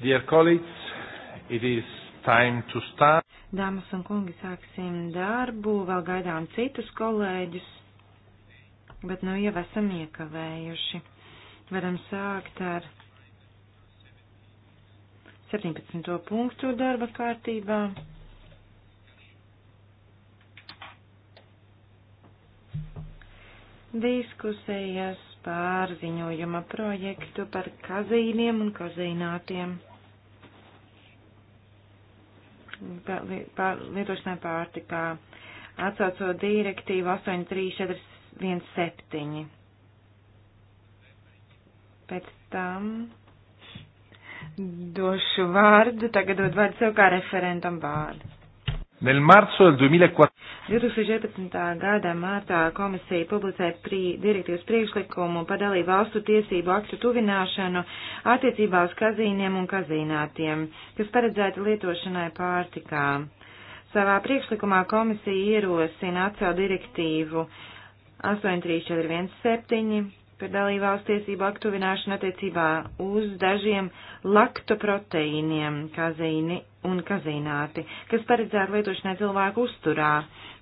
Dear colleagues, it is time to start. Dāmas un kungi, sāksim darbu, vēl gaidām citus kolēģus, bet nu jau esam iekavējuši. Varam sākt ar 17. punktu darba kārtībā. Diskusijas pārziņojuma projektu par kazīniem un kazīnātiem lietošanai pārtikā, atsaucot direktīvu 83417. Pēc tam došu vārdu, tagad dod vārdu sev kā referentam vārdu. Nel marzo del 2004. 2014. gada martā komisija publicēja prī, direktīvas priekšlikumu par dalību valstu tiesību aktu tuvināšanu attiecībā uz kazīniem un kazīnātiem, kas paredzēti lietošanai pārtikā. Savā priekšlikumā komisija ierosina atcelt direktīvu 83417 par dalību valstu tiesību aktu tuvināšanu attiecībā uz dažiem laktoproteīniem kazīni un kazināti, kas paredzētu lietošanai cilvēku uzturā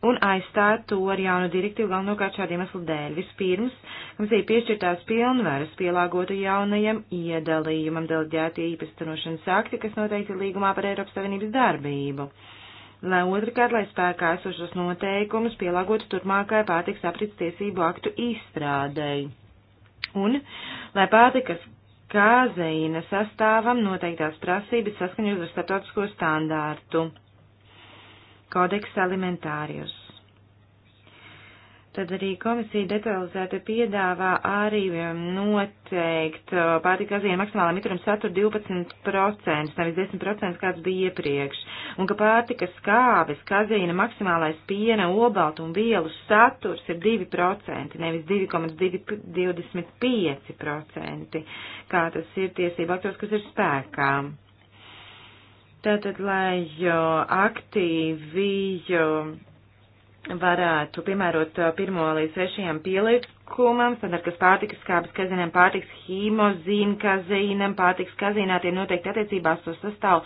un aizstāt to ar jaunu direktīvu galvenokārt šādiem eslu dēļ. Vispirms, mums ir piešķirtās pilnvaras pielāgotu jaunajam iedalījumam deleģētie īpastonošanas akti, kas noteikti līgumā par Eiropas Savienības darbību. Lai otrkārt, lai spēkā esošos noteikumus pielāgotu turpmākai pārtiks aprits tiesību aktu izstrādēji. Un, lai pārtikas kazeīna sastāvam noteiktās prasības saskaņot ar statotisko standārtu. Kodeks alimentārius. Tad arī komisija detalizēti piedāvā arī um, noteikt uh, pārtika azīme maksimālā mitruma satura 12%, nevis 10% kāds bija iepriekš, un ka pārtikas skābes, kazīna maksimālais piena, obaltu un vielu saturs ir 2%, nevis 2,25%, kā tas ir tiesība aktos, kas ir spēkā. Tātad, lai jo, aktīvi jo, varētu piemērot pirmo līdz trešajam pielikumam, standart, kas pārtikas skābes kazinēm, pārtikas hīmozīm kazīnam, pārtikas kazīnātiem noteikti attiecībās uz sastāvu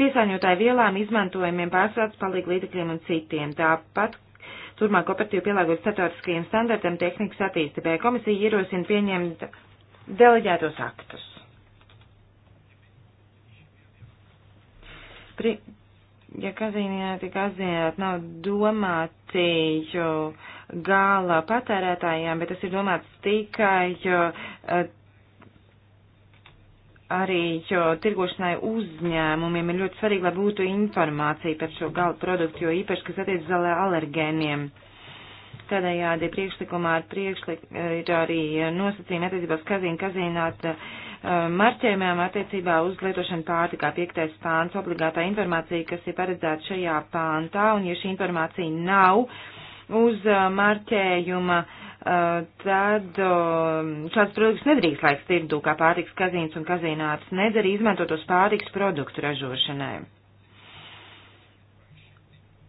piesāņotāju vielām, izmantojumiem, pārstrādes palīgu līdzekļiem un citiem. Tāpat turmāk operatīvi pielāgot startautiskajiem standartiem tehnikas attīstībai. Komisija ierosina pieņemt deleģētos aktus. Pri ja kazīnēti kazīnēti nav domāti gala patērētājiem, bet tas ir domāts tikai eh, arī tirgošanai uzņēmumiem ir ļoti svarīgi, lai būtu informācija par šo gala produktu, jo īpaši, kas attiecas uz alergēniem. Tādējādi priekšlikumā ir, priekšlik, ir arī nosacījumi attiecībās kazīna kazīnāt. Uh, Um, marķējumiem attiecībā uz lietošanu pārtikā. Piektais pāns obligātā informācija, kas ir paredzēta šajā pāntā, un ja šī informācija nav uz uh, marķējuma, uh, tad um, šāds produkts nedrīkst laiks tirdu, kā pārtiks kazīns un kazīnāts nedara izmantotos pārtiks produktu ražošanai.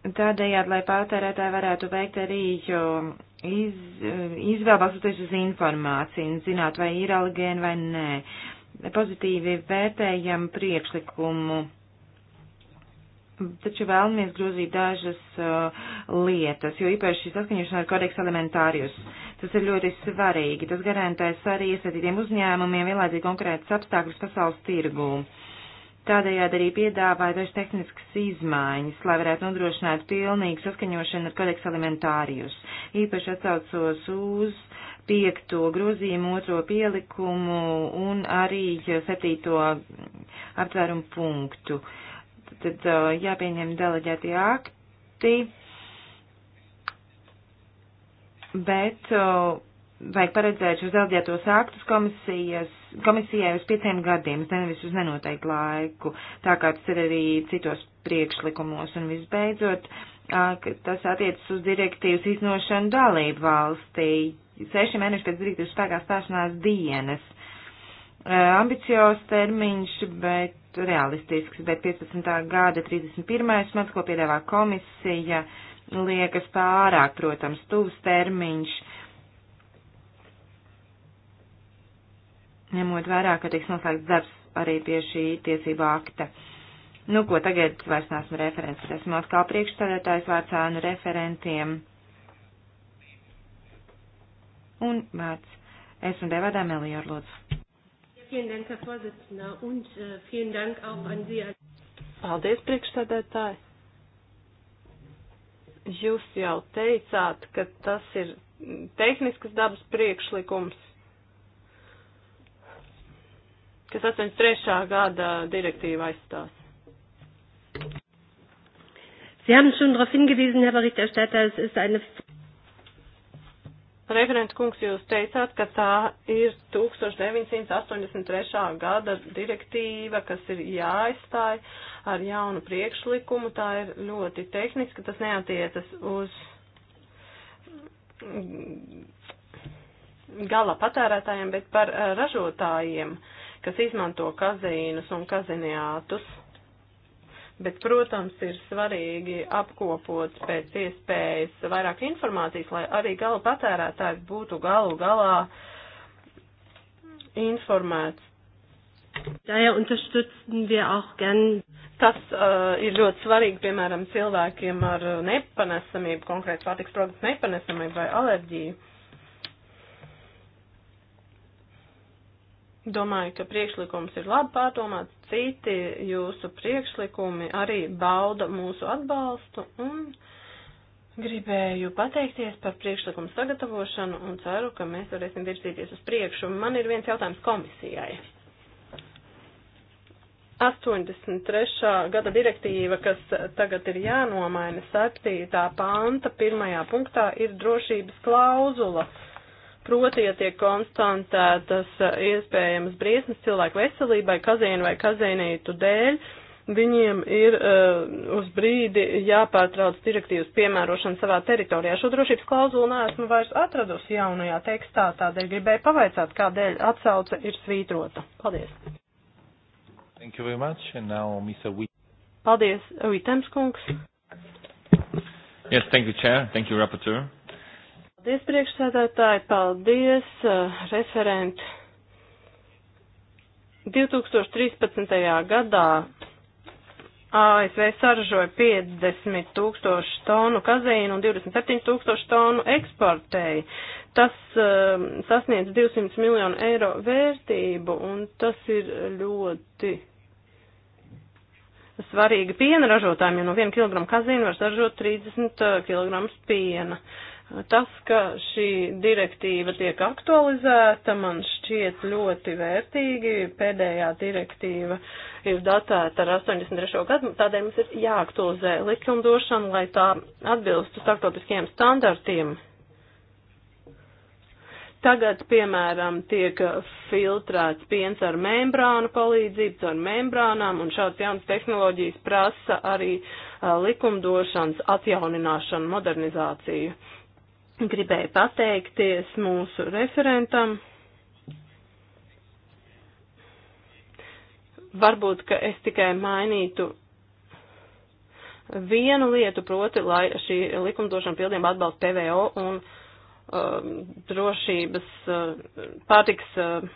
Tādējādi, lai patērētāji varētu veikt arī iz, izvēlu balstoties uz informāciju un zināt, vai ir aligēni vai nē. Pozitīvi vērtējam priekšlikumu, taču vēlamies grozīt dažas uh, lietas, jo īpaši saskaņošana ar kodeks elementārius. Tas ir ļoti svarīgi. Tas garantēs arī iesaistītiem uzņēmumiem vienlaicīgi konkrētas apstākļus pasaules tirgū. Uh, Tādējādi arī piedāvāja dažas tehniskas izmaiņas, lai varētu nodrošināt pilnīgu saskaņošanu ar kodeks elementārijus. Īpaši atsaucos uz piekto grozījumu, otro pielikumu un arī septīto aptvērumu punktu. Tad uh, jāpieņem deleģētie akti, bet uh, vajag paredzēt šos delģētos aktus komisijai uz pieciem gadiem, nevis uz nenoteiktu laiku, tā kā tas ir arī citos priekšlikumos. Un visbeidzot, tas attiecas uz direktīvas iznošanu dalību valstī. Seši mēneši pēc direktīvas spēkā stāšanās dienas. Ambiciozs termiņš, bet realistisks, bet 15. gada 31. mans, ko piedāvā komisija, liekas pārāk, protams, tuvs termiņš. Uh, ņemot vērā, ka tiks noslēgts darbs arī pie šī tiesība akta. Nu, ko tagad vairs neesmu referents, esmu atkal priekšstādētājs vārdsānu referentiem. Un vārds. Es un Deva Dāmelior, lūdzu. Vielen Dank, Herr Vorsitzender, und äh, vielen Dank auch an Sie. Paldies, priekšstādētāji. Jūs jau teicāt, ka tas ir tehniskas dabas priekšlikums, kas 83. gada direktīva aizstās. Sie haben schon darauf hingewiesen, Herr Berichterstatter, es ist eine. Referents kungs, jūs teicāt, ka tā ir 1983. gada direktīva, kas ir jāaizstāj ar jaunu priekšlikumu. Tā ir ļoti tehniski, tas neatiecas uz gala patērētājiem, bet par eh, ražotājiem. Uh, kas izmanto kazīnus un kaziniātus. Bet, protams, ir svarīgi apkopot pēc iespējas vairāk informācijas, lai arī gala patērētājs būtu galu galā informēts. Daher unterstützen wir auch gern. Tas uh, ir ļoti svarīgi, piemēram, cilvēkiem ar nepanesamību, konkrēti pārtiks produktu nepanesamību vai alerģiju. Domāju, ka priekšlikums ir labi pārdomāts, citi jūsu priekšlikumi arī bauda mūsu atbalstu un gribēju pateikties par priekšlikumu sagatavošanu un ceru, ka mēs varēsim virzīties uz priekšu. Man ir viens jautājums komisijai. 83. gada direktīva, kas tagad ir jānomaina 7. panta, pirmajā punktā ir drošības klauzula. Uh, Proti, ja tiek konstatētas eh, iespējamas briesmas cilvēku veselībai, kazīnu vai kazīnītu dēļ, viņiem ir uh, uz brīdi jāpārtrauc direktīvas piemērošana savā teritorijā. Šo drošības klauzulu neesmu vairs atradusi jaunajā tekstā, tādēļ gribēju pavaicāt, kādēļ atsauce ir svītrota. Paldies. Thank you very much. And now Mr. Wit Paldies, Vitems kungs. Yes, thank you, Chair. Thank you, Rapporteur. Paldies, priekšsēdētāji, paldies, eh, referenti. 2013. gadā ASV saražoja 50 tūkstošu tonu kazeīnu un 27 tūkstošu tonu eksportēja. Tas um, sasniedz 200 miljonu eiro vērtību un tas ir ļoti svarīgi piena ražotājiem, jo no 1 kg kazeīna var saražot 30 eh, kg piena. Uh, Tas, ka šī direktīva tiek aktualizēta, man šķiet ļoti vērtīgi. Pēdējā direktīva ir datēta ar 83. gadu, tādēļ mums ir jāaktualizē likumdošana, lai tā atbilstu starptautiskiem standartiem. Tagad, piemēram, tiek filtrēts piens ar membrānu palīdzību, caur membrānām, un šāds jauns tehnoloģijas prasa arī likumdošanas atjaunināšanu, modernizāciju gribēju pateikties mūsu referentam. Varbūt, ka es tikai mainītu vienu lietu, proti, lai šī likumdošana pildījuma atbalsta PVO un uh, drošības, uh, pārtiks uh,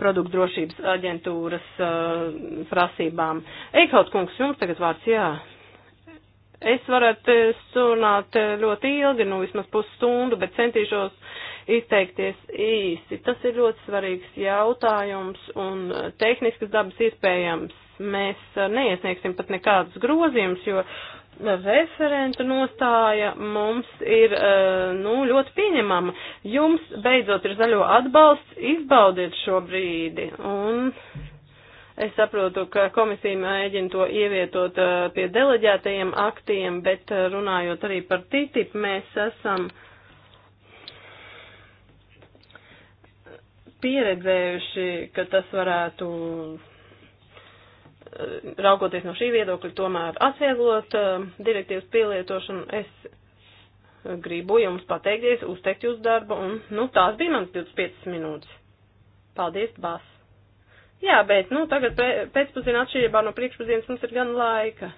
produktu drošības aģentūras uh, prasībām. Eikaut kungs, jums tagad vārds jā. Es varētu runāt eh, ļoti ilgi, nu vismaz pusstundu, bet centīšos izteikties īsi. Tas ir ļoti svarīgs jautājums un eh, tehniskas dabas iespējams. Mēs eh, neiesniegsim pat nekādus grozījumus, jo referentu nostāja mums ir nu, ļoti pieņemama. Jums beidzot ir zaļo atbalsts, izbaudiet šo brīdi. Un Es saprotu, ka komisija mēģina to ievietot uh, pie deleģētajiem aktiem, bet uh, runājot arī par TTIP, mēs esam pieredzējuši, ka tas varētu, uh, raugoties no šī viedokļa, tomēr atvieglot direktīvas pielietošanu. Es gribu jums pateikties, uzteikt jūsu darbu, un, nu, tās bija manas 25 minūtes. Paldies, Bas! Jā, bet, nu, tagad pēcpusdienā atšķirībā no priekšpusdienas mums ir gan laika.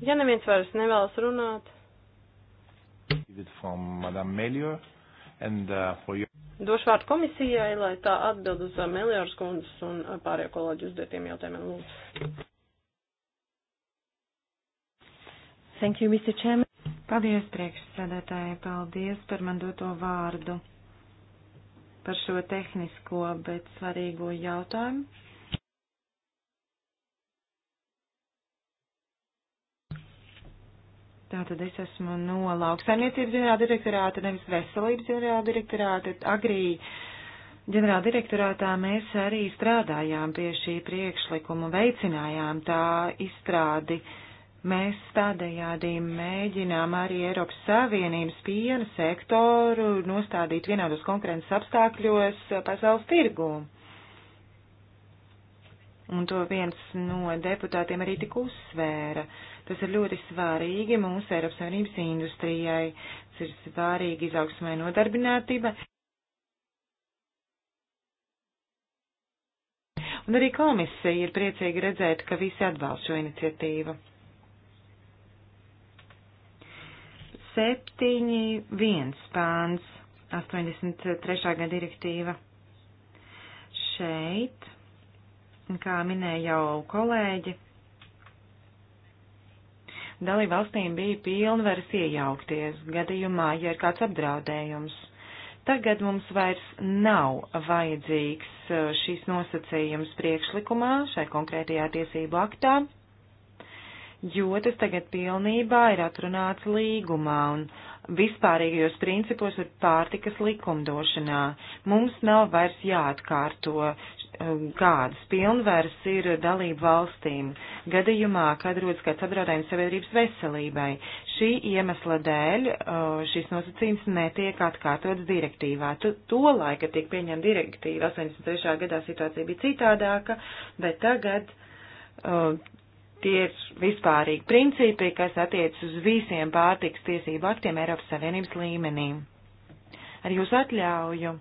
Ja neviens vairs nevēlas runāt. And, uh, your... Došu vārdu komisijai, lai tā atbild uz uh, Melioras kundzes un uh, pārējo kolēģi uzdotiem jautājumiem. Lūdzu. Thank you, Mr. Chairman. Paldies, priekšsēdētāji, paldies par man doto vārdu, par šo tehnisko, bet svarīgo jautājumu. Tātad es esmu no lauksaimniecības ģenerāla direktorāta, nevis veselības ģenerāla direktorāta, agrī ģenerāla direktorātā mēs arī strādājām pie šī priekšlikuma, veicinājām tā izstrādi. Uh, Mēs tādējādi mēģinām arī Eiropas Savienības piena sektoru nostādīt vienādos konkurences apstākļos pasaules tirgū. Un to viens no deputātiem arī tik uzsvēra. Tas ir ļoti svarīgi mūsu Eiropas Savienības industrijai. Tas ir svarīgi izaugsmē nodarbinātība. Un arī komisija ir priecīga redzēt, ka visi atbalsta šo iniciatīvu. 7.1 pāns, 83. gada direktīva. Šeit, kā minēja jau kolēģi, dalībvalstīm bija pilnvaras iejaukties gadījumā, ja ir kāds apdraudējums. Tagad mums vairs nav vajadzīgs uh, šīs nosacījums priekšlikumā šai konkrētajā tiesību aktā jo tas tagad pilnībā ir atrunāts līgumā un vispārīgajos principos ir pārtikas likumdošanā. Mums nav vairs jāatkārto um, kādas pilnvaras ir dalību valstīm gadījumā, kad rodas kāds apdraudējums sabiedrības veselībai. Šī iemesla dēļ uh, šis nosacījums netiek atkārtots direktīvā. Tolaik, kad tiek pieņemta direktīva, 83. gadā situācija bija citādāka, bet tagad uh, Tie ir vispārīgi principi, kas attiec uz visiem pārtiks tiesību aktiem Eiropas Savienības līmenī. Ar jūs atļauju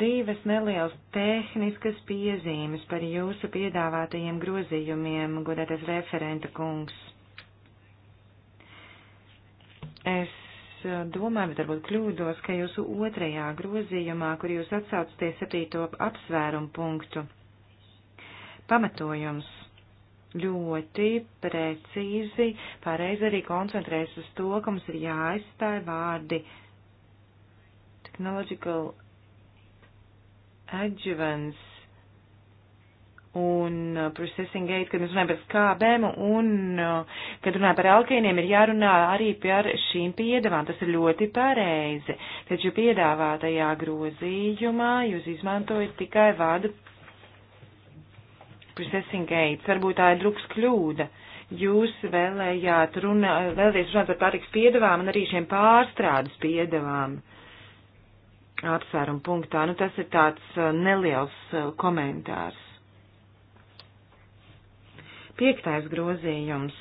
divas nelielas tehniskas piezīmes par jūsu piedāvātajiem grozījumiem, godētais referenta kungs. Es eh, domāju, bet varbūt kļūdos, ka jūsu otrajā grozījumā, kur jūs atsaucaties septīto apsvērumu punktu, pamatojums ļoti precīzi, pareizi arī koncentrējas uz to, ka mums ir jāaizstāj vārdi technological adjuvants un uh, processing aid, kad mēs runājam par skābēm un, uh, kad runājam par alkēniem, ir jārunā arī par šīm piedāvām. Tas ir ļoti pareizi. Taču piedāvātajā grozījumā jūs izmantojat tikai vārdu Processing Aids. Varbūt tā ir druks kļūda. Jūs vēlējāt runā, vēlēties runāt par pārtiks piedevām un arī šiem pārstrādes piedevām apsvērumu punktā. Nu, tas ir tāds uh, neliels uh, komentārs. Piektais grozījums.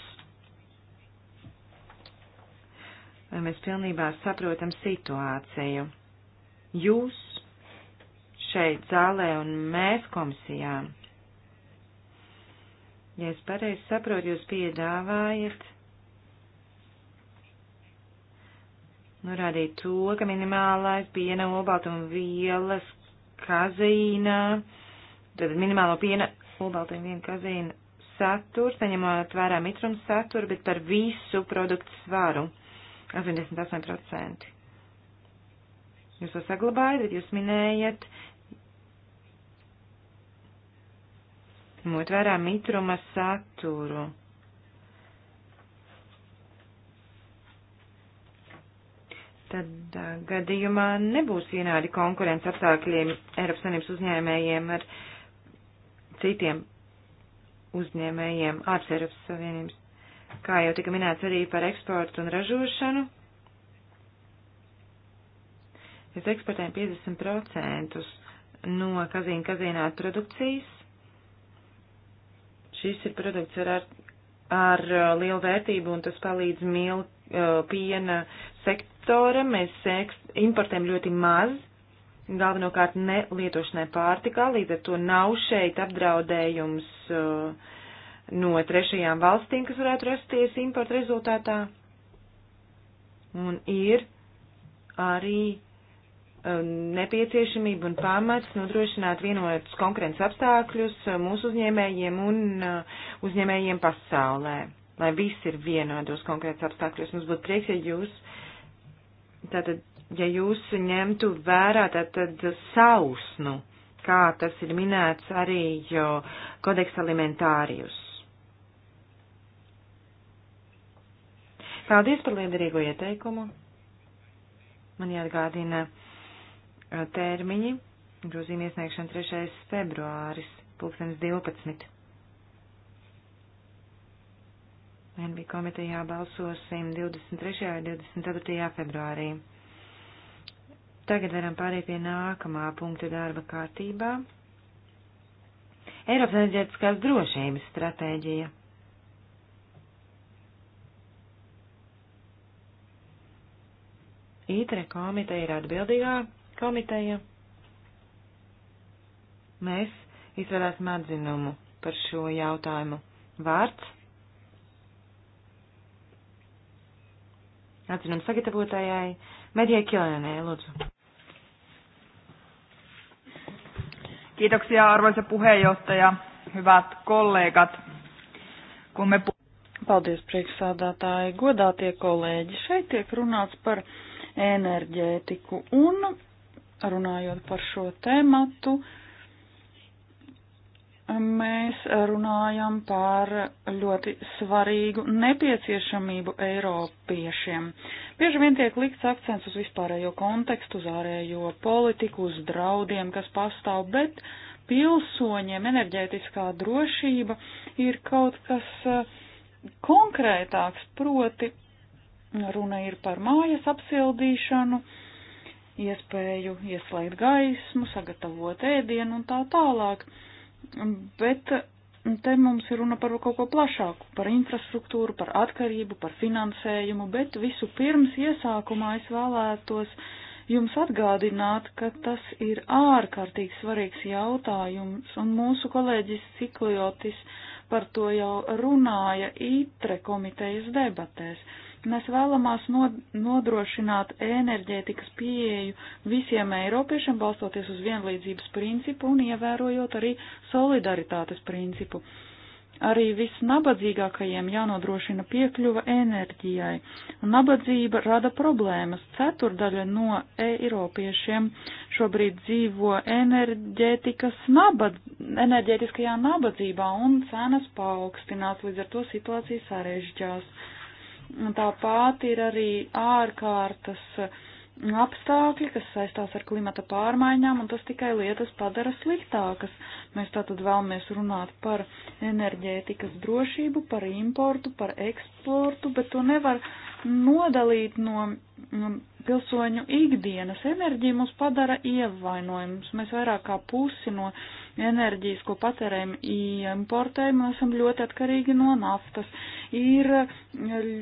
Vai mēs pilnībā saprotam situāciju? Jūs šeit zālē un mēs komisijām Ja es pareizi saprotu, jūs piedāvājat norādīt to, ka minimālais piena obaltuma vielas kazīnā, tad minimālo piena obaltuma viena kazīna saturs, saņemot vērā mitrums saturu, bet par visu produktu svaru 88%. Jūs to saglabājat, bet jūs minējat ņemot vērā mitruma saturu. Tad uh, gadījumā nebūs vienādi konkurence apstākļiem Eiropas Savienības uzņēmējiem ar citiem uzņēmējiem ārpus Eiropas Savienības. Kā jau tika minēts arī par eksportu un ražošanu, mēs eksportējam 50% no kazīna kazīnāta produkcijas, Šis ir produkts ar, ar, ar uh, lielu vērtību un tas palīdz mil, uh, piena sektora. Mēs importējam ļoti maz, galvenokārt nelietošanai pārtikā, līdz ar to nav šeit apdraudējums uh, no trešajām valstīm, kas varētu rasties importa rezultātā. Un ir arī Um, nepieciešamība un pamats nodrošināt vienotus konkurences apstākļus uh, mūsu uzņēmējiem un uh, uzņēmējiem pasaulē, lai viss ir vienādos konkurences apstākļos. Mums būtu prieks, ja jūs, tātad, ja jūs ņemtu vērā tātad sausnu, kā tas ir minēts arī kodeks alimentārijus. Paldies par liederīgo ieteikumu. Man jāatgādina Termiņi grozījuma iesniegšana 3. februāris, 2012. NB komitejā balsosim 23. un 24. februārī. Tagad varam pārēt pie nākamā punkta darba kārtībā. Eiropas enerģētiskās drošības stratēģija. ITRE komiteja ir atbildīgā komiteja. Mēs izvēlēsim atzinumu par šo jautājumu. Vārds. Atzinums sagatavotājai Medijai Kiljanē, lūdzu. Kiitoksia arvoisa puheenjohtaja, hyvät kollegat. Kun me pu- Paldies, priekšsādātāji, godātie kolēģi. Šeit tiek runāts par enerģētiku un runājot par šo tēmatu, mēs runājam par ļoti svarīgu nepieciešamību Eiropiešiem. Bieži vien tiek likts akcents uz vispārējo kontekstu, uz ārējo politiku, uz draudiem, kas pastāv, bet pilsoņiem enerģētiskā drošība ir kaut kas eh, konkrētāks, proti runa ir par mājas apsildīšanu, uh, iespēju ieslēgt gaismu, sagatavot ēdienu un tā tālāk. Bet te mums ir runa par kaut ko plašāku, par infrastruktūru, par atkarību, par finansējumu, bet visu pirms iesākumā es vēlētos jums atgādināt, ka tas ir ārkārtīgi svarīgs jautājums, un mūsu kolēģis Cikliotis par to jau runāja ITRE komitejas debatēs. Mēs vēlamās nodrošināt enerģētikas pieeju visiem eiropiešiem, balstoties uz vienlīdzības principu un ievērojot arī solidaritātes principu. Arī visnabadzīgākajiem jānodrošina piekļuva enerģijai, un nabadzība rada problēmas. Ceturdaļa no eiropiešiem šobrīd dzīvo enerģētikas nabad, enerģētiskajā nabadzībā, un cenas paaugstinās, līdz ar to situācija sarežģās. Tāpat ir arī ārkārtas apstākļi, kas saistās ar klimata pārmaiņām, un tas tikai lietas padara sliktākas. Mēs tātad vēlamies runāt par enerģētikas drošību, par importu, par eksportu, bet to nevar nodalīt no pilsoņu ikdienas enerģija mūs padara ievainojumus. Mēs vairāk kā pusi no enerģijas, ko patērējam, importējam, esam ļoti atkarīgi no naftas. Ir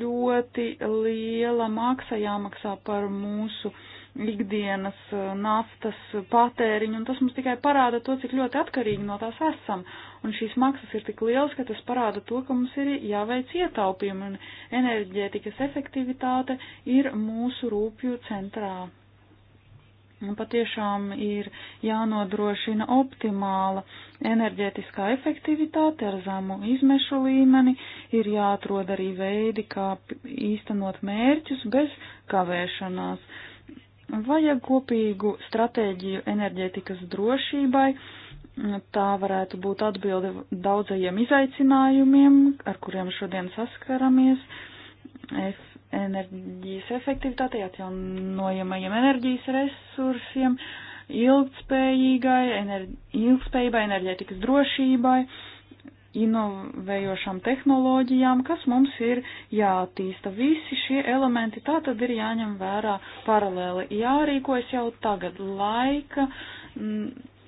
ļoti liela maksa jāmaksā par mūsu uh, ikdienas eh, naftas patēriņu, un tas mums tikai parāda to, cik ļoti atkarīgi no tās esam. Un šīs maksas ir tik lielas, ka tas parāda to, ka mums ir jāveic ietaupījumi, un enerģētikas efektivitāte ir mūsu rūpju centrā. Un patiešām ir jānodrošina optimāla enerģētiskā efektivitāte ar zemu izmešu līmeni, ir jāatrod arī veidi, kā īstenot mērķus bez kavēšanās. Uh, Vajag kopīgu stratēģiju enerģētikas drošībai. Tā varētu būt atbilde daudzajiem izaicinājumiem, ar kuriem šodien saskaramies. F enerģijas efektivitātei, atjaunojamajiem enerģijas resursiem, ilgspējīgai, ener ilgspējībai, enerģētikas drošībai. Uh, inovējošām tehnoloģijām, kas mums ir jātīsta. Visi šie elementi tā tad ir jāņem vērā paralēli. Jārīkojas jau tagad laika.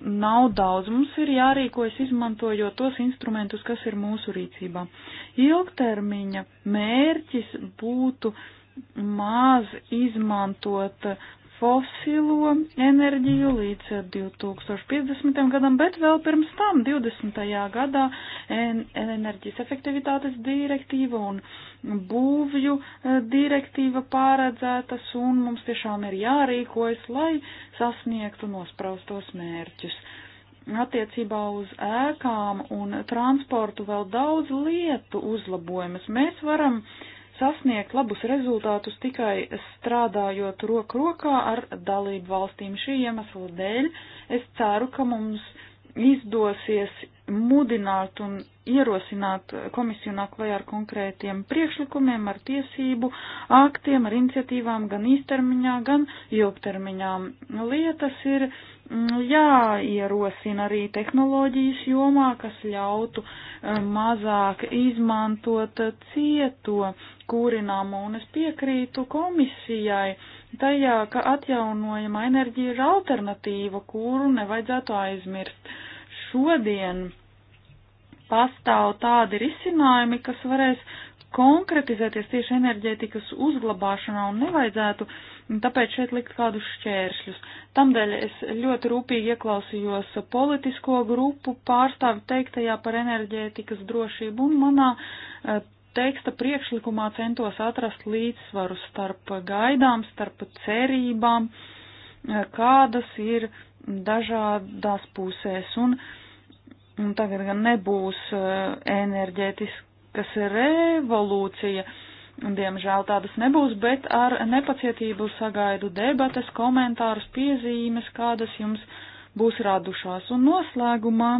Nav daudz, mums ir jārīkojas izmantojot tos instrumentus, kas ir mūsu rīcībā. Ilgtermiņa mērķis būtu maz izmantot fosilo enerģiju līdz 2050. gadam, bet vēl pirms tam 20. gadā enerģijas efektivitātes direktīva un būvju eh, direktīva pāredzētas un mums tiešām ir jārīkojas, lai sasniegtu nospraustos mērķus. Attiecībā uz ēkām un transportu vēl daudz lietu uzlabojumus mēs varam uh, sasniegt labus rezultātus tikai strādājot roku rokā ar dalību valstīm. Šī iemesla dēļ es ceru, ka mums izdosies mudināt un ierosināt komisiju nāk klajā ar konkrētiem priekšlikumiem, ar tiesību aktiem, ar iniciatīvām gan īstermiņā, gan ilgtermiņā. Lietas ir mm, jāierosina arī tehnoloģijas jomā, kas ļautu mm, mazāk izmantot cieto kurināmo, un es piekrītu komisijai tajā, ka atjaunojama enerģija ir alternatīva, kuru nevajadzētu aizmirst. Šodien pastāv tādi risinājumi, kas varēs konkretizēties tieši enerģētikas uzglabāšanā un nevajadzētu tāpēc šeit likt kādus šķēršļus. Tamdēļ es ļoti rūpīgi ieklausījos politisko grupu pārstāvi teiktajā par enerģētikas drošību un manā eh, teksta priekšlikumā centos atrast līdzsvaru starp gaidām, starp cerībām, eh, kādas ir dažādās pusēs. Un, un tagad gan nebūs eh, enerģētiskas revolūcija, diemžēl tādas nebūs, bet ar nepacietību sagaidu debates, komentārus, piezīmes, kādas jums būs radušās. Un noslēgumā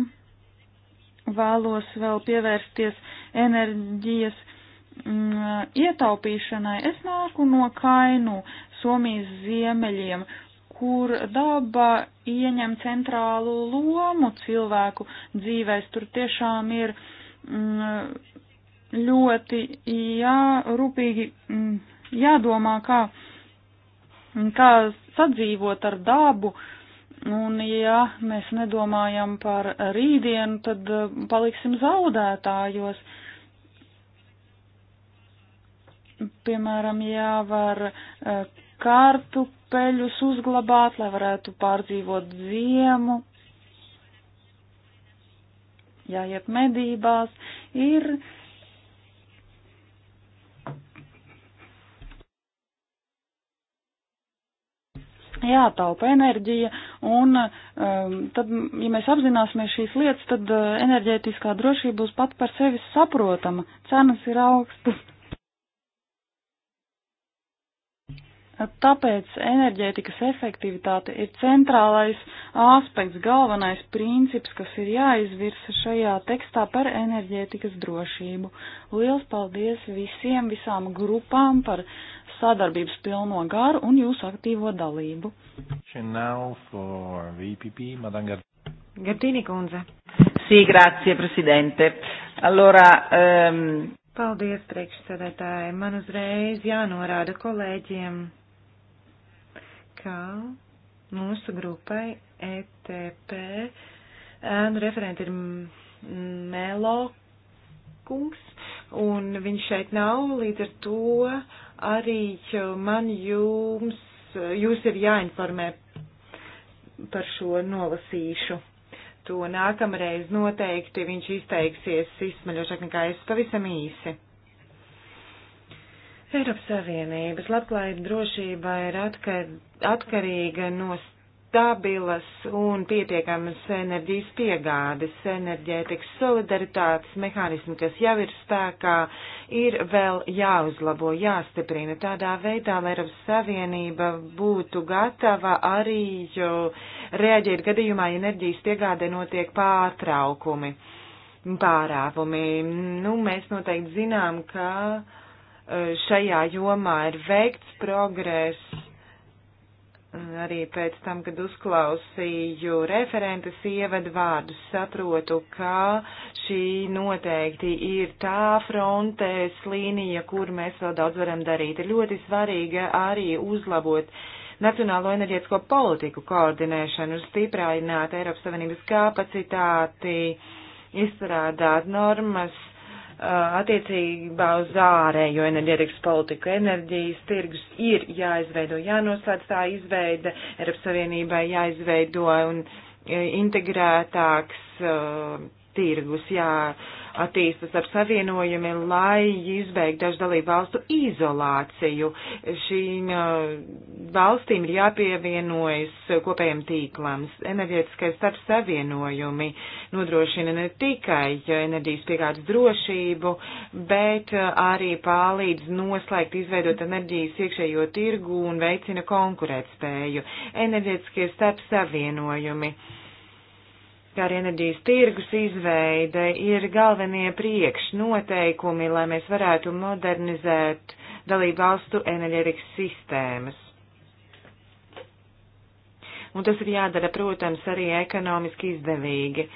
vēlos vēl pievērsties enerģijas mm, ietaupīšanai. Es nāku no Kainu, Somijas ziemeļiem, kur daba ieņem centrālu lomu cilvēku dzīvēs. Tur tiešām ir mm, ļoti jārūpīgi mm, jādomā, kā, kā sadzīvot ar dabu. Uh, Un ja mēs nedomājam par rītdienu, tad eh, paliksim zaudētājos. Piemēram, jāvar eh, kartupeļus uzglabāt, lai varētu pārdzīvot ziemu. Jāiet medībās. Ir jātaupa enerģija Un um, tad, ja mēs apzināsimies šīs lietas, tad uh, enerģētiskā drošība būs pat par sevi saprotama. Cenas ir augstas. Tāpēc enerģētikas efektivitāte ir centrālais aspekts, galvenais princips, kas ir jāizvirsa šajā tekstā par enerģētikas drošību. Lielas paldies visiem, visām grupām par sadarbības pilno garu un jūsu aktīvo dalību. E Gardīni kundze. Sī, grācie, prezidente. Allora, um... Paldies, priekšsēdētāji. Man uzreiz jānorāda kolēģiem, ka mūsu grupai ETP nu, referenti ir Melo kungs, un viņš šeit nav, līdz ar to arī eh, man jums, eh, jūs ir jāinformē par šo nolasīšu. To nākamreiz noteikti viņš izteiksies izsmeļošāk nekā es pavisam īsi. Eiropas Savienības labklājība drošība ir atkar, atkarīga no stabilas un pietiekamas enerģijas piegādes, enerģētikas solidaritātes mehānismi, kas jau ir spēkā, ir vēl jāuzlabo, jāstiprina tādā veidā, lai Eiropas Savienība būtu gatava arī reaģēt gadījumā, ja enerģijas piegādē notiek pārtraukumi, pārāvumi. Nu, mēs noteikti zinām, ka eh, šajā jomā ir veikts progress arī pēc tam, kad uzklausīju referentes ievadu vārdus, saprotu, ka šī noteikti ir tā frontēs līnija, kur mēs vēl daudz varam darīt. Ir ļoti svarīga arī uzlabot nacionālo enerģētisko politiku koordinēšanu, stiprināt Eiropas Savienības kapacitāti, izstrādāt normas Uh, attiecībā uz ārējo enerģētikas politiku. Enerģijas tirgus ir jāizveido, jānosāc tā izveida, Eiropas Savienībai jāizveido un uh, integrētāks uh, tirgus, jā, uh, attīstas ar savienojumiem, lai izbeigtu dažu dalību valstu izolāciju. Šīm valstīm ir jāpievienojas kopējiem tīklam. Enerģētiskais starp savienojumi nodrošina ne tikai enerģijas piegādes drošību, bet arī palīdz noslēgt, izveidot enerģijas iekšējo tirgu un veicina konkurētspēju. Enerģētiskie starp savienojumi kā arī enerģijas tirgus izveide ir galvenie priekšnoteikumi, lai mēs varētu modernizēt dalību valstu enerģētikas sistēmas. Un tas ir jādara, protams, arī ekonomiski izdevīgi.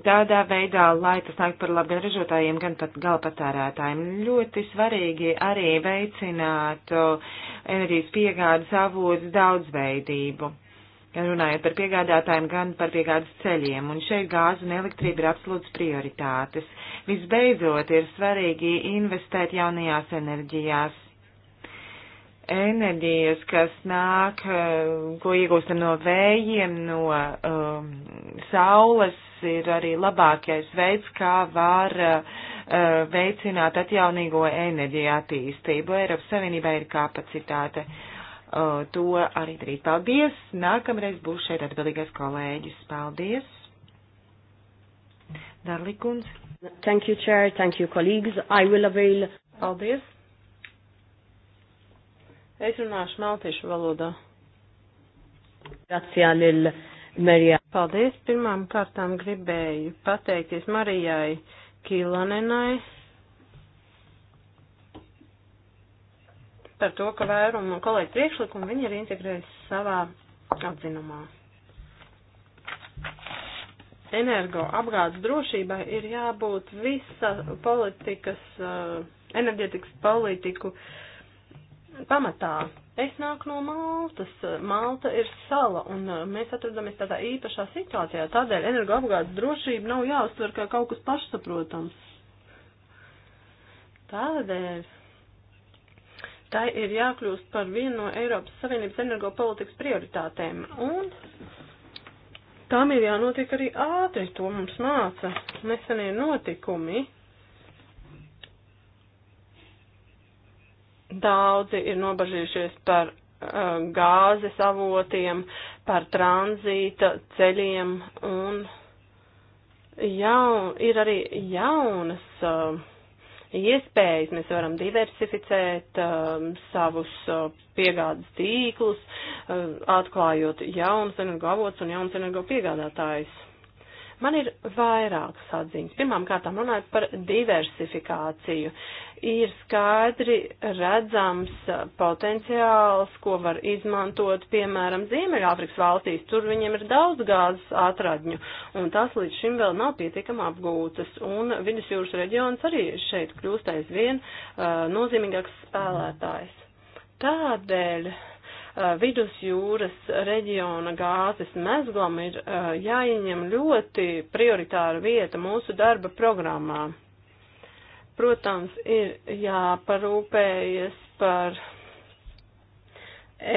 Tādā veidā, lai tas nāk par labu gan ražotājiem, gan pat galpatērētājiem, ļoti svarīgi arī veicināt enerģijas piegādes avots daudzveidību gan runājot par piegādātājiem, gan par piegādas ceļiem, un šeit gāze un elektrība ir absolūts prioritātes. Visbeidzot, ir svarīgi investēt jaunajās enerģijās. Enerģijas, kas nāk, eh, ko iegūstam no vējiem, no um, saules, ir arī labākais veids, kā var uh, veicināt atjaunīgo enerģiju attīstību. Eiropas Savienībā ir kapacitāte. Uh, uh, to arī darīt. Paldies! Nākamreiz būs šeit atbildīgais kolēģis. Paldies! Darlikundz. Thank you, Chair. Thank you, colleagues. I will avail. Paldies. Es runāšu maltiešu valodā. Grazie lil Marijā. Paldies. Pirmām kārtām gribēju pateikties Marijai Kilanenai par to, ka vairumu kolēģi priekšlikumu viņi ir integrējuši savā atzinumā. Energo apgādes drošībai ir jābūt visa politikas, uh, enerģetikas politiku pamatā. Es nāku no Maltas. Malta ir sala, un uh, mēs atrodamies tādā īpašā situācijā. Tādēļ energoapgādes drošība nav jāuztver kā kaut kas pašsaprotams. Tādēļ Tai ir jākļūst par vienu no Eiropas Savienības energopolitikas prioritātēm. Un tam ir jānotiek arī ātri, to mums māca nesenie notikumi. Daudzi ir nobažījušies par uh, gāzes avotiem, par tranzīta ceļiem un jau, ir arī jaunas. Uh, iespējas, mēs varam diversificēt um, savus uh, piegādes tīklus, uh, atklājot jaunas energoavots un jaunas energo piegādātājus. Man ir vairākas atziņas. Pirmām kārtām runājot par diversifikāciju. Ir skaidri redzams uh, potenciāls, ko var izmantot, piemēram, Ziemeļāfrikas valstīs. Tur viņiem ir daudz gāzes atradņu, un tās līdz šim vēl nav pietiekami apgūtas. Un vidusjūras reģions arī šeit kļūst aizvien uh, nozīmīgāks spēlētājs. Tādēļ Uh, vidusjūras reģiona gāzes mezglam ir uh, jāieņem ļoti prioritāra vieta mūsu darba programmā. Protams, ir jāparūpējas par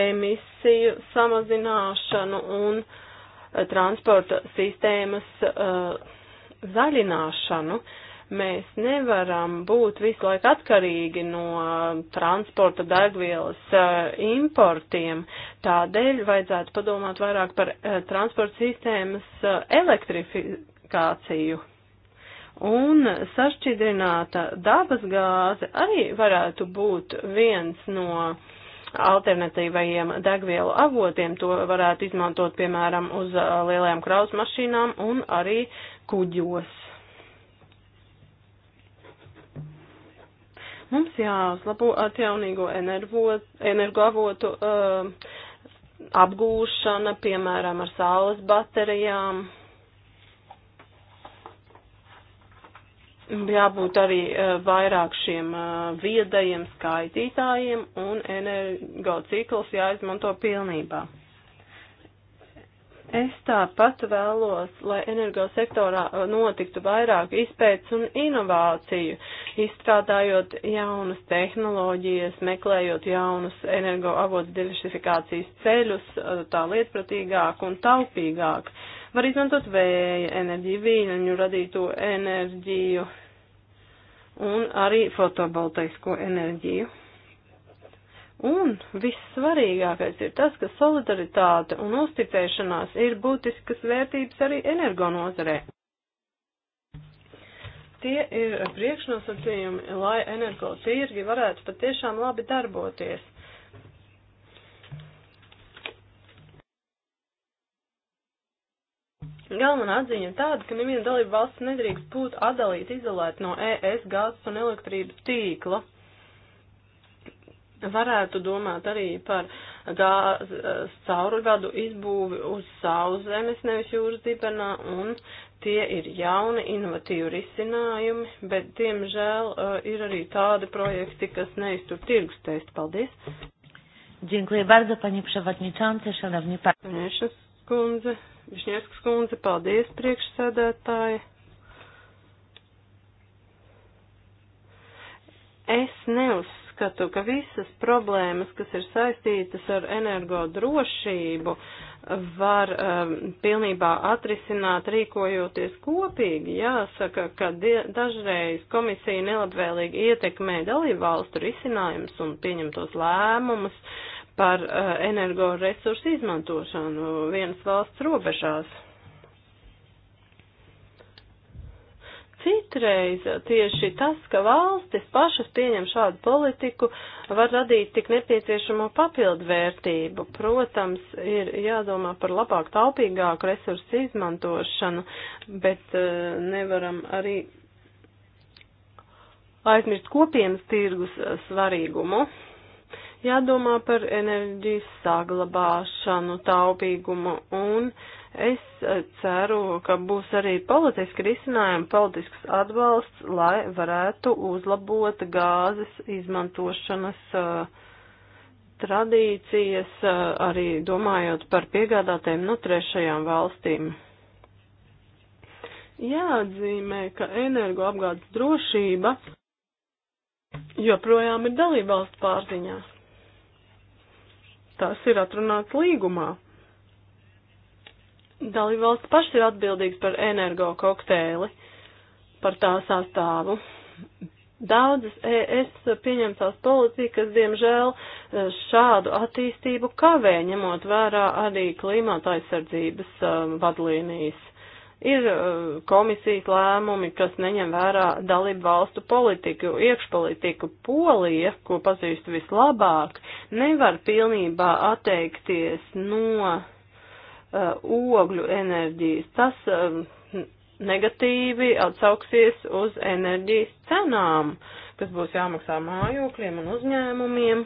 emisiju samazināšanu un uh, transporta sistēmas uh, zaļināšanu. Uh, Mēs nevaram būt visu laiku atkarīgi no uh, transporta degvielas uh, importiem. Tādēļ vajadzētu padomāt vairāk par uh, transporta sistēmas elektrifikāciju. Un sašķidrināta dabas gāze arī varētu būt viens no alternatīvajiem degvielu avotiem. To varētu izmantot, piemēram, uz lielajām kraus mašīnām un arī kuģos. Mums jāuzlabo atjaunīgo energoavotu uh, apgūšana, piemēram, ar saules baterijām. jābūt arī uh, vairāk šiem uh, viedajiem skaitītājiem un energo cikls jāizmanto pilnībā. Es tāpat vēlos, lai energosektorā notiktu vairāk izpētes un inovāciju, izstrādājot jaunas tehnoloģijas, meklējot jaunus energoavotu diversifikācijas ceļus, tā lietpratīgāk un taupīgāk. Var izmantot vēja enerģiju, vīnaņu radīto enerģiju un arī fotovoltaisko enerģiju. Un vissvarīgākais ir tas, ka solidaritāte un uzticēšanās ir būtiskas vērtības arī energonozarē. Tie ir priekšnosacījumi, lai energo tirgi varētu patiešām labi darboties. Galvenā atziņa ir tāda, ka neviena dalība valsts nedrīkst būt atdalīta, izolēta no ES gāzes un elektrības tīkla varētu domāt arī par gāzes caurvadu izbūvi uz sauszemes, nevis jūras dibenā, un tie ir jauni, inovatīvi risinājumi, bet, diemžēl, ir arī tādi projekti, kas neiztur tirgus testu. Paldies! Dziękuję bardzo, panie przewodniczący, szanowni państwo. Skundze, Višņevskas skundze, paldies priekšsēdētāji. Es neuz, uzskatu, ka visas problēmas, kas ir saistītas ar energodrošību, var um, pilnībā atrisināt rīkojoties kopīgi. Jāsaka, ka dažreiz komisija nelabvēlīgi ietekmē dalību valstu risinājumus un pieņemtos lēmumus par uh, energoresursu izmantošanu vienas valsts robežās. Citreiz tieši tas, ka valstis pašas pieņem šādu politiku, var radīt tik nepieciešamo papildu vērtību. Protams, ir jādomā par labāk taupīgāku resursu izmantošanu, bet eh, nevaram arī aizmirst kopienas tirgus eh, svarīgumu. Jādomā par enerģijas saglabāšanu, taupīgumu un uh, Es eh, ceru, ka būs arī politiski risinājumi, politisks atbalsts, lai varētu uzlabot gāzes izmantošanas uh, tradīcijas, uh, arī domājot par piegādātēm no nu, trešajām valstīm. Jāatzīmē, ka energoapgādes drošība joprojām ir dalībvalstu pārziņā. Tas ir atrunāts līgumā. Dalībvalsts pašas ir atbildīgas par energo kokteili, par tā sastāvu. Daudzas ES pieņemtās politikas, diemžēl, šādu attīstību kavē, ņemot vērā arī klimata aizsardzības um, vadlīnijas. Ir uh, komisijas lēmumi, kas neņem vērā dalību valstu politiku, iekšpolitiku. Polija, ko pazīstu vislabāk, nevar pilnībā atteikties no Uh, ogļu enerģijas. Tas uh, negatīvi atsauksies uz enerģijas cenām, kas būs jāmaksā mājokļiem un uzņēmumiem.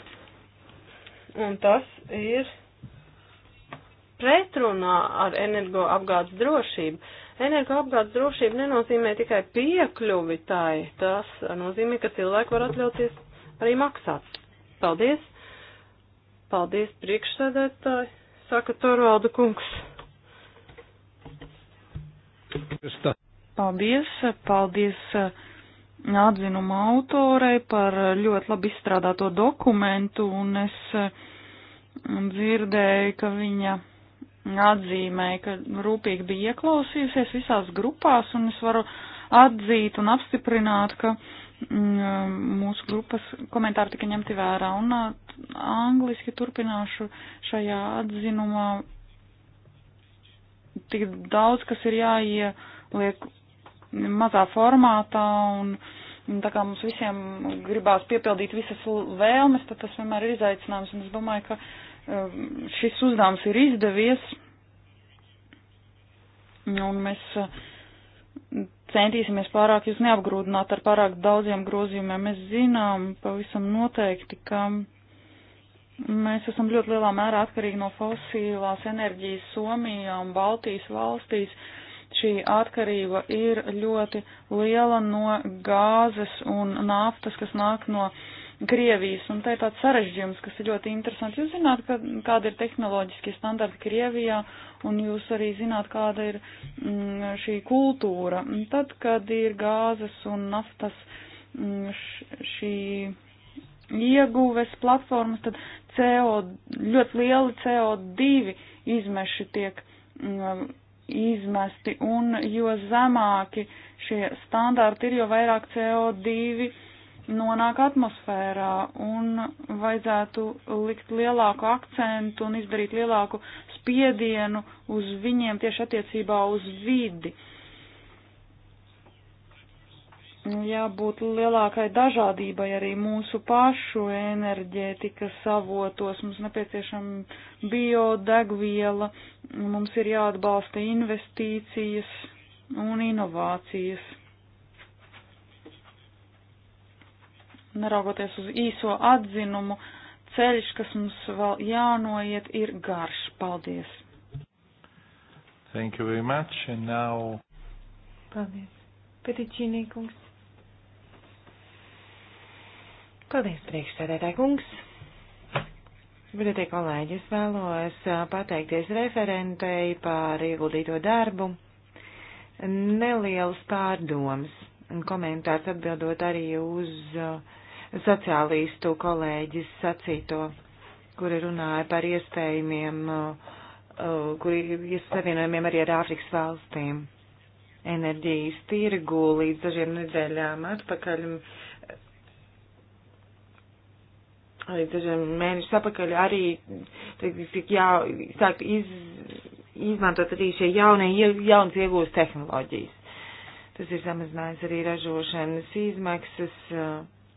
Un tas ir pretrunā ar energoapgādes drošību. Energoapgādes drošība nenozīmē tikai piekļuvi tai, tas nozīmē, ka cilvēki var atļauties arī maksāt. Paldies! Paldies priekšsēdētāji! saka Torvalda kungs. Paldies, paldies uh, atzinuma autorei par uh, ļoti labi izstrādāto dokumentu, un es uh, dzirdēju, ka viņa atzīmēja, ka rūpīgi bija ieklausījusies visās grupās, un es varu atzīt un apstiprināt, ka uh, Mm, mūsu grupas komentāri tika ņemti vērā, un uh, angliski turpināšu šajā atzinumā. Tik daudz, kas ir jāieliek mazā formātā, un tā kā mums visiem gribās piepildīt visas vēlmes, tad tas vienmēr ir izaicinājums, un es domāju, ka um, šis uzdevums ir izdevies, un mēs uh, centīsimies pārāk jūs neapgrūdināt ar pārāk daudziem grozījumiem. Mēs zinām pavisam noteikti, ka mēs esam ļoti lielā mērā atkarīgi no fosīlās enerģijas Somijā un Baltijas valstīs. Šī atkarība ir ļoti liela no gāzes un naftas, kas nāk no Krievijas, un te tā ir tāds sarežģījums, kas ir ļoti interesants. Jūs zināt, ka, kāda ir tehnoloģiskie standarti Krievijā un jūs arī zināt, kāda ir mm, šī kultūra. Tad, kad ir gāzes un naftas mm, š, šī ieguves platformas, tad CO, ļoti lieli CO2 izmeši tiek mm, izmesti, un jo zemāki šie standarti ir, jo vairāk CO2 nonāk atmosfērā, un vajadzētu likt lielāku akcentu un izdarīt lielāku spiedienu uz viņiem tieši attiecībā uz vidi. Nu, jābūt lielākai dažādībai arī mūsu pašu enerģētikas avotos. Mums nepieciešama biodegviela, mums ir jāatbalsta investīcijas un inovācijas. neraugoties uz īso atzinumu, ceļš, kas mums vēl jānoiet, ir garš. Paldies! Thank you very much, and now... Paldies. Petičīnī kungs. Paldies, priekšsēdētāj kungs. Godētie kolēģi, es vēlos pateikties referentei par ieguldīto darbu. Nelielas pārdomas un komentārs atbildot arī uz uh, sociālīstu kolēģis sacīto, kuri runāja par iespējamiem, uh, uh, kuri savienojumiem arī ar Āfrikas valstīm. Enerģijas tirgu līdz dažiem nedēļām atpakaļ, līdz dažiem mēnešiem atpakaļ arī tik jā, sākt iz, izmantot arī šie jaunie, jaunas iegūst tehnoloģijas. Tas ir samazinājis arī ražošanas izmaksas. Uh,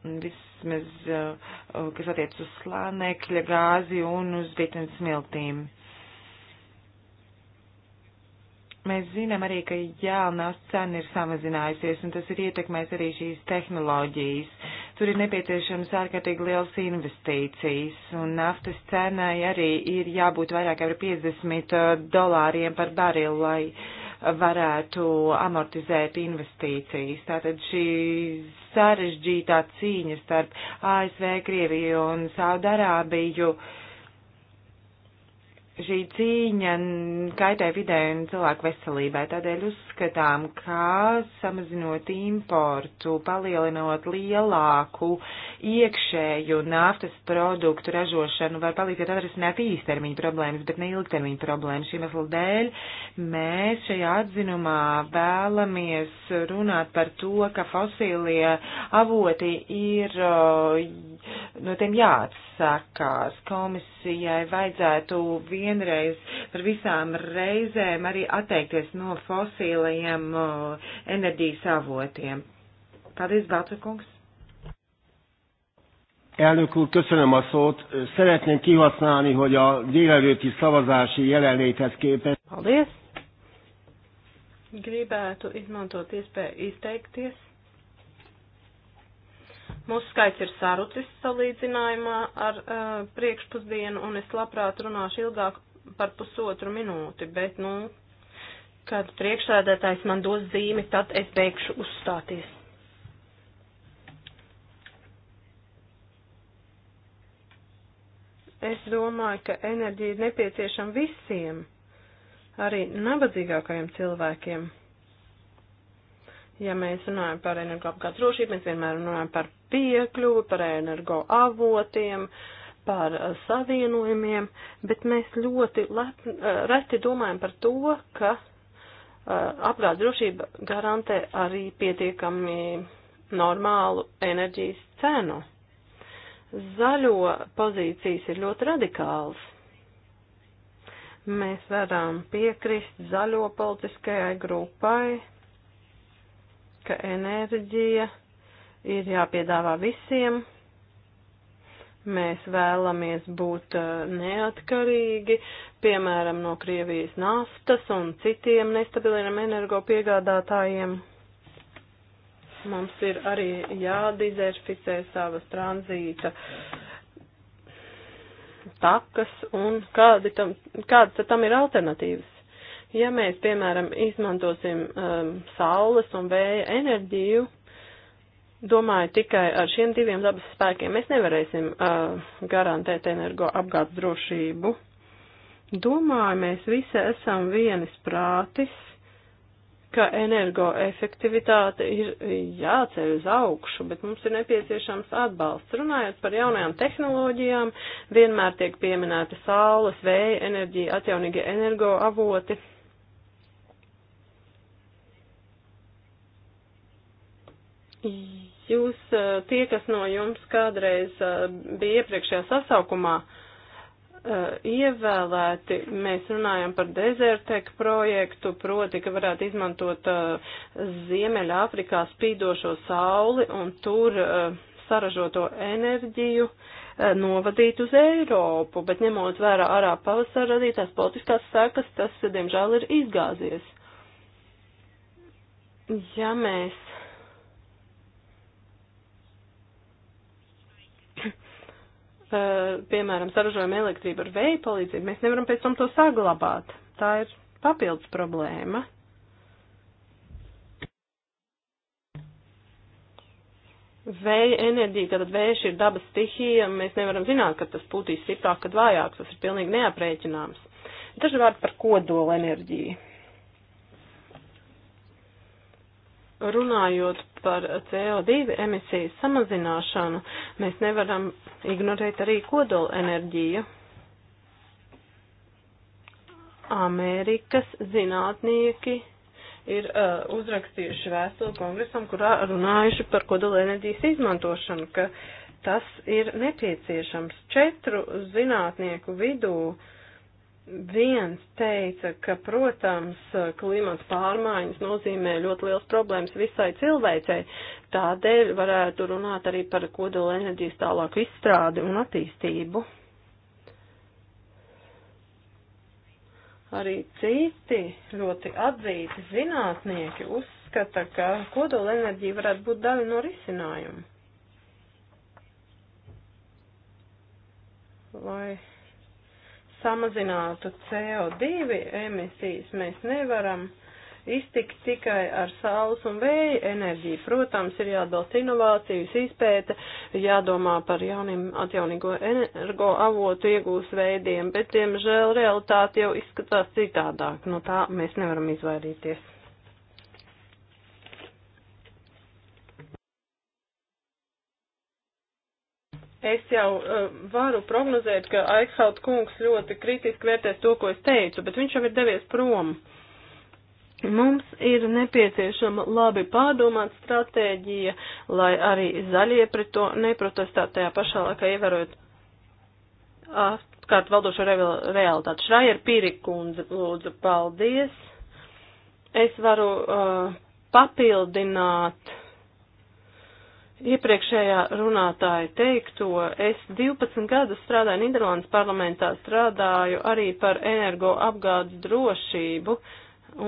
vismaz, eh, eh, kas attiec uz slānekļa gāzi un uz bitnes smiltīm. Mēs zinām arī, ka jēlnās cena ir samazinājusies, un tas ir ietekmējis arī šīs tehnoloģijas. Tur ir nepieciešams ārkārtīgi liels investīcijas, un naftas cenai arī ir jābūt vairāk par 50 eh, dolāriem par barilu, lai uh, varētu amortizēt investīcijas. Tātad šī sarežģītā cīņa starp ASV, Krieviju un Saudarābiju, šī cīņa kaitē vidē un cilvēku veselībai. Tādēļ uz uzskatām, ka samazinot importu, palielinot lielāku iekšēju naftas produktu ražošanu, var palīdzēt atrisināt īstermiņa problēmas, bet ne ilgtermiņa problēmas. Šī mesla dēļ mēs šajā atzinumā vēlamies runāt par to, ka fosīlie avoti ir uh, no tiem jāatsakās. Komisijai vajadzētu vienreiz par visām reizēm arī atteikties no fosīliem atjaunīgajiem enerģijas avotiem. Paldies, Balcakungs! Elnök úr, köszönöm a szót. Szeretném kihasználni, hogy a délelőtti szavazási jelenléthez képest. Paldies! Gribētu izmantot iespēju izteikties. Mūsu skaits ir sarucis salīdzinājumā ar uh, priekšpusdienu, un es labprāt runāšu ilgāk par pusotru minūti, bet, nu, Kad priekšsēdētājs man dos zīmi, tad es beigšu uzstāties. Es domāju, ka enerģija ir nepieciešama visiem, arī nabadzīgākajiem cilvēkiem. Ja mēs runājam par energoapgādes drošību, mēs vienmēr runājam par piekļuvi, par energo avotiem, par uh, savienojumiem, bet mēs ļoti lepni, uh, reti domājam par to, ka Eh, apgādes drošība garantē arī pietiekami normālu enerģijas cenu. Zaļo pozīcijas ir ļoti radikāls. Mēs varam piekrist zaļo politiskajai grupai, ka enerģija ir jāpiedāvā visiem, Mēs vēlamies būt eh, neatkarīgi, piemēram, no Krievijas naftas un citiem nestabiliem energopiegādātājiem. Mums ir arī jādizerficē savas tranzīta takas un kādi tam, kādas tam ir alternatīvas. Ja mēs, piemēram, izmantosim um, saules un vēja enerģiju, domāju, tikai ar šiem diviem dabas spēkiem mēs nevarēsim uh, garantēt energo apgādes drošību. Domāju, mēs visi esam vienis prātis, ka energoefektivitāte ir jāceļ uz augšu, bet mums ir nepieciešams atbalsts. Runājot par jaunajām tehnoloģijām, vienmēr tiek pieminēta saules, vēja enerģija, atjaunīgie energoavoti. Jā Jūs, eh, tie, kas no jums kādreiz eh, bija iepriekšējā sasaukumā eh, ievēlēti, mēs runājam par dezertek projektu, proti, ka varētu izmantot Ziemeļa Afrikā spīdošo sauli un tur saražoto enerģiju novadīt uz Eiropu, bet ņemot vērā arā pavasara radītās politiskās sekas, tas, diemžēl, ir izgāzies. Ja mēs Eh, piemēram, saražojam elektrību ar vēja palīdzību, mēs nevaram pēc tam to saglabāt. Tā ir papildus problēma. Vēja enerģija, tātad vējš ir dabas stihija, mēs nevaram zināt, kad tas pūtīs stiprāk, kad vājāks, tas ir pilnīgi neaprēķināms. Daži vārdi par kodola enerģiju. runājot par CO2 emisiju samazināšanu, mēs nevaram ignorēt arī kodola enerģiju. Amerikas zinātnieki ir uh, uzrakstījuši vēstuli kongresam, kurā runājuši par kodola enerģijas izmantošanu, ka tas ir nepieciešams. Četru zinātnieku vidū uh, Viens teica, ka, protams, klimata pārmaiņas nozīmē ļoti liels problēmas visai cilvēcei, tādēļ varētu runāt arī par kodola enerģijas tālāku izstrādi un attīstību. Arī citi ļoti atzīti zinātnieki uzskata, ka kodola enerģija varētu būt daļa no risinājuma. Lai samazinātu CO2 emisijas, mēs nevaram iztikt tikai ar saules un vēja enerģiju. Protams, ir jāatbalsta inovācijas izpēte, jādomā par jauniem atjaunīgo energo avotu iegūs veidiem, bet, diemžēl, realitāte jau izskatās citādāk. No tā mēs nevaram izvairīties. Es jau uh, varu prognozēt, ka Aikhaut kungs ļoti kritiski vērtēs to, ko es teicu, bet viņš jau ir devies prom. Mums ir nepieciešama labi pārdomāta stratēģija, lai arī zaļie pret to neprotestētu tajā pašā laikā ievērot atkārt valdošo realitāti. Šrajer Pirikundze, lūdzu, paldies. Es varu uh, papildināt Iepriekšējā runātāja teikto, es 12 gadus strādāju Nīderlandes parlamentā, strādāju arī par energoapgādes drošību,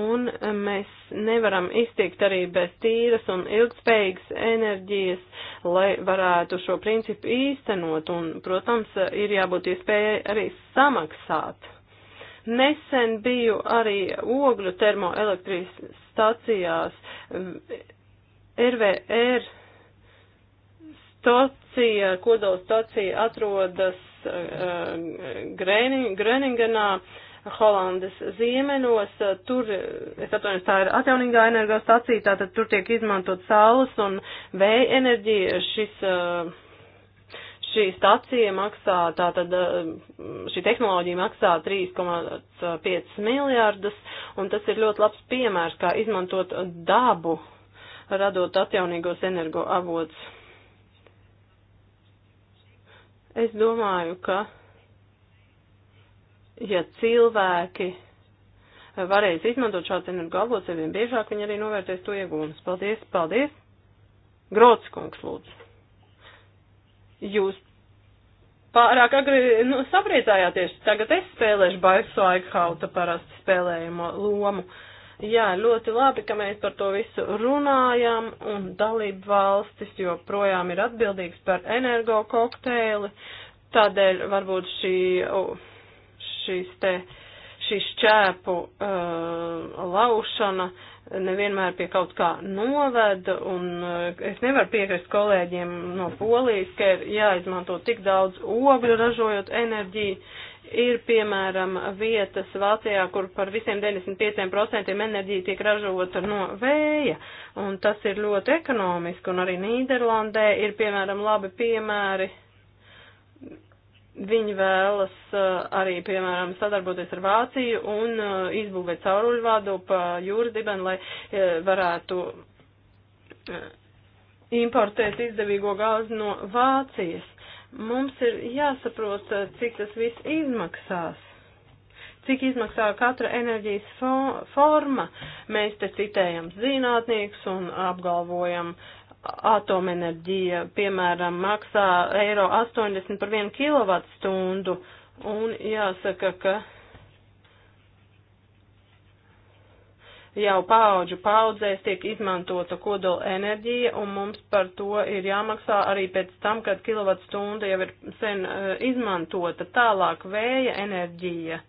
un mēs nevaram iztikt arī bez tīras un ilgspējīgas enerģijas, lai varētu šo principu īstenot, un, protams, ir jābūt iespējai arī samaksāt. Nesen biju arī ogļu termoelektrijas stacijās RVR Stocija, kodola stocija atrodas uh, um, Grēning, Grēningenā, Holandes ziemeļos. Tur, es atvainojos, tā ir atjaunīgā energostacija, tātad tur tiek izmantot saules un vēja enerģija. Šis, uh, šī stacija maksā, tātad uh, šī tehnoloģija maksā 3,5 miljārdus, un tas ir ļoti labs piemērs, kā izmantot dabu, radot atjaunīgos energoavotus. Es domāju, ka ja cilvēki varēs izmantot šādu energo avotu saviem biežāk, viņi arī novērtēs to iegūmus. Paldies, paldies. Grots kungs, lūdzu. Jūs pārāk agri nu, sapriecājāties, tagad es spēlēšu Baisu Aikhauta parasti spēlējumu lomu. Uh, Jā, ļoti labi, ka mēs par to visu runājam, un dalību valstis joprojām ir atbildīgs par energo kokteili, tādēļ varbūt šī, šīs te, šī šķēpu uh, laušana uh, nevienmēr pie kaut kā noveda, un es nevaru piekrist kolēģiem no Polijas, ka ir jāizmanto tik daudz ogļu ražojot enerģiju. Ir, piemēram, vietas Vācijā, kur par visiem 95% enerģija tiek ražota no vēja, un tas ir ļoti ekonomiski, un arī Nīderlandē ir, piemēram, labi piemēri. Viņi vēlas eh, arī, piemēram, sadarboties ar Vāciju un eh, izbūvēt cauruļvādu pa jūras dibenu, lai eh, varētu importēt izdevīgo gāzi no Vācijas. Mums ir jāsaprot, eh, cik tas viss izmaksās cik izmaksā katra enerģijas fo forma. Mēs te citējam zinātnieks un apgalvojam, atomenerģija, piemēram, maksā eiro 80 par vienu kilovatu stundu. Un jāsaka, ka jau paauģu paudzēs tiek izmantota kodola enerģija, un mums par to ir jāmaksā arī pēc tam, kad kilovatstunda jau ir sen uh, izmantota tālāk vēja enerģija.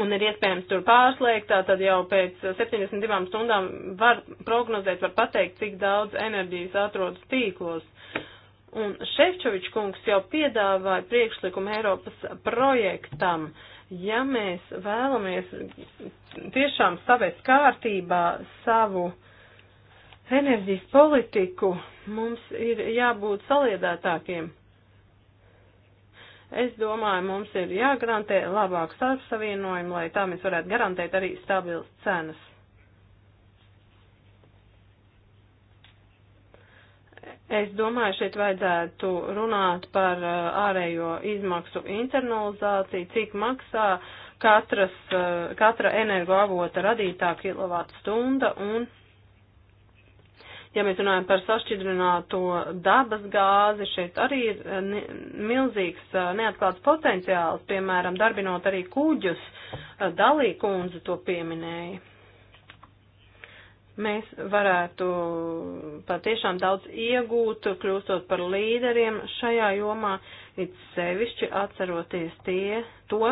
Un ir iespējams tur pārslēgt, tad jau pēc 72 stundām var prognozēt, var pateikt, cik daudz enerģijas atrodas tīklos. Un Šefčovičs kungs jau piedāvāja priekšlikumu Eiropas projektam. Uh, Ja mēs vēlamies tiešām savēt kārtībā savu enerģijas politiku, mums ir jābūt saliedētākiem. Es domāju, mums ir jāgarantē labāk starpsavienojumi, lai tā mēs varētu garantēt arī stabils cenas. Es domāju, šeit vajadzētu runāt par uh, ārējo izmaksu internalizāciju, cik maksā katras, uh, katra energoavota radītā kilovāta stunda un, ja mēs runājam par sašķidrināto dabas gāzi, šeit arī ir uh, milzīgs neatklāts potenciāls, piemēram, darbinot arī kuģus, dalīkundze to pieminēja mēs varētu patiešām daudz iegūt, kļūstot par līderiem šajā jomā, it sevišķi atceroties tie, to.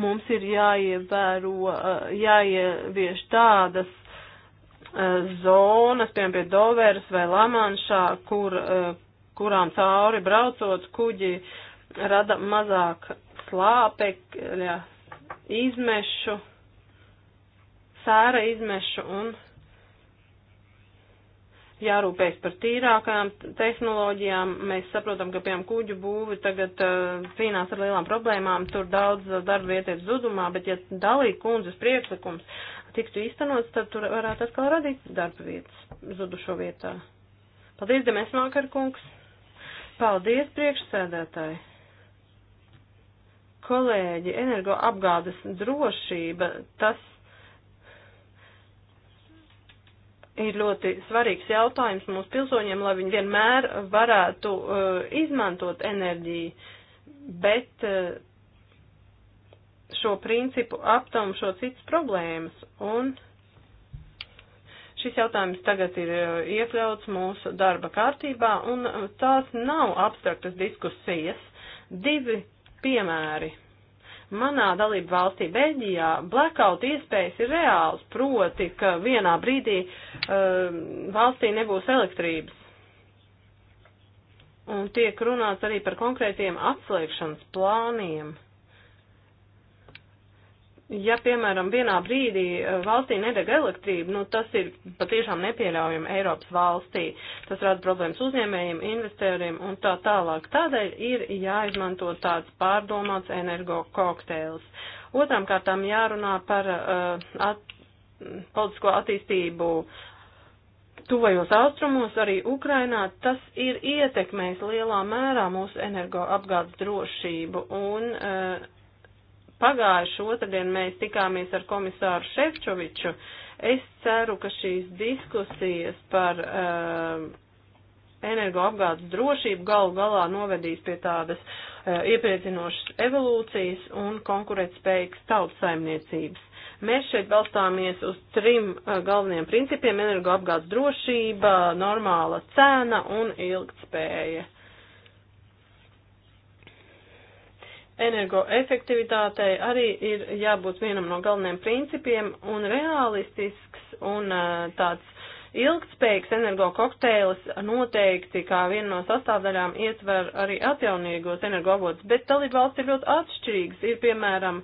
Mums ir jāievēro, jāievieš tādas e, zonas, piemēram, pie Doveras vai Lamanšā, kur, e, kurām cauri braucot kuģi rada mazāk slāpekļa izmešu sēra izmešu un jārūpējas par tīrākām tehnoloģijām. Mēs saprotam, ka, piemēram, kuģu būvi tagad uh, cīnās ar lielām problēmām, tur daudz eh, darba vietas zudumā, bet ja dalīja kundzes priekšlikums tiktu īstenots, tad tur varētu atkal radīt darba vietas zudušo vietā. Paldies, Demes Mākarkungs! Paldies, priekšsēdētāji! Kolēģi, energoapgādes drošība, tas ir ļoti svarīgs jautājums mūsu pilsoņiem, lai viņi vienmēr varētu uh, izmantot enerģiju, bet uh, šo principu aptumšo citas problēmas. Un šis jautājums tagad ir uh, iekļauts mūsu darba kārtībā, un uh, tās nav abstraktas diskusijas. Divi piemēri. Manā dalību valstī Beļģijā blackout iespējas ir reāls, proti, ka vienā brīdī uh, valstī nebūs elektrības. Un tiek runāts arī par konkrētiem atslēgšanas plāniem ja, piemēram, vienā brīdī eh, valstī nedeg elektrība, nu, tas ir patiešām nepieļaujami Eiropas valstī. Tas rada problēmas uzņēmējiem, investoriem un tā tālāk. Tādēļ ir jāizmanto tāds pārdomāts energo kokteils. Otram kārtām jārunā par uh, at, politisko attīstību uh, tuvajos austrumos, arī Ukrainā, tas ir ietekmējis lielā mērā mūsu energoapgādes drošību un uh, Pagājušo otrdien mēs tikāmies ar komisāru Šefčoviču. Es ceru, ka šīs diskusijas par uh, energoapgādes drošību galu galā novedīs pie tādas uh, iepriecinošas evolūcijas un konkurētspējīgas tautsaimniecības. Mēs šeit balstāmies uz trim uh, galvenajiem principiem - energoapgādes drošība, normāla cena un ilgtspēja. Uh, energoefektivitātei arī ir jābūt vienam no galvenajiem principiem un realistisks un tāds ilgspējīgs energo kokteilis noteikti kā viena no sastāvdaļām ietver arī atjaunīgos energoavotus, bet dalība valsts ir ļoti atšķirīgas. Ir piemēram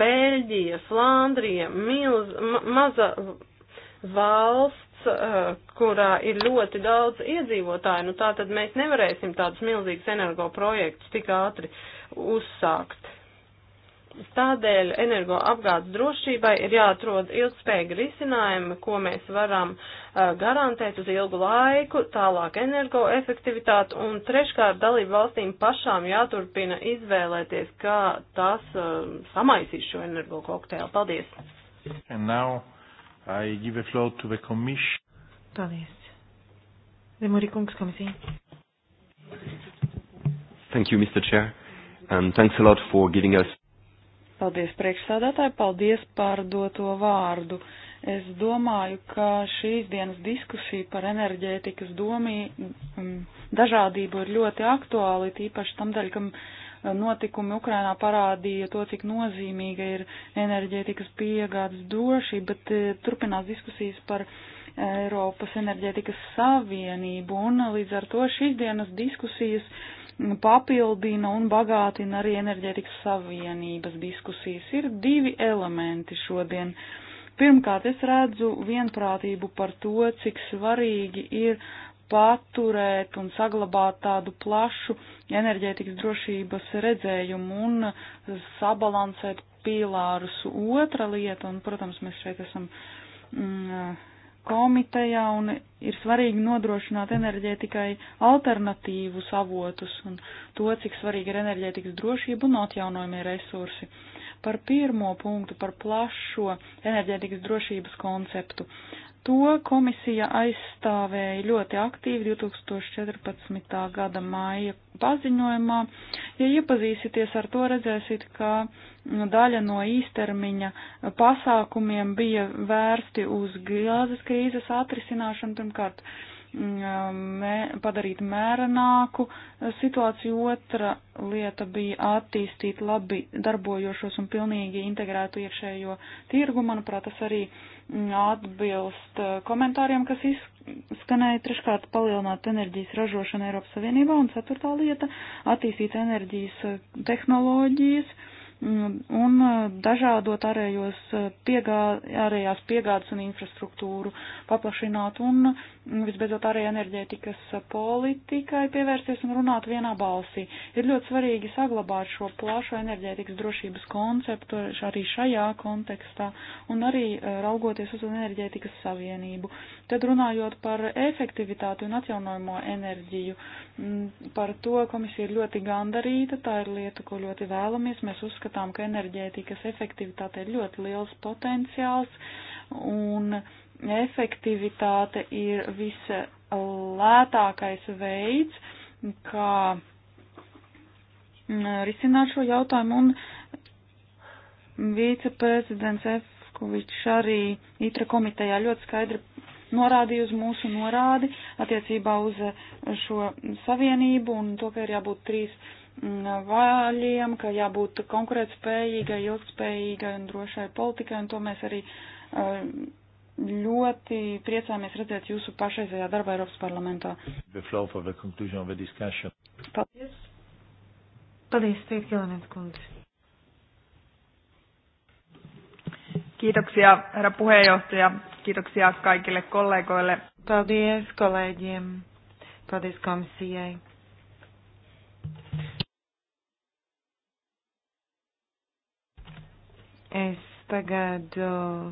Beļģija, Flandrija, milz, ma maza valsts, kurā ir ļoti daudz iedzīvotāju. Nu, tā tad mēs nevarēsim tādus milzīgus energo projektus tik ātri uh, uzsākt. Tādēļ energoapgādes drošībai ir jāatrod ilgspējīgi risinājumi, ko mēs varam uh, garantēt uz ilgu laiku, tālāk energoefektivitāti un treškārt dalību valstīm pašām jāturpina izvēlēties, kā tās uh, samaisīs šo energo kokteili. Paldies! Paldies! Demurikungs komisija. Thank you, Mr. Chair and thanks a lot for giving us. Paldies priekšsādātāji, paldies par doto vārdu. Es domāju, ka šīs dienas diskusija par enerģētikas domī mm, dažādību ir ļoti aktuāli, tīpaši tam daļ, kam mm, notikumi Ukrainā parādīja to, cik nozīmīga ir enerģētikas piegādes drošība, bet eh, turpinās diskusijas par eh, Eiropas enerģētikas savienību, un līdz ar to šīs dienas diskusijas uh, Nu, papildina un bagātina arī enerģētikas savienības diskusijas. Ir divi elementi šodien. Pirmkārt, es redzu vienprātību par to, cik svarīgi ir paturēt un saglabāt tādu plašu enerģētikas drošības redzējumu un sabalansēt pīlārus. Otra lieta, un, protams, mēs šeit esam mm, komitejā un ir svarīgi nodrošināt enerģētikai alternatīvu savotus un to, cik svarīgi ir enerģētikas drošība un atjaunojumie resursi. Uh, par pirmo punktu, par plašo enerģētikas drošības konceptu. To komisija aizstāvēja ļoti aktīvi 2014. gada māja paziņojumā. Ja iepazīsieties ar to, redzēsiet, ka daļa no īstermiņa pasākumiem bija vērsti uz gāzes krīzes atrisināšanu pirmkārt. Uh, Mm, mē, padarīt mērenāku situāciju. Otra lieta bija attīstīt labi darbojošos un pilnīgi integrētu iekšējo tirgu. Manuprāt, tas arī mm, atbilst eh, komentāriem, kas izskanēja treškārt palielināt enerģijas ražošanu Eiropas Savienībā. Un ceturtā lieta - attīstīt enerģijas eh, tehnoloģijas Mm, un eh, dažādot arējos eh, piegā, arējās piegādes un infrastruktūru paplašināt un mm, visbeidzot arī enerģētikas eh, politikai pievērsties un runāt vienā balsī. Ir ļoti svarīgi saglabāt šo plašo enerģētikas drošības konceptu arī šajā kontekstā un arī raugoties uz enerģētikas savienību. Tad runājot par efektivitāti un atjaunojamo enerģiju, mm, par to komisija ir ļoti gandarīta, tā ir lieta, ko ļoti vēlamies. Mēs uzskatām, ka enerģētikas efektivitāte ir ļoti liels potenciāls un efektivitāte ir vislētākais veids, kā mm, risināt šo jautājumu un viceprezidents F. Kovičs arī ITRA komitejā ļoti skaidri norādīja uz mūsu norādi attiecībā uz eh, šo savienību un to, ka ir jābūt trīs mm, vaļiem, ka jābūt konkurētspējīgai, ilgspējīgai un drošai politikai, un to mēs arī eh, ļoti priecājamies redzēt jūsu pašreizējā darbā Eiropas parlamentā. Paldies. Paldies, Tiet Kilanens kundze. Kiitoksia, herra puheenjohtaja. Kiitoksia kaikille kollegoille. Paldies kolēģiem. Paldies komisijai. Es tagad uh,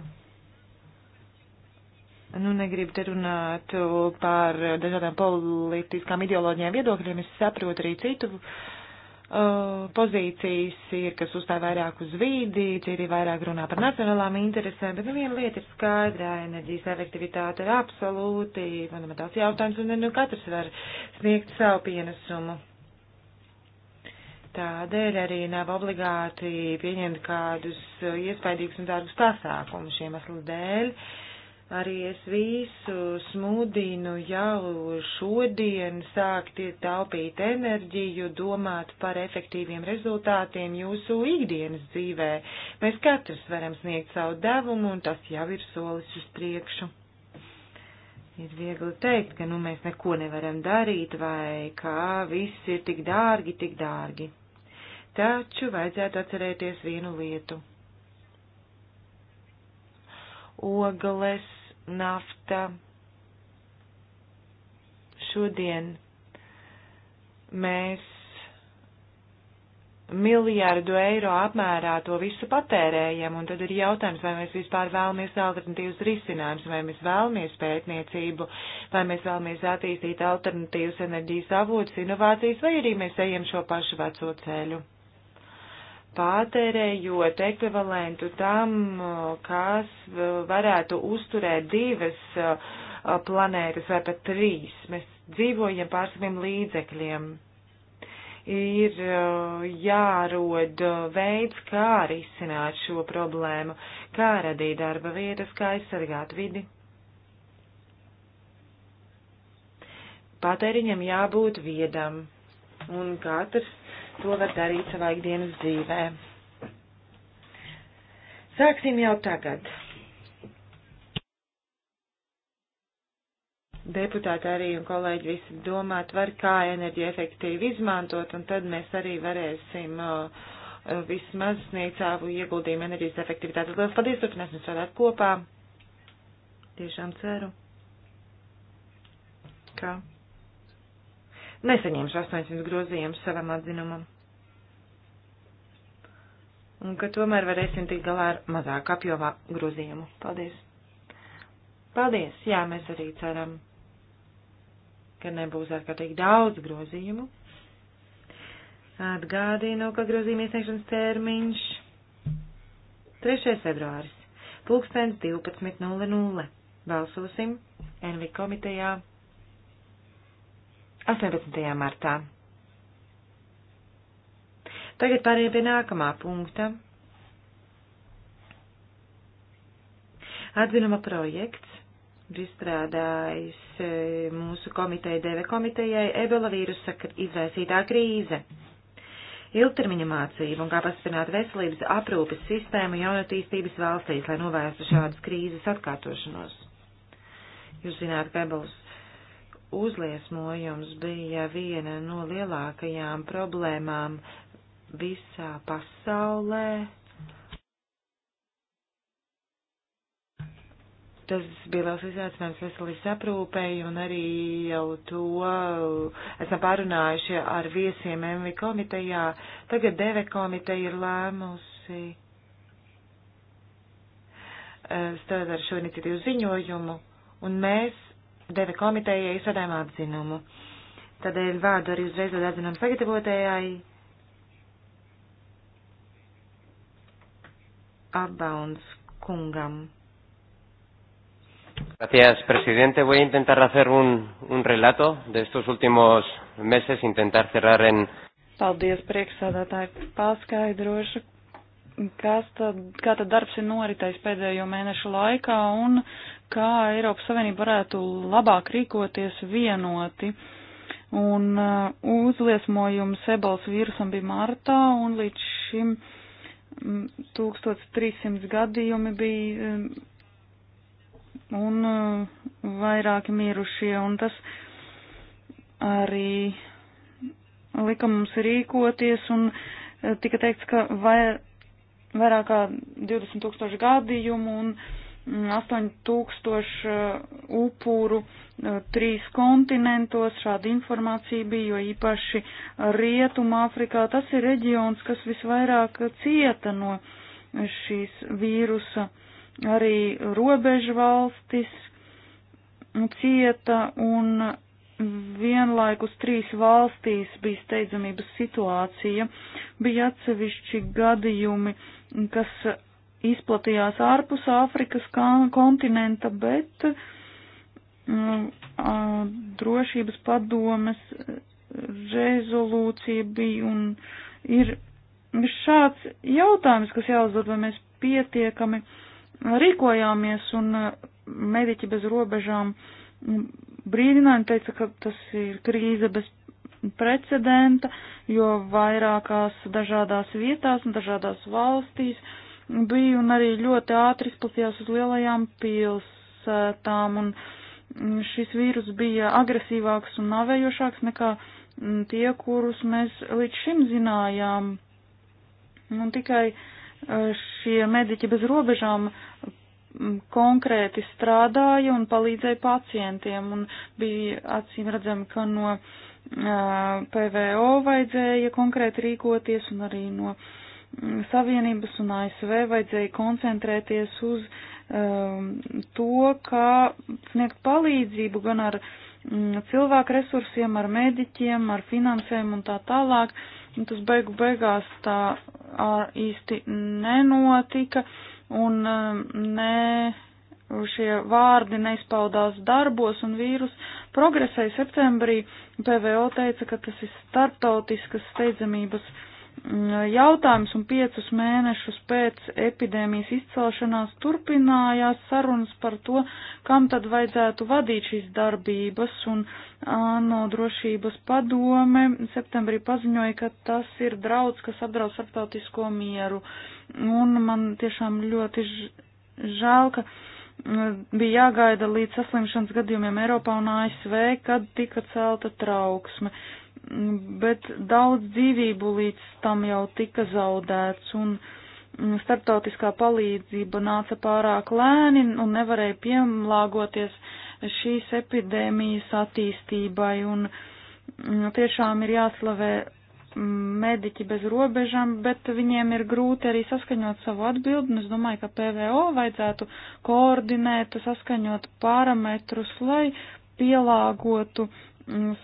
nu, negribu te runāt par dažādām politiskām ideoloģijām viedokļiem. Es saprotu arī citu uh, Eh, pozīcijas ir, kas uzstāv vairāk uz vīdi, citi vairāk runā par nacionālām interesēm, bet nu viena lieta ir skaidrā, enerģijas efektivitāte ir absolūti fundamentāls jautājums, un nu katrs var sniegt savu pienesumu. Tādēļ arī nav obligāti pieņemt kādus iespaidīgus un dārgus pasākumus šiem aslu dēļ. Uh, Arī es visus mudinu jau šodien sākt taupīt enerģiju, domāt par efektīviem rezultātiem jūsu ikdienas dzīvē. Mēs katrs varam sniegt savu devumu, un tas jau ir solis uz priekšu. Ir viegli teikt, ka nu mēs neko nevaram darīt, vai kā viss ir tik dārgi, tik dārgi. Taču vajadzētu atcerēties vienu lietu ogles, nafta. Šodien mēs miljārdu eiro apmērā to visu patērējam, un tad ir jautājums, vai mēs vispār vēlamies alternatīvas risinājumus, vai mēs vēlamies pētniecību, vai mēs vēlamies attīstīt alternatīvas enerģijas avotus, inovācijas, vai arī mēs ejam šo pašu veco ceļu patērējot ekvivalentu tam, kas varētu uzturēt divas uh, planētas vai pat trīs. Mēs dzīvojam pār saviem līdzekļiem. Ir uh, jārod uh, veids, kā risināt šo problēmu, kā radīt darba vietas, kā aizsargāt vidi. Patēriņam jābūt viedam, un katrs to var darīt savā ikdienas dzīvē. Sāksim jau tagad. Deputāti arī un kolēģi visi domāt var, kā enerģiju efektīvi izmantot, un tad mēs arī varēsim uh, vismaz sniegt savu ieguldījumu enerģijas efektivitātes. Lielas paldies, turpināsim strādāt kopā. Tiešām ceru, ka. Kā nesaņemšu 800 grozījumus savam atzinumam. Un ka tomēr varēsim tikt galā ar mazāk apjomā grozījumu. Paldies! Paldies! Jā, mēs arī ceram, ka nebūs ārkārtīgi daudz grozījumu. Atgādīju, ka grozījuma iesniegšanas termiņš 3. februāris, pulkstens 12.00. Balsosim Envi komitejā 18. martā. Tagad pārējiem pie nākamā punkta. Atzinuma projekts ir izstrādājis e, mūsu komiteja, DV komitejai, ebola vīrusa izraisītā krīze. Ilgtermiņa mācība un kā pastiprināt veselības aprūpes sistēmu jaunatīstības valstīs, lai novērstu šādas krīzes atkārtošanos. Jūs zināt, ka ebolas uzliesmojums bija viena no lielākajām problēmām visā pasaulē. Tas bija liels izaicinājums veselības aprūpei un arī jau to esam pārunājuši ar viesiem MV komitejā. Tagad DV komiteja ir lēmusi eh, strādāt ar šo iniciatīvu ziņojumu un mēs deve komitējai sadēm apzinumu. Tādēļ vārdu arī uzreiz dod atzinumu sagatavotējai. Abbauns kungam. Gracias, presidente. Voy a intentar hacer un, un relato de estos últimos meses, intentar cerrar en. Paldies, priekšsādātāji. Paskaidrošu, kas tad, kā tad darbs ir noritējis pēdējo mēnešu laikā un kā Eiropas Savienība varētu labāk rīkoties vienoti. Un uh, uzliesmojums ebols vīrusam bija martā, un līdz šim 1300 mm, gadījumi bija mm, un uh, vairāki mirušie, un tas arī lika mums rīkoties, un uh, tika teikts, ka vai, vairāk kā 20 tūkstoši gadījumu, un uh, 8000 uh, upuru uh, trīs kontinentos. Šāda informācija bija, jo īpaši Rietuma Afrikā tas ir reģions, kas visvairāk cieta no šīs vīrusa. Arī robežu valstis cieta un vienlaikus trīs valstīs bija steidzamības situācija, bija atsevišķi gadījumi, kas izplatījās ārpus Āfrikas kontinenta, bet um, drošības padomes rezolūcija bija un ir šāds jautājums, kas jāuzdod, vai mēs pietiekami rīkojāmies un mediķi bez robežām brīdinājumi teica, ka tas ir krīze bez precedenta, jo vairākās dažādās vietās un dažādās valstīs uh, bija un arī ļoti ātri izplatījās uz lielajām pilsētām, un mm, šis vīrus bija agresīvāks un navējošāks nekā mm, tie, kurus mēs līdz šim zinājām. Un tikai e, šie mediķi bez robežām mm, konkrēti strādāja un palīdzēja pacientiem, un bija acīm redzami, ka no e, PVO vajadzēja konkrēti rīkoties un arī no uh, Mm, Savienības un ASV vajadzēja koncentrēties uz um, to, kā sniegt palīdzību gan ar um, cilvēku resursiem, ar mediķiem, ar finansēm un tā tālāk. Un tas beigu beigās tā ar, īsti nenotika un um, ne, šie vārdi neizpaudās darbos un vīrus progresēja septembrī. PVO teica, ka tas ir starptautiskas steidzamības jautājums, un piecus mēnešus pēc epidēmijas izcelšanās turpinājās sarunas par to, kam tad vajadzētu vadīt šīs darbības, un ANO drošības padome septembrī paziņoja, ka tas ir draudz, kas apdraud starptautisko mieru, un man tiešām ļoti žēl, ka mm, bija jāgaida līdz saslimšanas gadījumiem Eiropā un ASV, kad tika celta trauksme. Uh, bet daudz dzīvību līdz tam jau tika zaudēts, un mm, starptautiskā palīdzība nāca pārāk lēni un nevarēja piemlāgoties šīs epidēmijas attīstībai, un mm, tiešām ir jāslavē mm, mediķi bez robežām, bet viņiem ir grūti arī saskaņot savu atbildi, un es domāju, ka PVO vajadzētu koordinēt, saskaņot parametrus, lai pielāgotu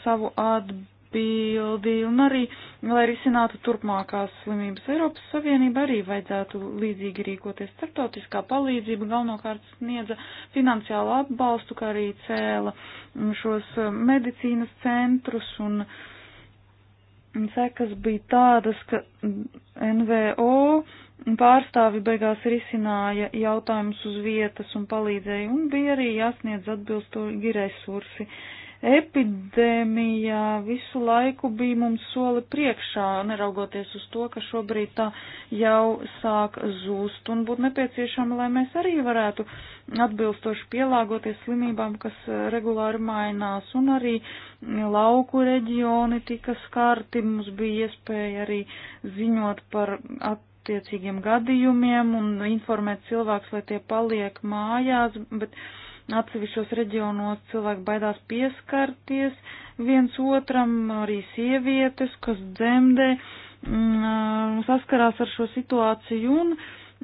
savu atbildi atbildi un arī, lai risinātu turpmākās slimības. Eiropas Savienība arī vajadzētu līdzīgi rīkoties. Startautiskā palīdzība galvenokārt sniedza finansiālu atbalstu, kā arī cēla šos um, medicīnas centrus un sekas bija tādas, ka NVO pārstāvi beigās risināja jautājumus uz vietas un palīdzēja, un bija arī jāsniedz atbilstīgi resursi. Uh, epidēmija visu laiku bija mums soli priekšā, neraugoties uz to, ka šobrīd tā jau sāk zūst un būtu nepieciešama, lai mēs arī varētu atbilstoši pielāgoties slimībām, kas eh, regulāri mainās un arī lauku reģioni tika skarti, mums bija iespēja arī ziņot par at attiecīgiem gadījumiem un informēt cilvēks, lai tie paliek mājās, bet uh, Atsevišķos reģionos cilvēki baidās pieskarties viens otram, arī sievietes, kas dzemdē, mm, saskarās ar šo situāciju.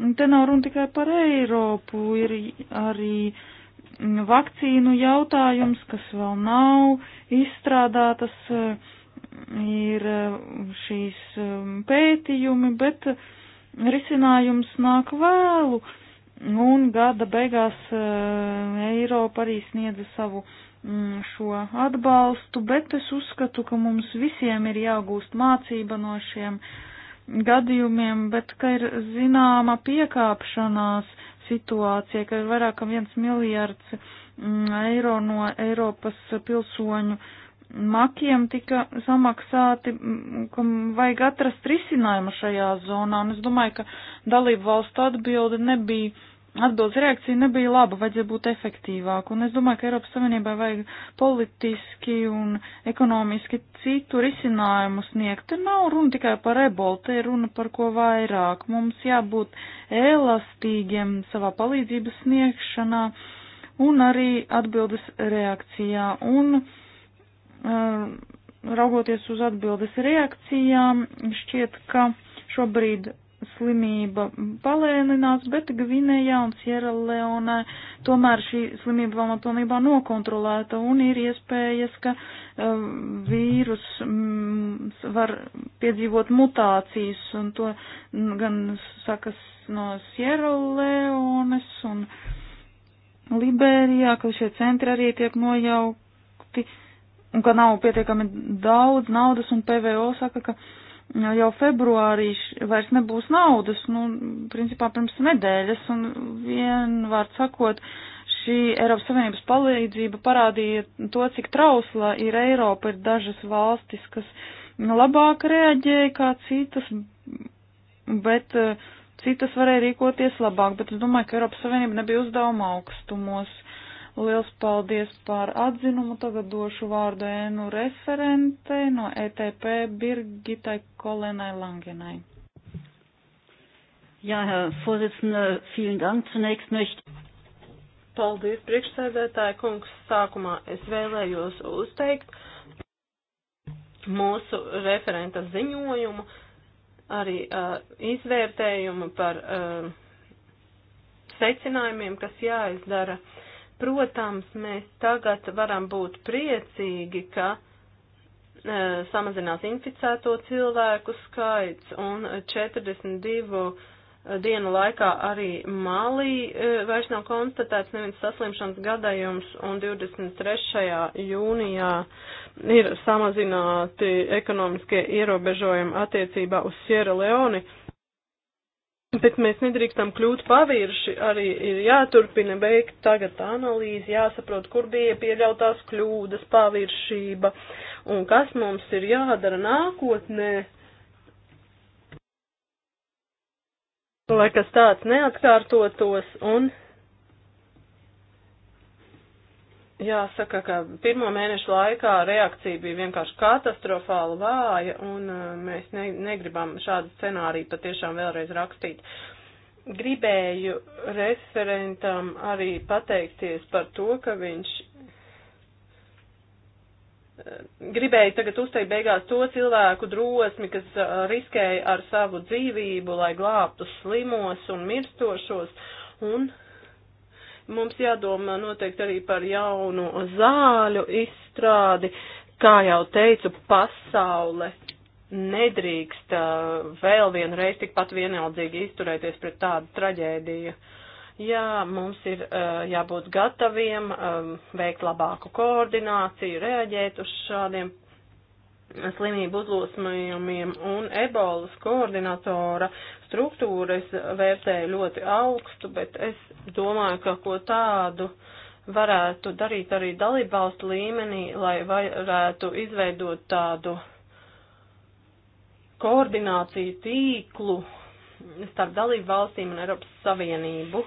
Un te nav runa tikai par Eiropu, ir arī mm, vakcīnu jautājums, kas vēl nav izstrādātas, ir šīs pētījumi, bet risinājums nāk vēlu. Uh, Un gada beigās eh, Eiropa arī sniedza savu mm, šo atbalstu, bet es uzskatu, ka mums visiem ir jāgūst mācība no šiem gadījumiem, bet ka ir zināma piekāpšanās situācija, ka ir vairāk kā viens miljards mm, eiro no Eiropas pilsoņu uh, makiem tika samaksāti, kam vajag atrast risinājumu šajā zonā, un es domāju, ka dalību valstu atbildi nebija, atbildes reakcija nebija laba, vajadzēja būt efektīvāk, un es domāju, ka Eiropas Savienībai vajag politiski un ekonomiski citu risinājumu sniegt. Te nav runa tikai par ebolu, te ir runa par ko vairāk. Mums jābūt elastīgiem savā palīdzības sniegšanā un arī atbildes reakcijā. Un Uh, raugoties uz atbildes reakcijām, šķiet, ka šobrīd slimība palēninās, bet Gvinējā un Sieraleonē tomēr šī slimība vēl nav pilnībā nokontrolēta un ir iespējas, ka uh, vīrus mm, var piedzīvot mutācijas un to gan sakas no Sieraleones un Liberijā, ka šie centri arī tiek nojaukti un ka nav pietiekami daudz naudas, un PVO saka, ka jau februārī vairs nebūs naudas, nu, principā pirms nedēļas, un vienvārds sakot, šī Eiropas Savienības palīdzība parādīja to, cik trausla ir Eiropa, ir dažas valstis, kas labāk reaģēja kā citas, bet eh, citas varēja rīkoties labāk, bet es domāju, ka Eiropas Savienība nebija uzdevuma augstumos. Liels paldies par atzinumu. Tagad došu vārdu ēnu referentei no ETP Birgitai Kolenai Langenai. Jā, Herr Vorsitzende, vielen Dank. Zunächst möchte Paldies, priekšsēdētāja kungs. Sākumā es vēlējos uzteikt mūsu referenta ziņojumu, arī uh, izvērtējumu par uh, secinājumiem, kas jāizdara uh, Protams, mēs tagad varam būt priecīgi, ka e, samazinās inficēto cilvēku skaits un 42 e, dienu laikā arī Malī e, vairs nav konstatēts neviens saslimšanas gadījums un 23. jūnijā ir samazināti ekonomiskie ierobežojumi attiecībā uz Sierra Leoni Bet mēs nedrīkstam kļūt pavirši, arī ir jāturpina veikt tagad analīzi, jāsaprot, kur bija pieļautās kļūdas, paviršība un kas mums ir jādara nākotnē, lai kas tāds neatkārtotos un Jāsaka, ka pirmo mēnešu laikā reakcija bija vienkārši katastrofāla vāja, un uh, mēs ne, negribam šādu scenāriju patiešām vēlreiz rakstīt. Gribēju referentam arī pateikties par to, ka viņš uh, gribēju tagad uzteikt beigās to cilvēku drosmi, kas uh, riskēja ar savu dzīvību, lai glābtu slimos un mirstošos, un Mums jādomā noteikti arī par jaunu zāļu izstrādi. Kā jau teicu, pasaule nedrīkst uh, vēl vienreiz tikpat vienaldzīgi izturēties pret tādu traģēdiju. Jā, mums ir uh, jābūt gataviem um, veikt labāku koordināciju, reaģēt uz šādiem slimību uzlūsmējumiem un ebolas koordinatora struktūru es vērtēju ļoti augstu, bet es domāju, ka ko tādu varētu darīt arī dalībvalstu līmenī, lai varētu izveidot tādu koordināciju tīklu starp dalību valstīm un Eiropas Savienību.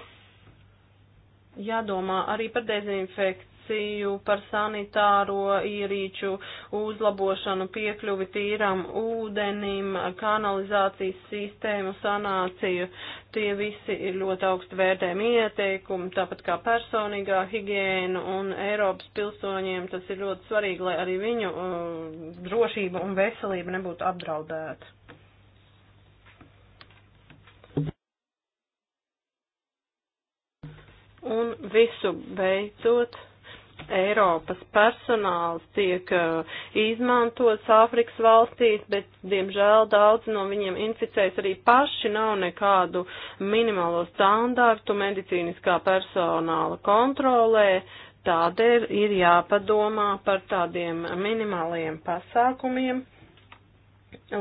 Jādomā arī par dezinfekciju diskusiju par sanitāro ierīču uzlabošanu, piekļuvi tīram ūdenim, kanalizācijas sistēmu sanāciju. Tie visi ir ļoti augstu vērtējumi ieteikumi, tāpat kā personīgā higiēna un Eiropas pilsoņiem tas ir ļoti svarīgi, lai arī viņu uh, drošība un veselība nebūtu apdraudēta. un visu beidzot Eiropas personāls tiek uh, izmantots Āfrikas valstīs, bet, diemžēl, daudz no viņiem inficējas arī paši, nav nekādu minimālo standārtu medicīniskā personāla kontrolē. Tādēļ ir jāpadomā par tādiem minimāliem pasākumiem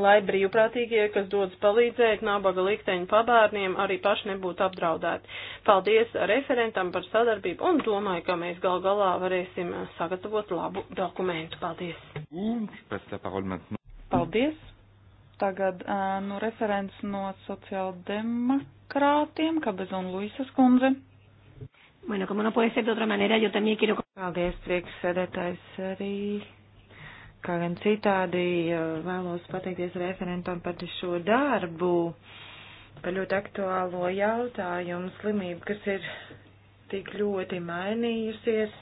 lai brīvprātīgie, kas dodas palīdzēt nabaga likteņu pabērniem, arī paši nebūtu apdraudēti. Paldies referentam par sadarbību un domāju, ka mēs gal galā varēsim sagatavot labu dokumentu. Paldies! Paldies! Tagad nu, referents no sociāldemokrātiem, Kabezon Luisas kundze. Bueno, como no puede ser de otra manera, yo también quiero... Paldies, priekšsēdētājs arī Kā gan citādi vēlos pateikties referentam par šo darbu, par ļoti aktuālo jautājumu slimību, kas ir tik ļoti mainījusies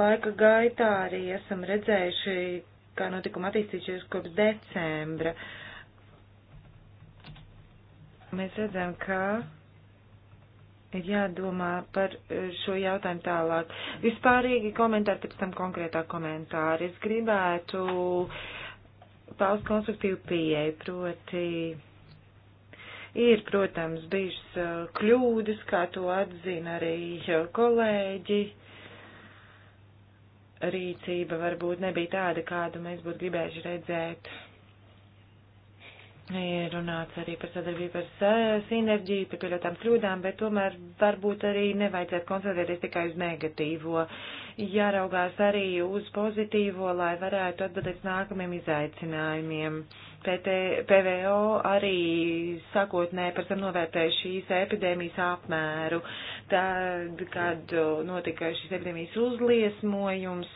laika gaitā, arī esam redzējuši, kā notikuma attīstījušies kopš decembra. Mēs redzam, ka ir jādomā par eh, šo jautājumu tālāk. Vispārīgi komentāri, pēc tam konkrētā komentāri. Es gribētu paust konstruktīvu pieeju, proti. Ir, protams, bijušas eh, kļūdas, kā to atzina arī kolēģi. Rīcība varbūt nebija tāda, kādu mēs būtu gribējuši redzēt Ir runāts arī par sadarbību ar sinerģiju, par pieļautām kļūdām, bet tomēr varbūt arī nevajadzētu koncentrēties tikai uz negatīvo. Jāraugās arī uz pozitīvo, lai varētu atbildēt nākamiem izaicinājumiem. PT, PVO arī sākotnē par zem novērtēja šīs epidēmijas apmēru, tad, kad notika šīs epidēmijas uzliesmojums,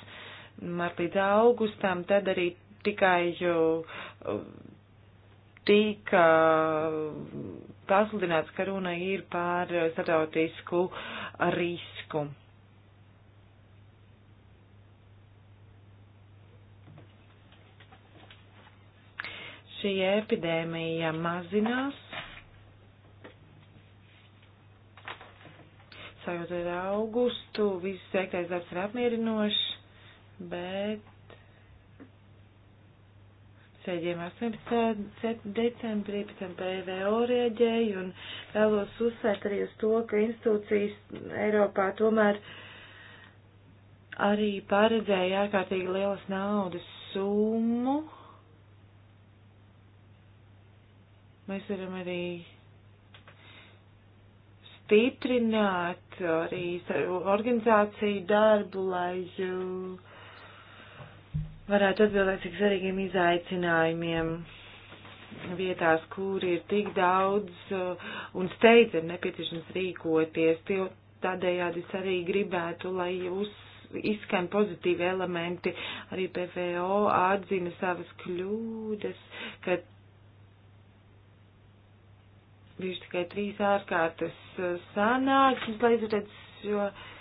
mart līdz augustam, tad arī tikai. Jo, tika pasludināts, ka runa ir par starptautisku risku. Šī epidēmija mazinās, sākot ar augustu, viss veiktais darbs ir apmierinošs, bet stratēģiem. 18. decembrī pēc tam PVO rieģēju un vēlos uzsvērt arī uz to, ka institūcijas Eiropā tomēr arī paredzēja ārkārtīgi lielas naudas summu. Mēs varam arī stiprināt arī organizāciju darbu, lai uh, varētu atbildēt cik svarīgiem izaicinājumiem vietās, kur ir tik daudz uh, un steidz ir nepieciešams rīkoties. Tādējādi es arī gribētu, lai jūs izskan pozitīvi elementi. Arī PVO atzina savas kļūdas, ka bija tikai trīs ārkārtas uh, sanāksmes, lai izredz, jo. Uh,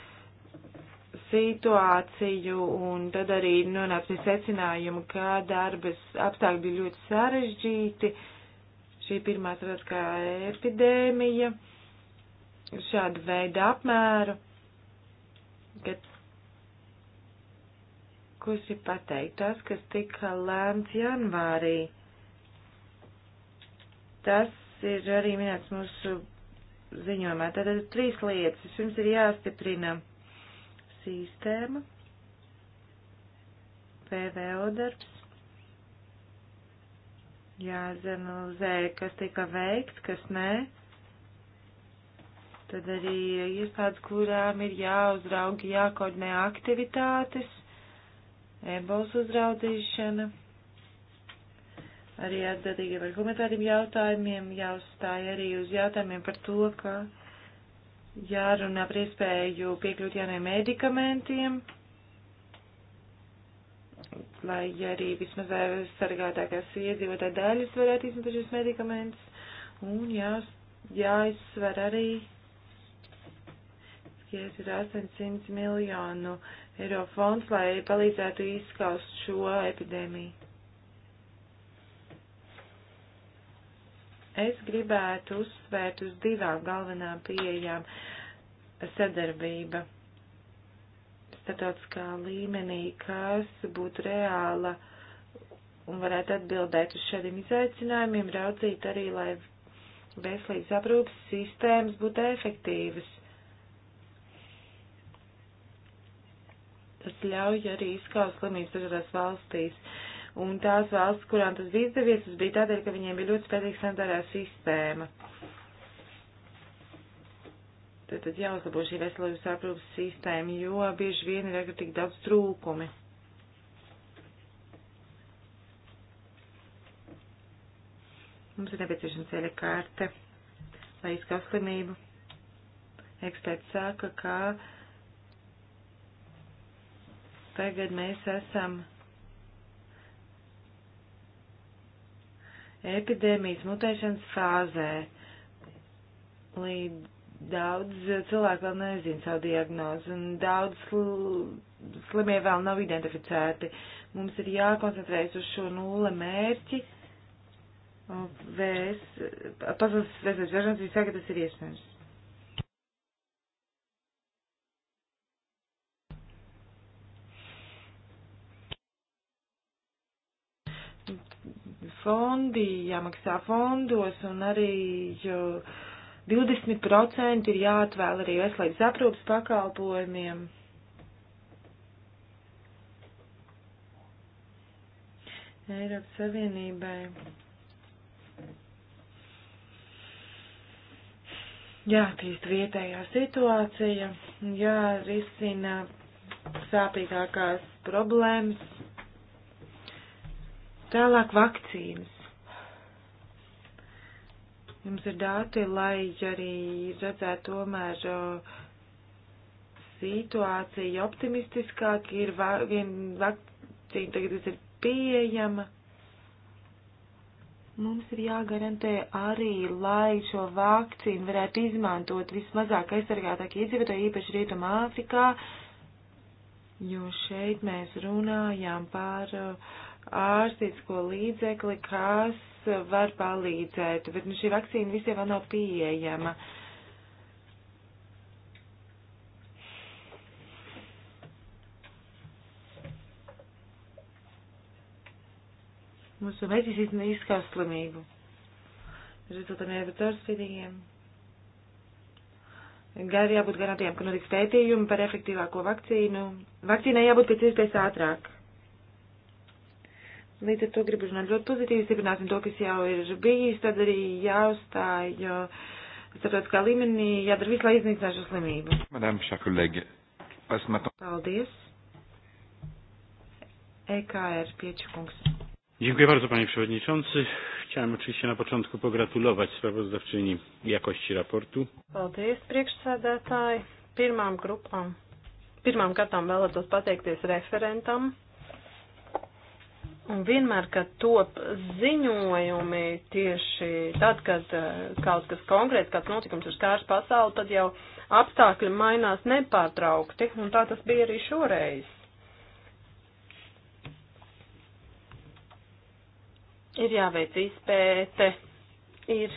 situāciju un tad arī nonāca pie secinājuma, ka darbas apstākļi bija ļoti sarežģīti. Šī pirmā starptautiskā epidēmija šāda veida apmēru, kad ko es gribu pateikt, tas, kas tika lēmts janvārī, tas ir arī minēts mūsu ziņojumā. Tātad trīs lietas. Vispirms ir jāstiprina sistēma, PVO darbs, jāanalizē, kas tika veikts, kas nē. Tad arī iestādes, kurām ir jāuzrauga, jākoordinē aktivitātes, ebols uzraudzīšana arī atbildīgi par humanitāriem jautājumiem, jāuzstāja arī uz jautājumiem par to, ka jārunā par iespēju piekļūt jauniem medikamentiem, lai arī vismaz sargātākās iedzīvotāji daļas varētu izmantot šos medikamentus. Un jā, jāizsver arī, ka ir 800 miljonu eiro fonds, lai palīdzētu izskaust šo epidēmiju. Es gribētu uzsvērt uz divām galvenām pieejām sadarbība statotiskā līmenī, kas būtu reāla un varētu atbildēt uz šādiem izaicinājumiem, raudzīt arī, lai veselības aprūpas sistēmas būtu efektīvas. Tas ļauj arī izskaust slimības dažādās valstīs. Uh, un tās valsts, kurām tas bija izdevies, tas bija tādēļ, ka viņiem bija ļoti spēcīga sanitārā sistēma. Tad, tad jāuzlabo šī veselības aprūpas sistēma, jo bieži vien ir tik daudz trūkumi. Mums ir nepieciešama ceļa kārte, lai izskaust slimību. Eksperts saka, ka tagad mēs esam epidēmijas mutēšanas fāzē. Līdz daudz cilvēku vēl nezina savu diagnozu un daudz sl slimie vēl nav identificēti. Mums ir jākoncentrējas uz šo nulle mērķi. Vēs, pasaules vēstures vežams bija saka, ka tas ir iespējams. fondi, jāmaksā fondos un arī 20% ir jāatvēl arī veselības aprūpas pakalpojumiem. Eiropas Savienībai. Jātīst vietējā situācija, jārisina sāpīgākās problēmas Tālāk vakcīnas. Jums ir dati, lai arī redzētu tomēr uh, situācija optimistiskāk, ir va vien vakcīna tagad ir pieejama. Mums ir jāgarantē arī, lai šo vakcīnu varētu izmantot vismazāk aizsargātākie iedzīvotāji, īpaši Rietumā Āfrikā, jo šeit mēs runājām par uh, ārstniecisko līdzekli, kas var palīdzēt, bet nu, šī vakcīna visiem vēl nav pieejama. Mūsu mērķis izskaust slimību. Rezultātiem jābūt caurspīdīgiem. Gar jābūt garantijām, ka notiks pētījumi par efektīvāko vakcīnu. Vakcīnai jābūt pēc iespējas ātrāk. Līdz ar to gribu runāt ļoti pozitīvi, stiprināsim to, kas jau ir bijis, tad arī jāuzstāj, jo starptautiskā līmenī jādara visu, lai iznīcinātu šo slimību. Madam Šakulēgi, pasmatu. Paldies. EKR er, Pieczkungs. Dziękuję bardzo panie przewodniczący. Chciałem oczywiście na początku pogratulować sprawozdawczyni jakości raportu. Paldies, priekšsēdētāji. Pirmām grupām, pirmām kārtām vēlētos pateikties referentam Un vienmēr, kad top ziņojumi tieši tad, kad eh, kaut kas konkrēts, kāds notikums ir skārs pasauli, tad jau apstākļi mainās nepārtraukti, un tā tas bija arī šoreiz. Ir jāveic izpēte, ir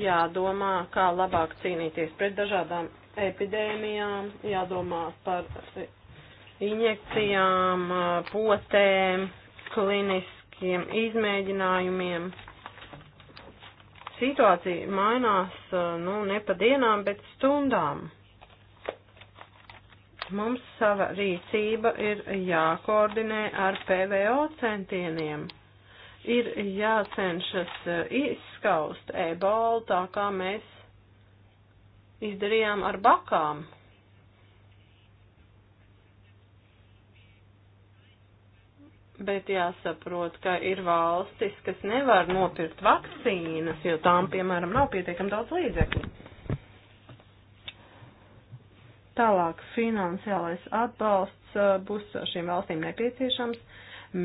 jādomā, kā labāk cīnīties pret dažādām epidēmijām, jādomā par injekcijām, eh, potēm kliniskiem izmēģinājumiem. Situācija mainās, eh, nu, ne pa dienām, bet stundām. Mums sava rīcība ir jākoordinē ar PVO centieniem ir jācenšas eh, izskaust ebolu tā, kā mēs izdarījām ar bakām. Bet jāsaprot, ka ir valstis, kas nevar nopirkt vakcīnas, jo tām, piemēram, nav pietiekami daudz līdzekļu. Tālāk finansiālais atbalsts uh, būs šīm valstīm nepieciešams.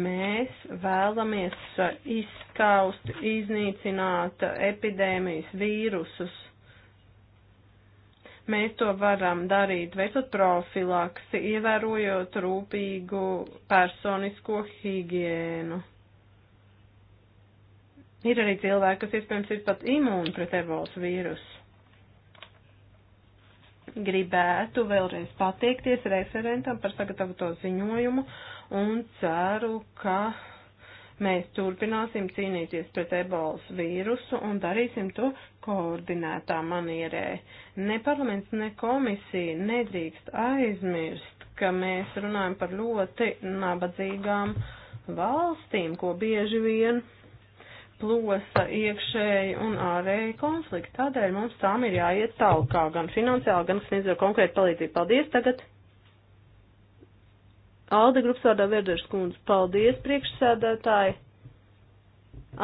Mēs vēlamies uh, izskaust, iznīcināt epidēmijas vīrusus Mēs to varam darīt veicot profilaksi, ievērojot rūpīgu personisko higienu. Ir arī cilvēki, kas iespējams ir pat imūni pret ebolas vīrusu. Gribētu vēlreiz pateikties referentam par sagatavoto ziņojumu un ceru, ka Mēs turpināsim cīnīties pret ebolas vīrusu un darīsim to koordinētā manierē. Ne parlaments, ne komisija nedrīkst aizmirst, ka mēs runājam par ļoti nabadzīgām valstīm, ko bieži vien plosa iekšēji un ārēji konflikti. Tādēļ mums tām ir jāiet tālāk, gan finansiāli, gan sniedzot konkrētu palīdzību. Paldies tagad! Alde grupas vārdā Verderis kundze, paldies priekšsēdētāji.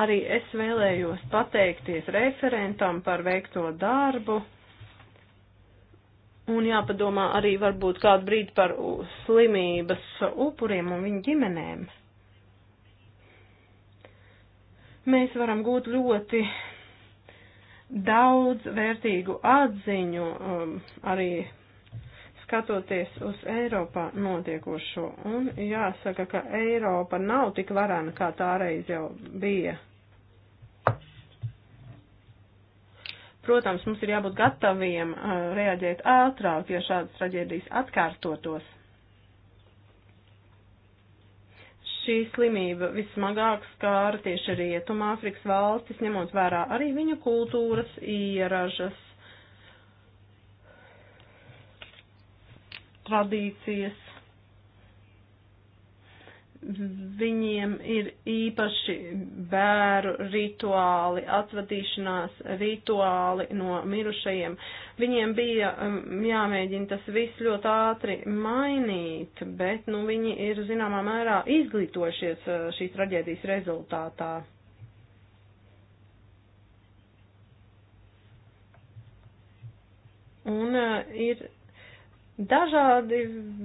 Arī es vēlējos pateikties referentam par veikto darbu. Un jāpadomā arī varbūt kādu brīdi par slimības upuriem un viņu ģimenēm. Mēs varam gūt ļoti daudz vērtīgu atziņu um, arī skatoties uz Eiropā notiekošo. Un jāsaka, ka Eiropa nav tik varana, kā tā reiz jau bija. Protams, mums ir jābūt gataviem uh, reaģēt ātrāk, ja šādas traģēdijas atkārtotos. Šī slimība vissmagāk skāra tieši Rietumāfrikas valstis, ņemot vērā arī viņu kultūras ieražas tradīcijas. Viņiem ir īpaši bēru rituāli, atvadīšanās rituāli no mirušajiem. Viņiem bija um, jāmēģina tas viss ļoti ātri mainīt, bet nu, viņi ir zināmā mērā izglītojušies uh, šīs traģēdijas rezultātā. Un uh, ir dažādi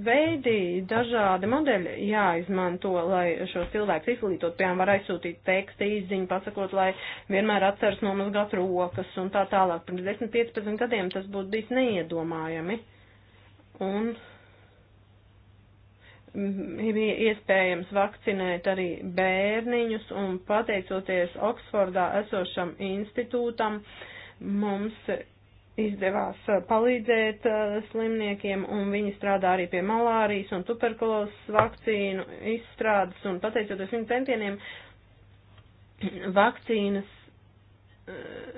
veidi, dažādi modeļi jāizmanto, lai šos cilvēkus izglītot, piemēram, var aizsūtīt teksta izziņu, pasakot, lai vienmēr atceras nomazgāt rokas un tā tālāk. Pirms 10-15 gadiem tas būtu bijis neiedomājami. Un bija iespējams vakcinēt arī bērniņus un pateicoties Oksfordā esošam institūtam, mums izdevās eh, palīdzēt eh, slimniekiem, un viņi strādā arī pie malārijas un tuberkulozes vakcīnu izstrādes, un pateicoties viņu centieniem, vakcīnas, eh,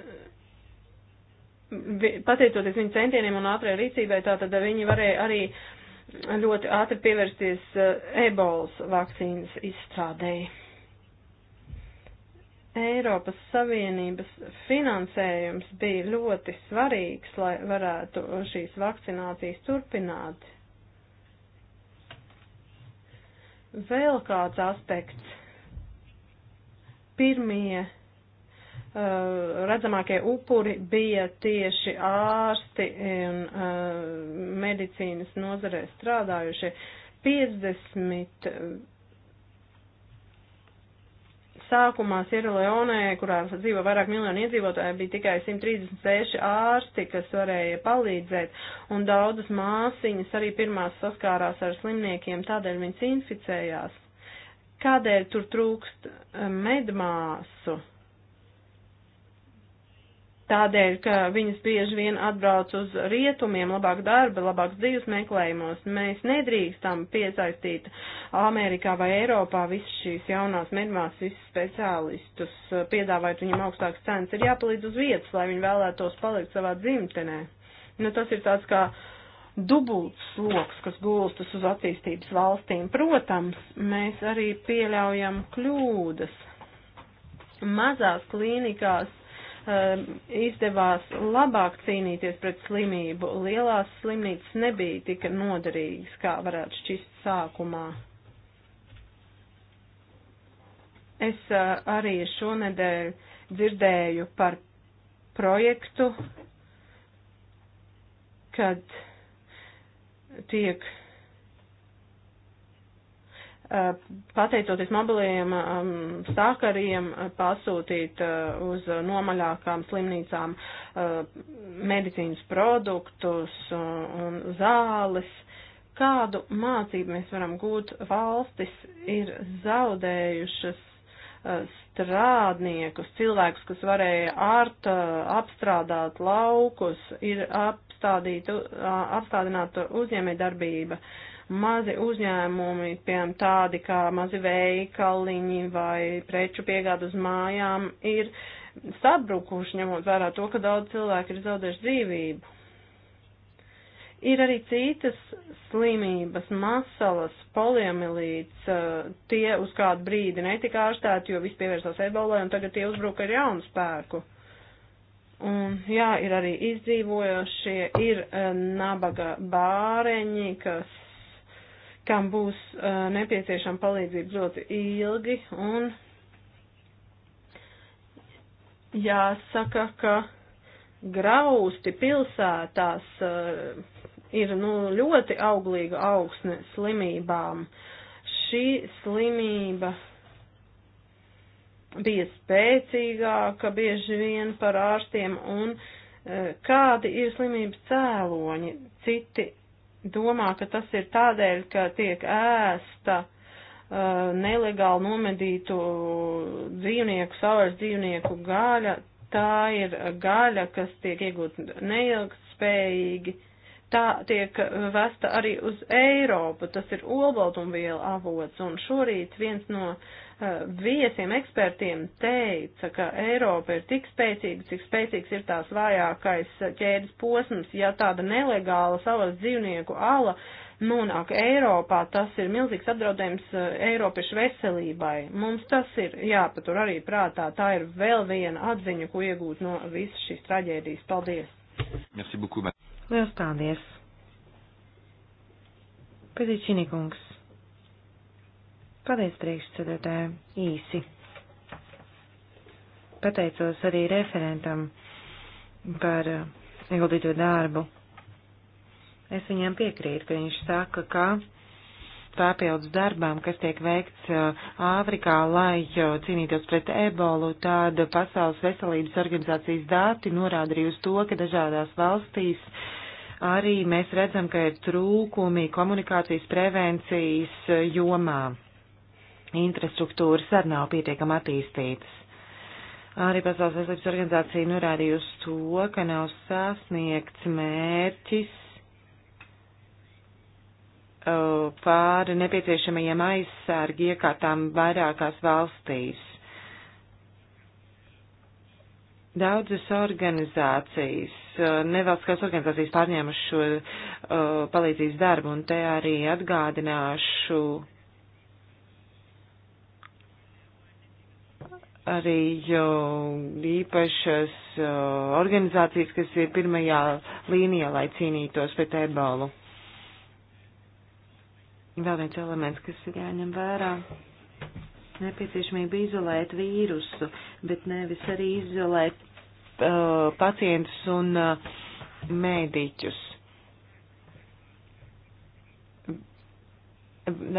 pateicoties viņu centieniem un ātrai rīcībai, tātad viņi varēja arī ļoti ātri pievērsties ebolas vakcīnas izstrādēji. Eiropas Savienības finansējums bija ļoti svarīgs, lai varētu šīs vakcinācijas turpināt. Vēl kāds aspekts. Pirmie uh, redzamākie upuri bija tieši ārsti un uh, medicīnas nozarē strādājušie. 50 sākumā Sierleonē, kurā dzīvo vairāk miljonu iedzīvotāju, bija tikai 136 ārsti, kas varēja palīdzēt, un daudzas māsiņas arī pirmās saskārās ar slimniekiem, tādēļ viņas inficējās. Kādēļ tur trūkst eh, medmāsu? tādēļ, ka viņas bieži vien atbrauc uz rietumiem, labāk darba, labāks dzīves meklējumos. Mēs nedrīkstam piesaistīt Amerikā vai Eiropā visas šīs jaunās medmās, visus speciālistus, piedāvāt viņiem augstākas cenas. Ir jāpalīdz uz vietas, lai viņi vēlētos palikt savā dzimtenē. Nu, tas ir tāds kā dubults sloks, kas gulstas uz attīstības valstīm. Protams, mēs arī pieļaujam kļūdas. Mazās klīnikās Um, izdevās labāk cīnīties pret slimību. Lielās slimnīcas nebija tik noderīgas, kā varētu šķist sākumā. Es uh, arī šonedēļ dzirdēju par projektu, kad tiek Eh, pateicoties mobiliem ehm, sakariem, eh, pasūtīt eh, uz nomaļākām slimnīcām medicīnas produktus un zāles. Kādu mācību mēs varam gūt? Valstis ir zaudējušas strādniekus, cilvēkus, kas varēja ārt apstrādāt laukus, ir apstādīt, apstādināta uzņēmē darbība. Uh, mazi uzņēmumi, piemēram, tādi kā mazi veikaliņi vai preču piegādu uz mājām, ir sabrukuši, ņemot vērā to, ka daudz cilvēku ir zaudējuši dzīvību. Ir arī citas slimības, masalas, poliemilīts, eh, tie uz kādu brīdi netika ārstēti, jo viss pievērsās ebolai, un tagad tie uzbruka ar jaunu spēku. Un, jā, ir arī izdzīvojošie, ir eh, nabaga bāreņi, kas kam būs uh, nepieciešama palīdzība ļoti ilgi un jāsaka, ka grausti pilsētās uh, ir nu, ļoti auglīga augsne slimībām. Šī slimība bija spēcīgāka bieži vien par ārstiem un uh, kādi ir slimības cēloņi. Citi domā, ka tas ir tādēļ, ka tiek ēsta uh, nelegāli nomedītu dzīvnieku, savas dzīvnieku gaļa. Tā ir gaļa, kas tiek iegūta neilgtspējīgi. Tā tiek vesta arī uz Eiropu. Tas ir olbaltumviela avots. Un šorīt viens no uh, Eh, viesiem ekspertiem teica, ka Eiropa ir tik spēcīga, cik spēcīgs ir tās vājākais ķēdes posms, ja tāda nelegāla savas dzīvnieku ala nonāk nu Eiropā, tas ir milzīgs apdraudējums eh, Eiropiešu veselībai. Mums tas ir jāpatur arī prātā. Tā ir vēl viena atziņa, ko iegūt no visas šīs traģēdijas. Paldies! Merci beaucoup, Liels paldies! Pedicini kungs. Paldies priekšsēdētājiem īsi. Pateicos arī referentam par ieguldīto darbu. Es viņam piekrītu, ka viņš saka, ka papildus darbām, kas tiek veikts uh, Āfrikā, lai uh, cīnītos pret ebolu, tāda Pasaules veselības organizācijas dati norāda arī uz to, ka dažādās valstīs arī mēs redzam, ka ir trūkumi komunikācijas prevencijas uh, jomā infrastruktūras arī nav pietiekami attīstītas. Arī Pasaules veselības organizācija norādīja uz to, ka nav sasniegts mērķis uh, pāri nepieciešamajiem aizsargi iekārtām vairākās valstīs. Daudzas organizācijas, uh, nevalstiskās organizācijas pārņēmuši šo uh, palīdzības darbu, un te arī atgādināšu arī īpašas organizācijas, kas ir pirmajā līnijā, lai cīnītos pret ebolu. Vēl viens elements, kas ir jāņem vērā nepieciešamība izolēt vīrusu, bet nevis arī izolēt uh, pacientus un uh, mēdīķus.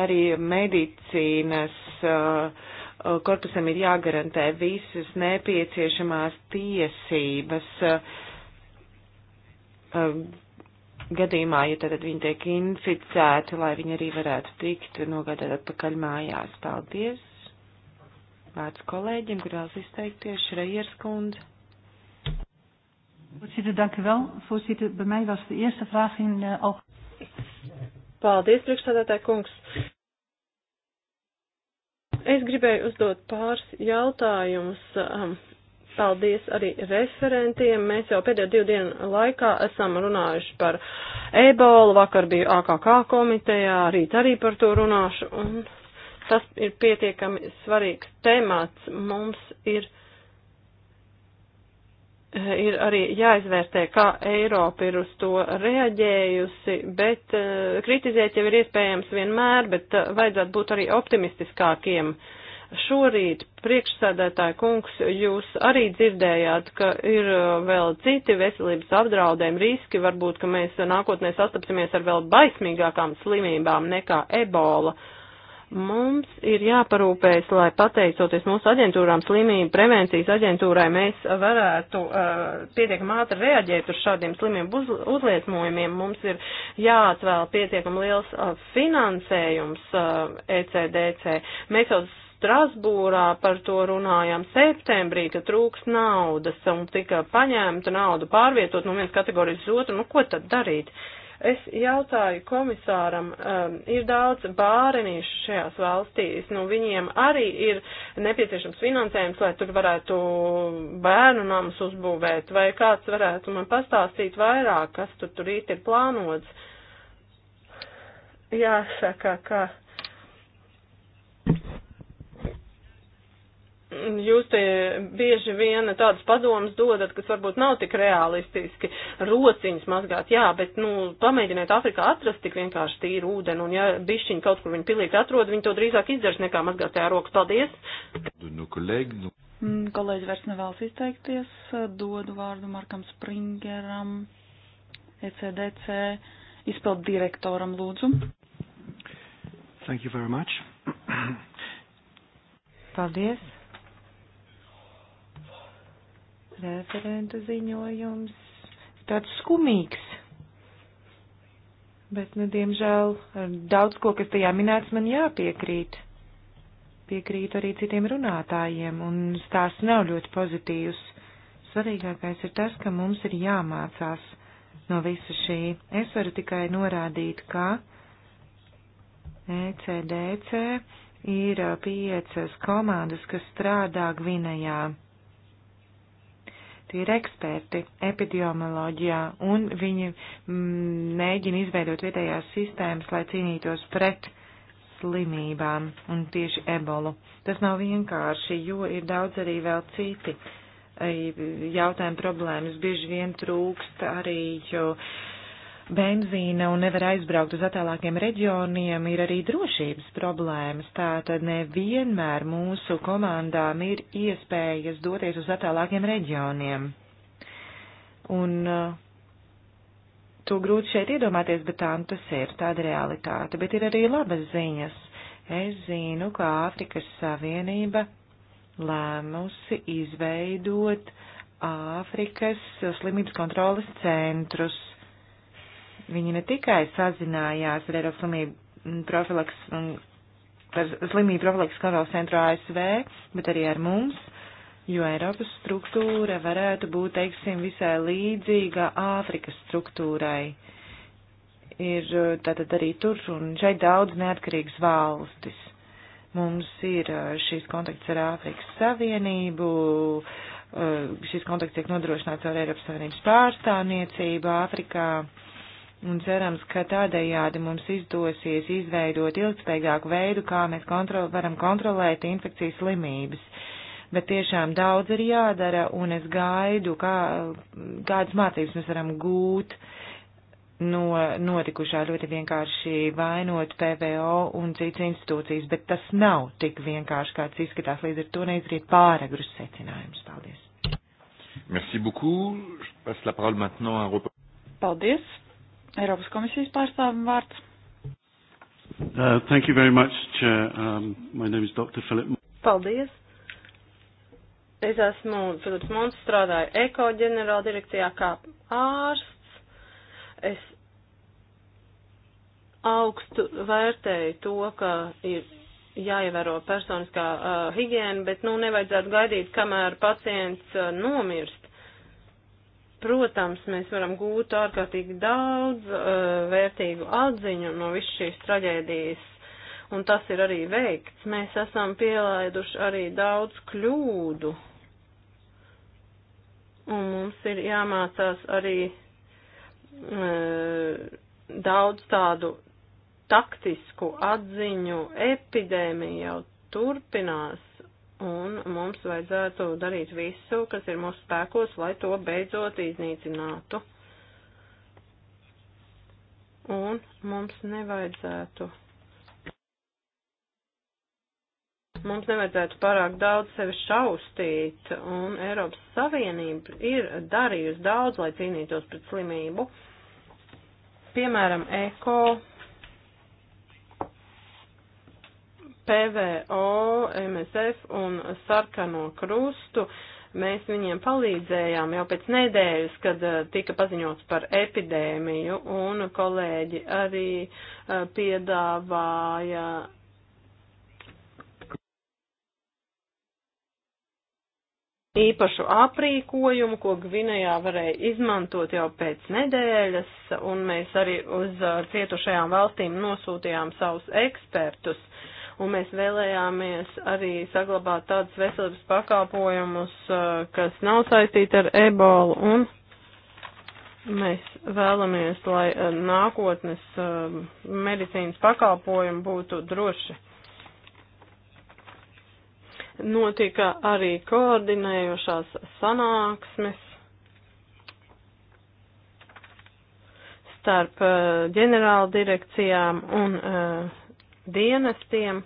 Arī medicīnas uh, Uh, korpusam ir jāgarantē visas nepieciešamās tiesības uh, gadījumā, ja tad viņi tiek inficēti, lai viņi arī varētu tikt nogādāt atpakaļ mājās. Paldies! Vārds kolēģim, kur vēlas izteikties, Šrejers kundze. Voorzitter, dank u wel. Voorzitter, bij mij was de eerste vraag in uh, al. Paldies, priekšstādātāji kungs. Es gribēju uzdot pāris jautājumus. Um, paldies arī referentiem. Mēs jau pēdējo divu dienu laikā esam runājuši par ebolu, vakar biju AKK komitejā, rīt arī par to runāšu, un tas ir pietiekami svarīgs temats. Mums ir Eh, ir arī jāizvērtē, kā Eiropa ir uz to reaģējusi, bet eh, kritizēt jau ir iespējams vienmēr, bet eh, vajadzētu būt arī optimistiskākiem. Šorīt priekšsēdētāja kungs jūs arī dzirdējāt, ka ir vēl citi veselības apdraudējumi riski, varbūt, ka mēs nākotnē sastapsimies ar vēl baismīgākām slimībām nekā ebola. Uh, Mums ir jāparūpējas, lai pateicoties mūsu aģentūrām, slimību prevencijas aģentūrai, mēs varētu uh, pietiekami ātri reaģēt uz šādiem slimību uz, uzliesmojumiem. Mums ir jāatvēl pietiekami liels uh, finansējums uh, ECDC. Mēs jau Strasbūrā par to runājām septembrī, ka trūks naudas un tika paņemta nauda pārvietot no nu, vienas kategorijas uz otru. Nu, ko tad darīt? Uh, Es jautāju komisāram, um, ir daudz bārenīšu šajās valstīs, nu viņiem arī ir nepieciešams finansējums, lai tur varētu bērnu namus uzbūvēt, vai kāds varētu man pastāstīt vairāk, kas tur tur īt ir plānots. Jāsaka, ka. jūs te bieži vien tādas padomas dodat, kas varbūt nav tik realistiski, rociņas mazgāt, jā, bet, nu, pamēģiniet Afrikā atrast tik vienkārši tīru ūdeni, un ja bišķiņi kaut kur viņa pilīt atrod, viņi to drīzāk izdarīs nekā mazgāt tajā rokas. Paldies! Nu, kolēģi, nu. kolēģi vairs nevēlas izteikties, dodu vārdu Markam Springeram, ECDC, izpildu direktoram lūdzu. Thank you very much. Paldies referenta ziņojums tāds skumīgs. Bet, nu, diemžēl, daudz ko, kas tajā minēts, man jāpiekrīt. Piekrītu arī citiem runātājiem, un stāsts nav ļoti pozitīvs. Svarīgākais ir tas, ka mums ir jāmācās no visa šī. Es varu tikai norādīt, ka ECDC ir piecas komandas, kas strādā Gvinējā Tie ir eksperti epidemioloģijā, un viņi mm, mēģina izveidot vietējās sistēmas, lai cīnītos pret slimībām un tieši ebolu. Tas nav vienkārši, jo ir daudz arī vēl citi eh, jautājumi, problēmas. Bieži vien trūkst arī. Jo, uh, benzīna un nevar aizbraukt uz attālākiem reģioniem, ir arī drošības problēmas. Tātad nevienmēr mūsu komandām ir iespējas doties uz attālākiem reģioniem. Un uh, to grūti šeit iedomāties, bet tā nu tas ir, tāda realitāte. Bet ir arī labas ziņas. Es zinu, ka Āfrikas Savienība lēmusi izveidot Āfrikas slimības kontrolas centrus Viņi ne tikai sazinājās ar Eiropas slimību profilaks un par slimību profilaks kontrolas centru ASV, bet arī ar mums, jo Eiropas struktūra varētu būt, teiksim, visai līdzīga Āfrikas struktūrai. Ir tātad arī tur un šeit daudz neatkarīgas valstis mums ir šīs kontakts ar Āfrikas Savienību, šis kontakts tiek nodrošināts ar Eiropas Savienības pārstāvniecību Āfrikā un cerams, ka tādējādi mums izdosies izveidot ilgspējīgāku veidu, kā mēs kontrol, varam kontrolēt infekcijas slimības. Bet tiešām daudz ir jādara, un es gaidu, kā, kādas mācības mēs varam gūt no notikušā ļoti vienkārši vainot PVO un citas institūcijas, bet tas nav tik vienkārši, kāds izskatās, līdz ar to neizriet pāragrus secinājumus. Paldies! Merci beaucoup. Je passe la parole maintenant à Europa. Paldies. Eiropas komisijas pārstāvim vārds. Uh, thank you very much, Chair. Um, my name is Dr. Philip. Paldies. Es esmu Filips Mons, strādāju Eko ģenerāla direkcijā kā ārsts. Es augstu vērtēju to, ka ir jāievēro personiskā uh, higiena, bet nu nevajadzētu gaidīt, kamēr pacients uh, nomirst. Protams, mēs varam gūt ārkārtīgi daudz uh, vērtīgu atziņu no visu šīs traģēdijas, un tas ir arī veikts. Mēs esam pielaiduši arī daudz kļūdu, un mums ir jāmācās arī uh, daudz tādu taktisku atziņu. Epidēmija jau turpinās, un mums vajadzētu darīt visu, kas ir mūsu spēkos, lai to beidzot iznīcinātu. Un mums nevajadzētu. Mums nevajadzētu pārāk daudz sevi šaustīt, un Eiropas Savienība ir darījusi daudz, lai cīnītos pret slimību. Piemēram, eko PVO, MSF un Sarkano krustu. Mēs viņiem palīdzējām jau pēc nedēļas, kad eh, tika paziņots par epidēmiju, un kolēģi arī eh, piedāvāja īpašu aprīkojumu, ko Gvinējā varēja izmantot jau pēc nedēļas, un mēs arī uz eh, cietušajām valstīm nosūtījām savus ekspertus. Uh, un mēs vēlējāmies arī saglabāt tādus veselības pakalpojumus, eh, kas nav saistīti ar ebolu, un mēs vēlamies, lai eh, nākotnes eh, medicīnas pakalpojumi būtu droši. Notika arī koordinējošās sanāksmes starp ģenerāla direkcijām un uh, dienestiem.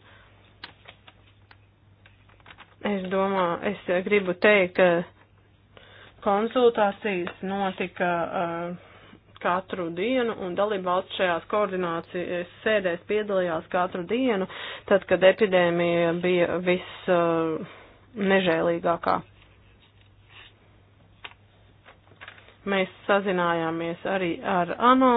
Es domāju, es gribu teikt, ka konsultācijas notika uh, katru dienu un dalībvalsts šajās koordinācijas sēdēs piedalījās katru dienu, tad, kad epidēmija bija viss uh, nežēlīgākā. Mēs sazinājāmies arī ar ANO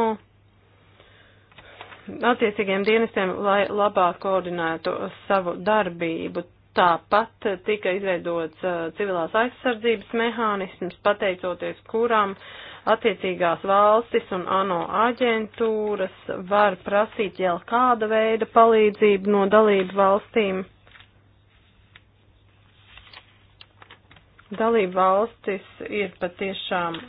attiecīgiem dienestiem, lai labāk koordinētu savu darbību. Tāpat tika izveidots uh, civilās aizsardzības mehānisms, pateicoties kuram attiecīgās valstis un ANO aģentūras var prasīt jau kāda veida palīdzību no dalību valstīm. Dalību valstis ir patiešām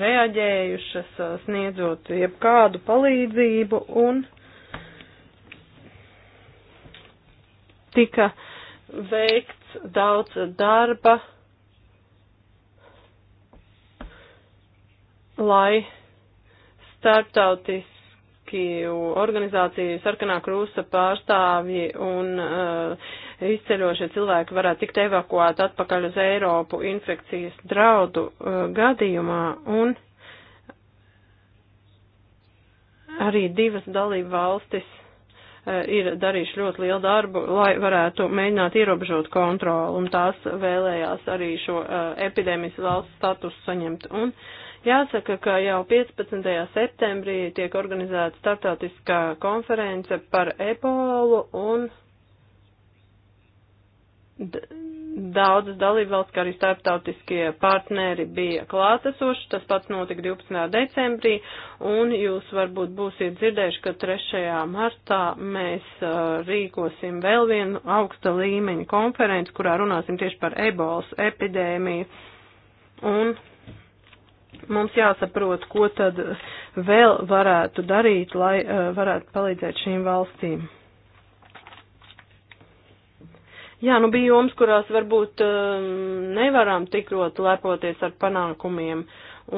reaģējušas, uh, sniedzot jebkādu palīdzību un tika veikts daudz darba, lai starptautiskie organizāciju sarkanā krūsa pārstāvji un uh, izceļošie cilvēki varētu tikt evakuēti atpakaļ uz Eiropu infekcijas draudu uh, gadījumā. Un arī divas dalība valstis Eh, ir darījuši ļoti lielu darbu, lai varētu mēģināt ierobežot kontroli, un tās vēlējās arī šo eh, epidēmijas valsts statusu saņemt. Un jāsaka, ka jau 15. septembrī tiek organizēta startautiskā konference par ebolu, un Daudzas dalībvalsts, kā arī starptautiskie partneri bija klātesoši, tas pats notika 12. decembrī, un jūs varbūt būsiet dzirdējuši, ka 3. martā mēs uh, rīkosim vēl vienu augsta līmeņa konferenci, kurā runāsim tieši par ebolas epidēmiju. Un mums jāsaprot, ko tad vēl varētu darīt, lai uh, varētu palīdzēt šīm valstīm. Jā, nu bija joms, kurās varbūt um, nevaram tik ļoti lepoties ar panākumiem.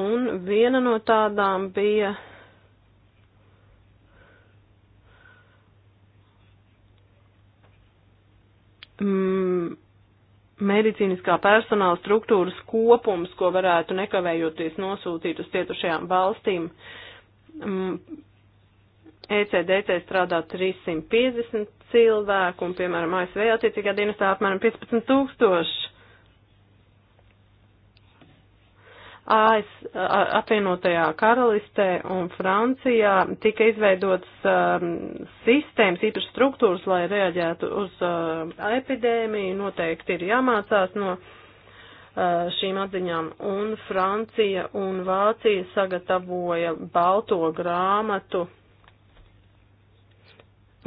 Un viena no tādām bija. Mm, medicīniskā personāla struktūras kopums, ko varētu nekavējoties nosūtīt uz cietušajām valstīm. Mm, ECDC strādā 350 cilvēku un, piemēram, ASV attiecīgā dienestā apmēram 15 tūkstoši. AS, apvienotajā karalistē un Francijā tika izveidotas um, sistēmas, īpašas struktūras, lai reaģētu uz uh, epidēmiju. Noteikti ir jāmācās no uh, šīm atziņām. Un Francija un Vācija sagatavoja balto grāmatu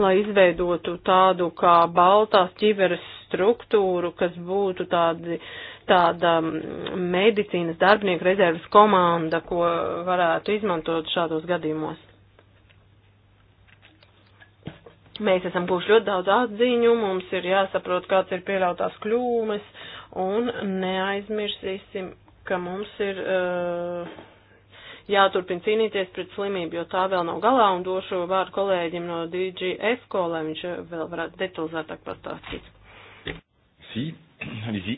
lai izveidotu tādu kā baltās ķiveres struktūru, kas būtu tādi, tāda medicīnas darbinieku rezerves komanda, ko varētu izmantot šādos gadījumos. Mēs esam guvuši ļoti daudz atziņu, mums ir jāsaprot, kāds ir pieļautās kļūmes, un neaizmirsīsim, ka mums ir. Uh, jāturpina cīnīties pret slimību, jo tā vēl nav galā, un došu vārdu kolēģim no DGS, ko, lai viņš vēl varētu detalizētāk pastāstīt. Si, allez-y.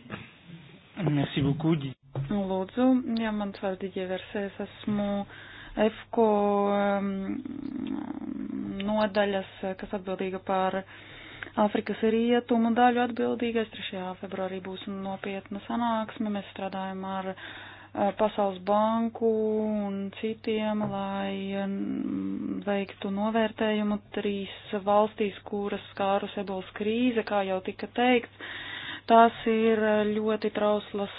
Merci beaucoup. Lūdzu, ja man vārds Digieversēs, esmu EFKO um, nodaļas, kas atbildīga par Āfrikas rietumu daļu atbildīgais. 3. februārī būs nopietna sanāksme. Mēs strādājam ar Pasaules banku un citiem, lai veiktu novērtējumu trīs valstīs, kuras skārus ebolas krīze, kā jau tika teikts. Tās ir ļoti trauslas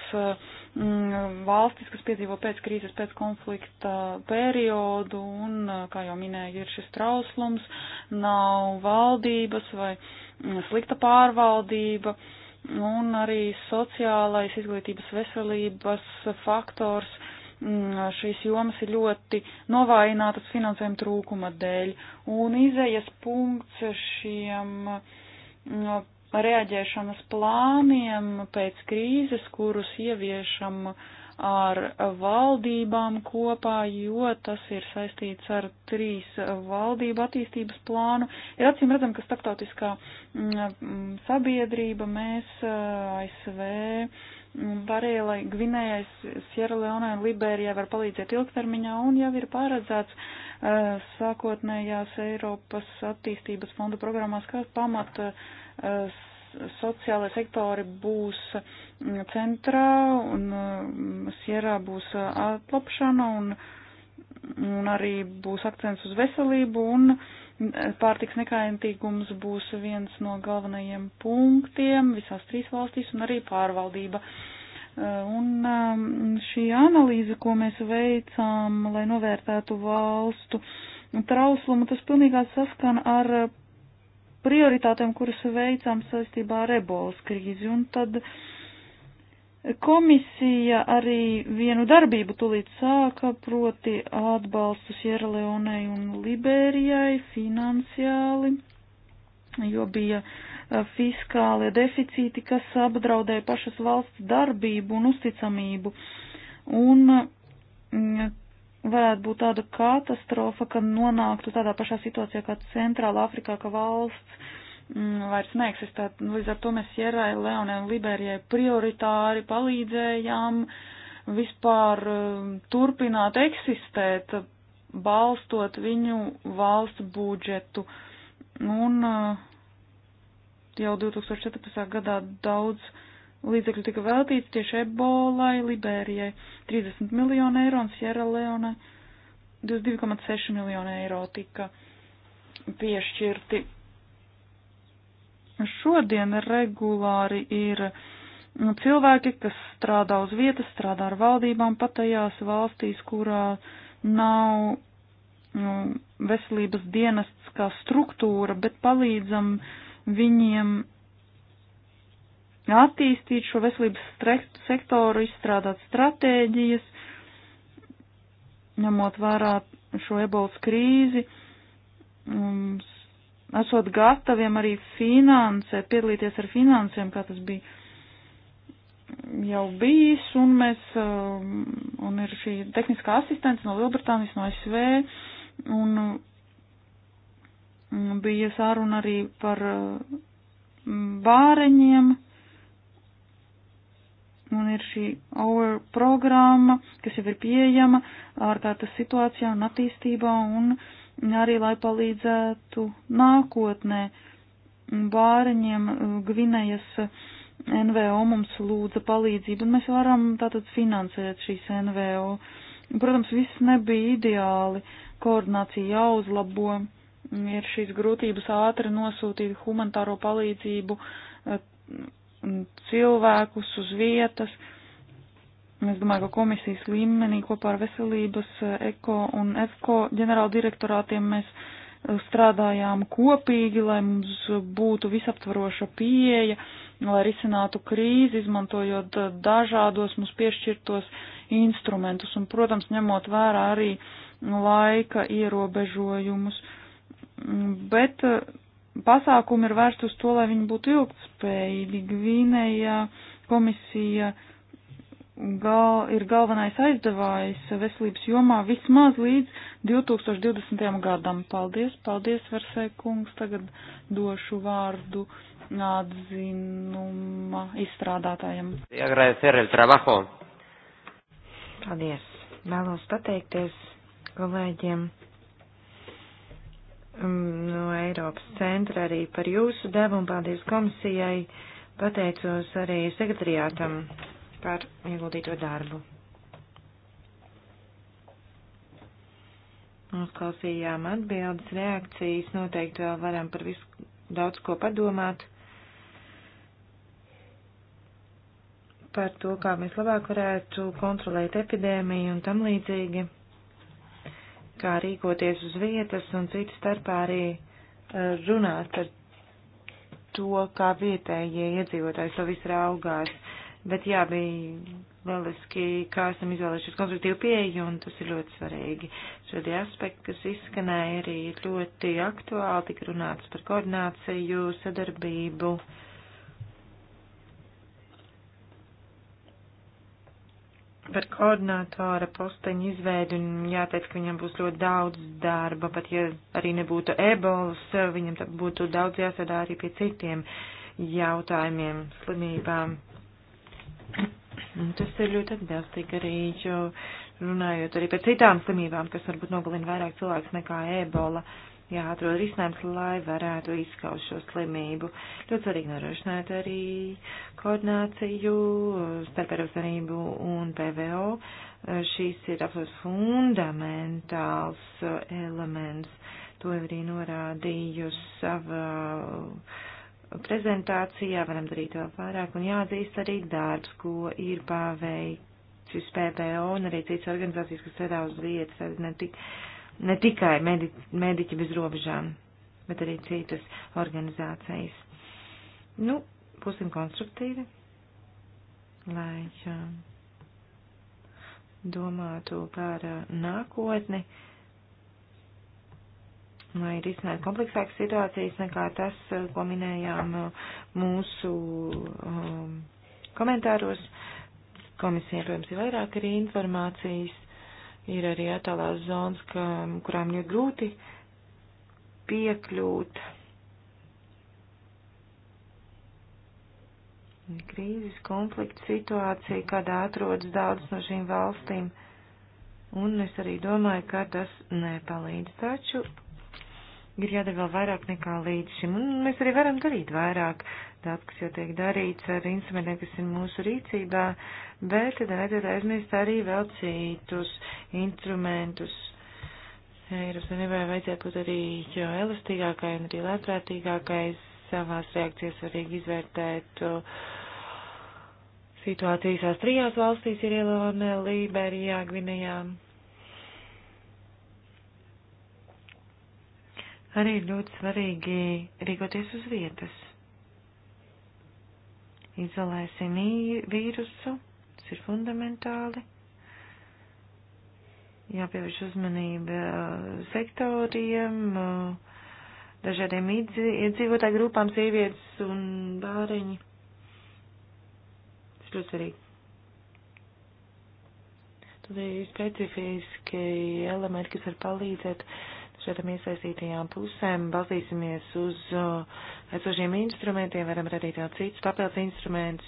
valstis, kas piedzīvo pēc krīzes, pēc konflikta periodu, un, kā jau minēju, ir šis trauslums, nav valdības vai slikta pārvaldība. Uh, un arī sociālais izglītības veselības faktors mm, šīs jomas ir ļoti novājinātas finansējuma trūkuma dēļ. Un izējas punkts šiem mm, reaģēšanas plāniem pēc krīzes, kurus ieviešam uh, ar valdībām kopā, jo tas ir saistīts ar trīs valdību attīstības plānu. Ir acīm redzam, ka starptautiskā mm, mm, sabiedrība mēs ASV. Barēlai, mm, Gvinējai, Sierleonai un Liberijai var palīdzēt ilgtermiņā un jau ir paredzēts uh, sākotnējās Eiropas attīstības fonda programmās kā pamata uh, sociālai sektori būs mm, centrā un mm, sierā būs mm, atlapšana un, un arī būs akcents uz veselību un pārtiks nekaintīgums būs viens no galvenajiem punktiem visās trīs valstīs un arī pārvaldība. Eh, un šī analīze, ko mēs veicām, lai novērtētu valstu trauslumu, tas pilnīgā saskana ar prioritātēm, kuras veicām saistībā ar ebolas krīzi. Un tad komisija arī vienu darbību tulīt sāka, proti atbalstu Sierleonei un Liberijai finansiāli, jo bija fiskālie deficīti, kas apdraudēja pašas valsts darbību un uzticamību. Un varētu būt tāda katastrofa, ka nonāktu tādā pašā situācijā kā Centrāla Afrikā, ka valsts mm, vairs neeksistē. Nu, līdz ar to mēs Sierrai Leonē un Liberijai prioritāri palīdzējām vispār um, turpināt eksistēt, balstot viņu valsts budžetu. Un uh, jau 2014. gadā daudz līdzekļu tika veltīts tieši ebolai, Liberijai 30 miljonu eiro un Sierra Leone 22,6 miljonu eiro tika piešķirti. Šodien regulāri ir nu, cilvēki, kas strādā uz vietas, strādā ar valdībām patajās valstīs, kurā nav nu, veselības dienests kā struktūra, bet palīdzam viņiem attīstīt šo veselības sektoru, izstrādāt stratēģijas, ņemot vērā šo ebolas krīzi, um, esot gataviem arī finansē, piedalīties ar finansēm, kā tas bija jau bijis, un mēs, um, un ir šī tehniskā asistents no Lielbritānijas, no SV, un um, bija sāruna arī par um, bāreņiem, Un ir šī OUR programma, kas jau ir pieejama ārkārtas situācijā un attīstībā un arī, lai palīdzētu nākotnē bāriņiem eh, Gvinējas eh, NVO mums lūdza palīdzību, un mēs varam tātad finansēt šīs NVO. Protams, viss nebija ideāli, koordinācija jāuzlabo, ir šīs grūtības ātri nosūtīt humanitāro palīdzību eh, cilvēkus uz vietas. Es domāju, ka komisijas līmenī kopā ar veselības eh, eko un efko ģenerāla direktorātiem mēs eh, strādājām kopīgi, lai mums būtu visaptvaroša pieeja, lai risinātu krīzi, izmantojot eh, dažādos mums piešķirtos instrumentus un, protams, ņemot vērā arī laika ierobežojumus. Mm, bet pasākumi ir vērsti uz to, lai viņi būtu ilgspējīgi. Gvīnēja komisija gal, ir galvenais aizdevājs veselības jomā vismaz līdz 2020. gadam. Paldies, paldies, Versē kungs. Tagad došu vārdu atzinuma izstrādātājiem. Paldies. Vēlos pateikties kolēģiem Um, no Eiropas centra arī par jūsu devu un paldies komisijai. Pateicos arī sekretariātam par ieguldīto darbu. Uzklausījām atbildes, reakcijas, noteikti vēl varam par visu daudz ko padomāt. Par to, kā mēs labāk varētu kontrolēt epidēmiju un tam līdzīgi kā rīkoties uz vietas un citu starpā arī e, runāt ar to, kā vietējie iedzīvotāji to visu raugās. Bet jā, bija lieliski, kā esam izvēlējušies konstruktīvu pieeju, un tas ir ļoti svarīgi. Šodie aspekti, kas izskanēja, arī ļoti aktuāli, tik runāts par koordināciju, sadarbību. Uh, par koordinātora posteņu izveidu, un jāteic, ka viņam būs ļoti daudz darba, pat ja arī nebūtu ebolas, viņam būtu daudz jāsadā arī pie citiem jautājumiem, slimībām. Un tas ir ļoti atbilstīgi arī, jo runājot arī par citām slimībām, kas varbūt nogalina vairāk cilvēks nekā ebola. Uh, jāatrod risinājums, lai varētu izskaust šo slimību. Ļoti svarīgi norošināt arī koordināciju eh, starp Eiropas Savienību un PVO. Eh, šis ir absolūti fundamentāls eh, elements. To jau arī norādīju savā prezentācijā, varam darīt vēl vairāk un jāatzīst arī darbs, ko ir paveicis PPO un arī citas organizācijas, kas strādā uz vietas, ne tik uh, ne tikai medi, mediķi bez robežām, bet arī citas organizācijas. Nu, būsim konstruktīvi, lai domātu par nākotni, lai risinātu kompleksākas situācijas nekā tas, ko minējām mūsu um, komentāros. Komisija, protams, ir vairāk arī informācijas Ir arī attālās zonas, ka, kurām ir grūti piekļūt krīzes, konflikta situācija, kādā atrodas daudz no šīm valstīm. Un es arī domāju, ka tas nepalīdz. Taču ir jādara vēl vairāk nekā līdz šim, un mēs arī varam darīt vairāk. Daudz, kas jau tiek darīts ar instrumentiem, kas ir mūsu rīcībā, bet tad vajadzētu aizmirst arī vēl citus instrumentus. Eiropas Unībai vajadzētu būt arī elastīgākai un arī lēprātīgākai savās reakcijas svarīgi izvērtēt. Uh, situācijas trijās valstīs ir Ilona, Liberijā, Gvinējā Arī ir ļoti svarīgi rīkoties uz vietas. Izolēsim vīrusu, tas ir fundamentāli jāpievērš uzmanība uh, sektoriem, uh, dažādiem iedzīvotāju grupām, sievietes un bāriņi. Tas ļoti svarīgi. Tad ir specifiski elementi, kas var palīdzēt šādam iesaistītajām pusēm, balstīsimies uz uh, esošiem instrumentiem, varam radīt vēl citus papildus instrumentus.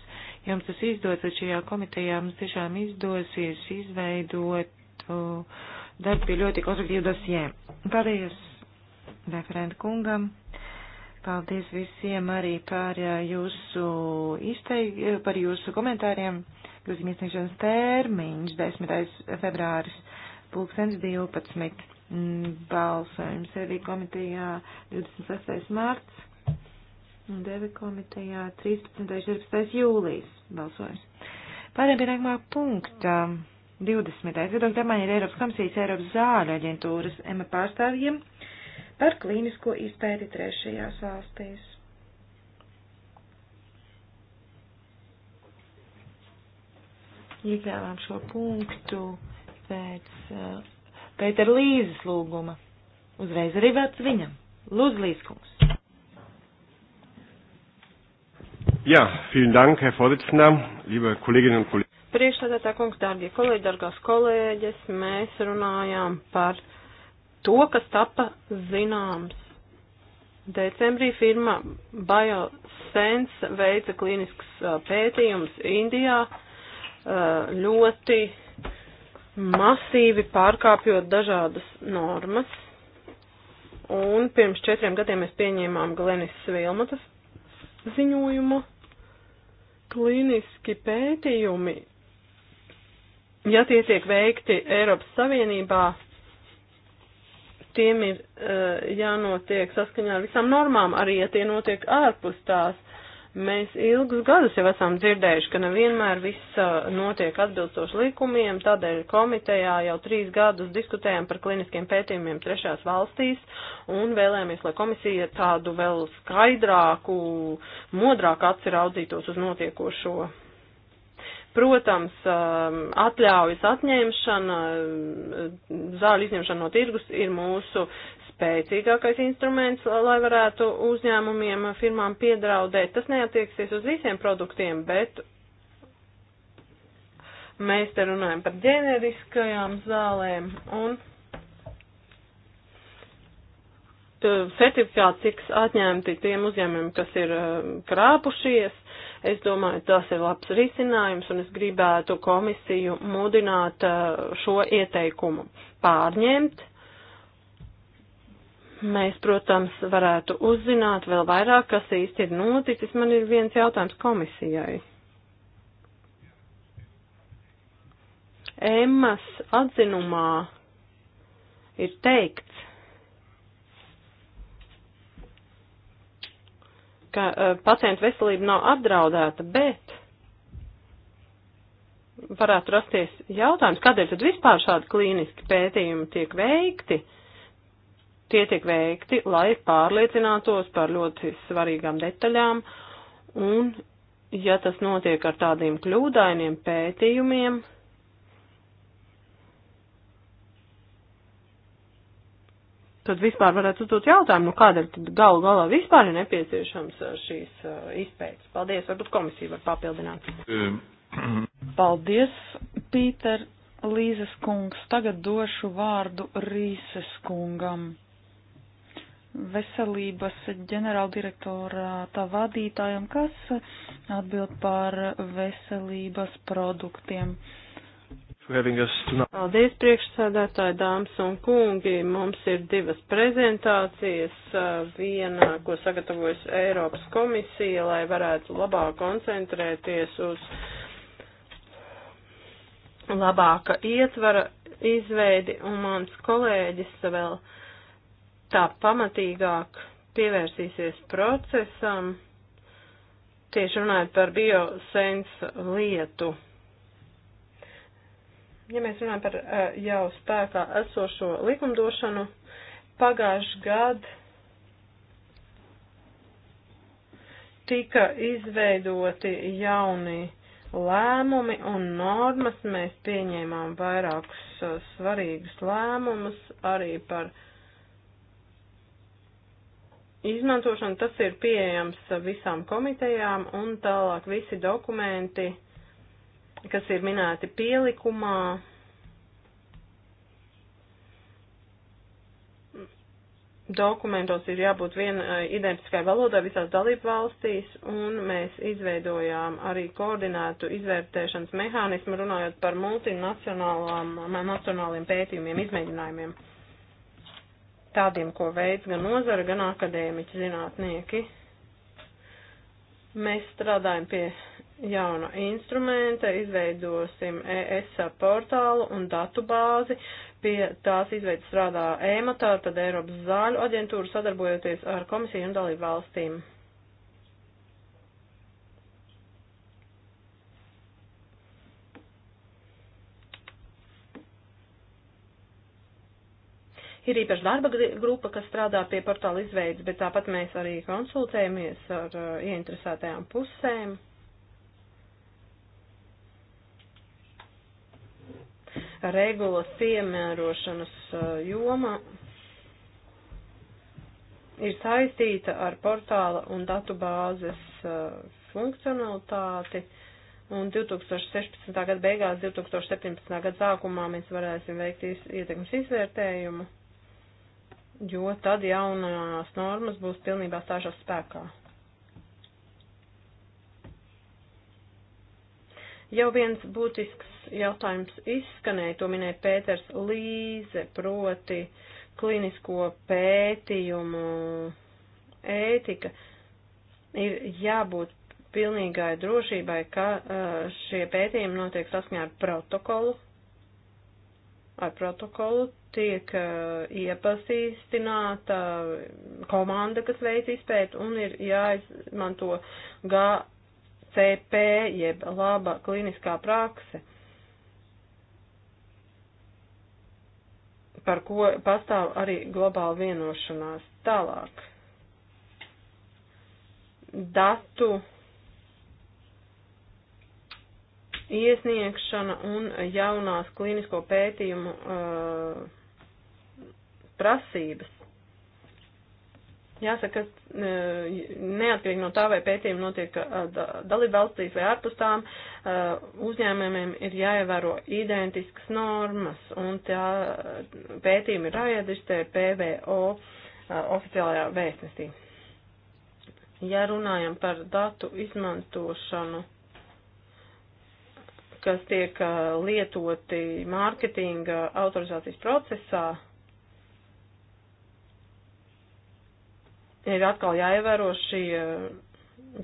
Ja mums tas izdodas šajā komitejā, mums tiešām izdosies izveidot uh, darbu pie ļoti konstruktīvu dosjē. Paldies referenta kungam. Paldies visiem arī par uh, jūsu izteik, uh, par jūsu komentāriem. Grozījuma iesniegšanas termiņš 10. februāris, pulkstens 12. Mm, balsojums arī komitejā 26. marts un Deve komitejā 13. un 14. jūlijas balsojums. Pārējiem pie nākamā punkta 20. Viedokļa apmaiņa ir Eiropas komisijas Eiropas zāļu aģentūras EMA pārstāvjiem par klīnisko izpēti trešajās valstīs. Iekļāvām šo punktu pēc uh, Pēc ar Līzes lūguma. Uzreiz arī vērts viņam. Lūdzu, Līzkungs. Jā, vielen dank, Herr Vorsitzender, liebe Kolleginnen un kolēģi. Priekšsēdētā kungs, dārgie kolēģi, dārgās kolēģis, mēs runājām par to, kas tapa zināms. Decembrī firma BioSense veica klinisks pētījums Indijā ļoti masīvi pārkāpjot dažādas normas. Un pirms četriem gadiem mēs pieņēmām Glenis Svilmatas ziņojumu. Kliniski pētījumi, ja tie tiek veikti Eiropas Savienībā, tiem ir uh, jānotiek saskaņā ar visām normām, arī ja tie notiek ārpus tās. Mēs ilgus gadus jau esam dzirdējuši, ka nevienmēr viss uh, notiek atbilstoši likumiem, tādēļ komitejā jau trīs gadus diskutējām par kliniskiem pētījumiem trešās valstīs un vēlējāmies, lai komisija tādu vēl skaidrāku, modrāk atsiraudzītos uz notiekošo. Protams, um, atļaujas atņemšana, um, zāļu izņemšana no tirgus ir mūsu spēcīgākais instruments, lai varētu uzņēmumiem, firmām piedraudēt. Tas neatieksies uz visiem produktiem, bet mēs te runājam par ģeneriskajām zālēm un certifikāti tiks atņemti tiem uzņēmumiem, kas ir eh, krāpušies. Es domāju, tas ir labs risinājums un es gribētu komisiju mudināt eh, šo ieteikumu pārņemt Mēs, protams, varētu uzzināt vēl vairāk, kas īsti ir noticis. Man ir viens jautājums komisijai. Emmas atzinumā ir teikts, ka uh, e, pacienta veselība nav apdraudēta, bet varētu rasties jautājums, kādēļ tad vispār šādi klīniski pētījumi tiek veikti. Uh, Tie tiek veikti, lai pārliecinātos par ļoti svarīgām detaļām, un, ja tas notiek ar tādiem kļūdainiem pētījumiem, tad vispār varētu uzdot jautājumu, nu kādēļ tad galu galā vispār ir nepieciešams uh, šīs uh, izpētes. Paldies, varbūt komisija var papildināt. Ehm. Paldies, Pīter Līzes kungs. Tagad došu vārdu Rīses kungam veselības ģenerāldirektorāta vadītājam, kas atbild par veselības produktiem. Paldies, priekšsādātāji, dāmas un kungi. Mums ir divas prezentācijas. Viena, ko sagatavojas Eiropas komisija, lai varētu labāk koncentrēties uz labāka ietvara izveidi, un mans kolēģis vēl tā pamatīgāk pievērsīsies procesam, tieši runājot par biosens lietu. Ja mēs runājam par eh, jau spēkā esošo likumdošanu, pagājuši gadu tika izveidoti jauni lēmumi un normas, mēs pieņēmām vairākus eh, svarīgus lēmumus arī par uh, izmantošanu. Tas ir pieejams visām komitejām un tālāk visi dokumenti, kas ir minēti pielikumā. Dokumentos ir jābūt vienai identiskai valodai visās dalību valstīs, un mēs izveidojām arī koordinētu izvērtēšanas mehānismu, runājot par multinacionāliem pētījumiem, izmēģinājumiem tādiem, ko veids gan nozara, gan akadēmiķi zinātnieki. Mēs strādājam pie jauna instrumenta, izveidosim ES portālu un datu bāzi. Pie tās izveidas strādā EMATA, tad Eiropas zāļu aģentūra sadarbojoties ar komisiju un dalību valstīm. Ir īpaši darba grupa, kas strādā pie portāla izveidas, bet tāpat mēs arī konsultējamies ar uh, ieinteresētajām pusēm. Regulas piemērošanas uh, joma ir saistīta ar portāla un datu bāzes uh, funkcionalitāti. Un 2016. gada beigās, 2017. gada sākumā mēs varēsim veikt ietekmes izvērtējumu jo tad jaunās normas būs pilnībā stāžās spēkā. Jau viens būtisks jautājums izskanēja, to minēja Pēters Līze, proti klinisko pētījumu ētika. Ir jābūt pilnīgai drošībai, ka eh, šie pētījumi notiek saskaņā ar protokolu, ar protokolu tiek eh, iepazīstināta komanda, kas veic izpētu, un ir jāizmanto GCP, jeb laba kliniskā prakse, par ko pastāv arī globāla vienošanās tālāk. Datu iesniegšana un jaunās klinisko pētījumu uh, prasības. Jāsaka, e, neatkarīgi no tā, vai pētījumi notiek e, dalību valstīs vai ārpus tām, e, uzņēmumiem ir jāievēro identiskas normas, un tā pētījumi ir jāiedistē PVO oficiālajā vēstnesī. Ja runājam par datu izmantošanu, kas tiek lietoti mārketinga autorizācijas procesā, ir atkal jāievēro šie eh,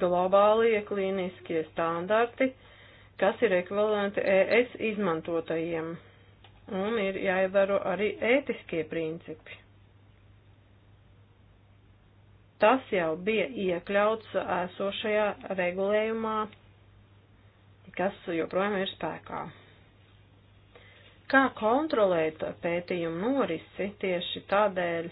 globālie klīniskie standarti, kas ir ekvivalenti ES izmantotajiem, un ir jāievēro arī ētiskie principi. Tas jau bija iekļauts esošajā regulējumā, kas joprojām ir spēkā. Kā kontrolēt pētījumu norisi tieši tādēļ,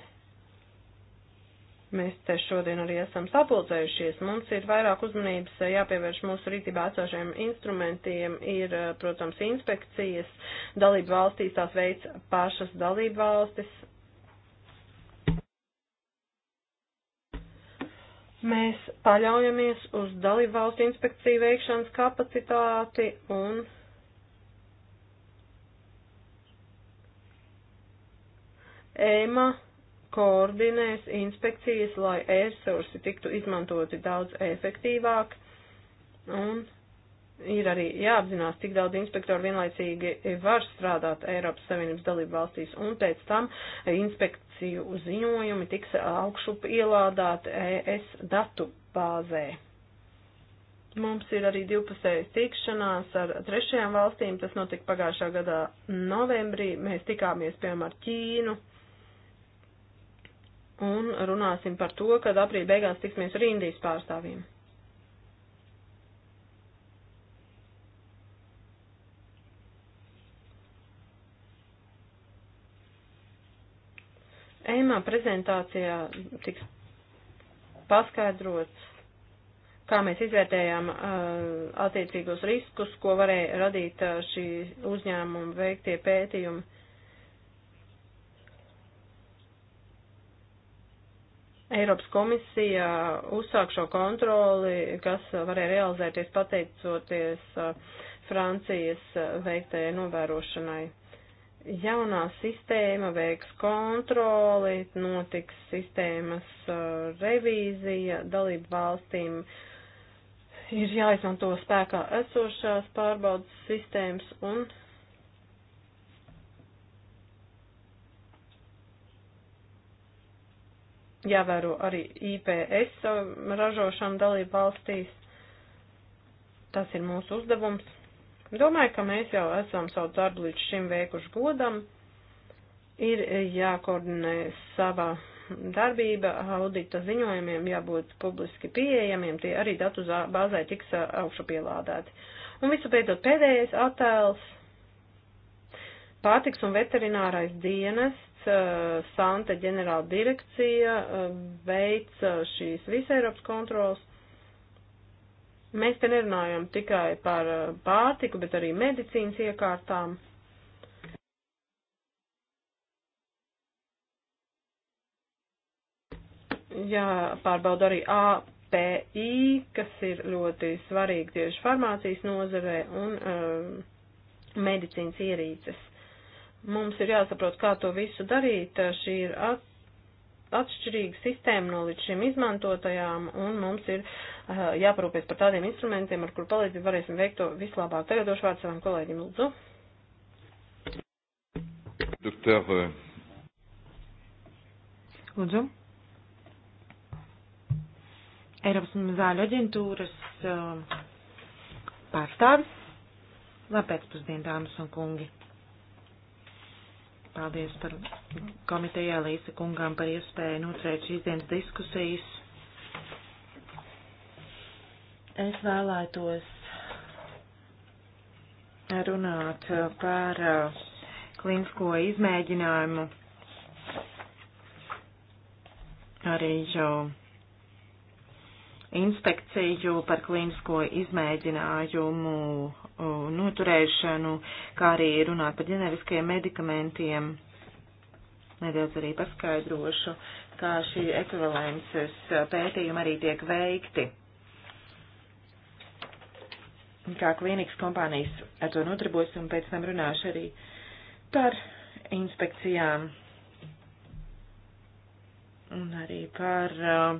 Mēs te šodien arī esam sapulcējušies. Mums ir vairāk uzmanības eh, jāpievērš mūsu rītībā esošiem instrumentiem. Ir, eh, protams, inspekcijas. Dalību valstīs tās veids pašas dalību valstis. Mēs paļaujamies uz dalību valstu inspekciju veikšanas kapacitāti un ēma koordinēs inspekcijas, lai e-resursi tiktu izmantoti daudz efektīvāk. Un ir arī jāapzinās, cik daudz inspektoru vienlaicīgi var strādāt Eiropas Savienības dalību valstīs, un pēc tam inspekciju ziņojumi tiks augšup ielādāti ES datu bāzē. Mums ir arī divpusējas tikšanās ar trešajām valstīm, tas notika pagājušā gadā novembrī, mēs tikāmies piemēram ar Ķīnu un runāsim par to, kad aprīļa beigās tiksimies ar Indijas pārstāvjiem. Ēmā prezentācijā tiks paskaidrots, kā mēs izvērtējām uh, attiecīgos riskus, ko varēja radīt uh, šī uzņēmuma veiktie pētījumi. Eiropas komisija uzsāk šo kontroli, kas varēja realizēties pateicoties uh, Francijas uh, veiktajai novērošanai. Jaunā sistēma veiks kontroli, notiks sistēmas uh, revīzija dalību valstīm. Ir jāizmanto spēkā esošās pārbaudas sistēmas un jāvēro arī IPS uh, ražošana dalību valstīs. Tas ir mūsu uzdevums. Domāju, ka mēs jau esam savu darbu līdz šim veikuši godam. Ir jākoordinē sava darbība, audita ziņojumiem jābūt publiski pieejamiem, tie arī datu bāzē tiks uh, augšu pielādēti. Un visu beidzot pēdējais attēls - pārtiks un veterinārais dienas uh, Santa ģenerāla direkcija uh, veic uh, šīs visai Eiropas kontrols. Mēs te nerunājam tikai par uh, pārtiku, bet arī medicīnas iekārtām. Jā, pārbauda arī API, kas ir ļoti svarīgi tieši farmācijas nozarē un uh, medicīnas ierīces. Mums ir jāsaprot, kā to visu darīt. Šī ir at atšķirīga sistēma no līdz šim izmantotajām, un mums ir uh, jāparūpēs par tādiem instrumentiem, ar kur palīdzību varēsim veikt to vislabāk. Tagad došu vārdu savam kolēģim Lūdzu. Doktor. Uh, lūdzu. Eiropas un Zāļu aģentūras uh, pārstāvis. Labpēcpusdien, dāmas un kungi. Paldies par komitejā Līsa kungām par iespēju noturēt šīs dienas diskusijas. Es vēlētos runāt par uh, klīnisko izmēģinājumu arī jau inspekciju par klīnisko izmēģinājumu noturēšanu, kā arī runāt par ģeneriskiem medikamentiem. Nedaudz arī paskaidrošu, kā šī ekvivalences pētījuma arī tiek veikti. Kā klīnikas kompānijas ar to nodarbojas un pēc tam runāšu arī par inspekcijām un arī par uh,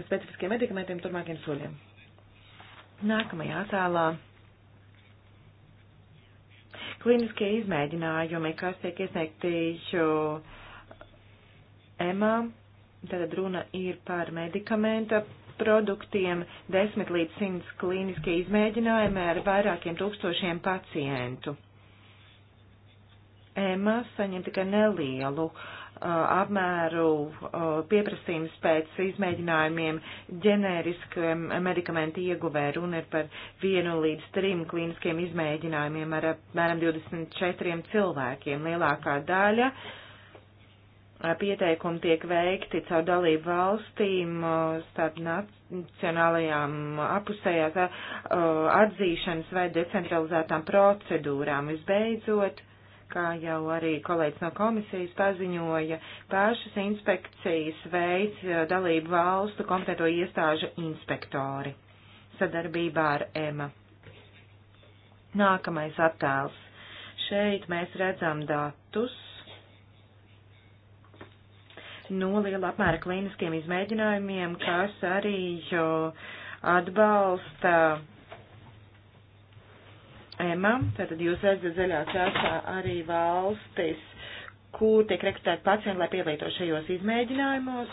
specifiskiem medikamentiem turmākiem soļiem. Nākamajā attēlā klīniskie izmēģinājumi, kas tiek iesniegti EMA, tad runa ir par medikamenta produktiem, 10 līdz 100 klīniskie izmēģinājumi ar vairākiem tūkstošiem pacientu. EMA saņem tikai nelielu uh, Uh, apmēru uh, pieprasījums pēc izmēģinājumiem ģenēriskiem medikamentu ieguvē. Runa ir par vienu līdz trim klīniskiem izmēģinājumiem ar apmēram 24 cilvēkiem. Lielākā daļa uh, pieteikumu tiek veikti caur dalību valstīm starp nacionālajām apusējās atzīšanas vai decentralizētām procedūrām. Visbeidzot, kā jau arī kolēģis no komisijas paziņoja, pašas inspekcijas veids eh, dalību valstu kompetento iestāžu inspektori sadarbībā ar EMA. Nākamais attēls. Šeit mēs redzam datus no liela apmēra klīniskiem izmēģinājumiem, kas arī atbalsta EMA, tātad jūs redzat zaļā krāsā arī valstis, kur tiek rekrutēti pacienti, lai pielieto šajos izmēģinājumos.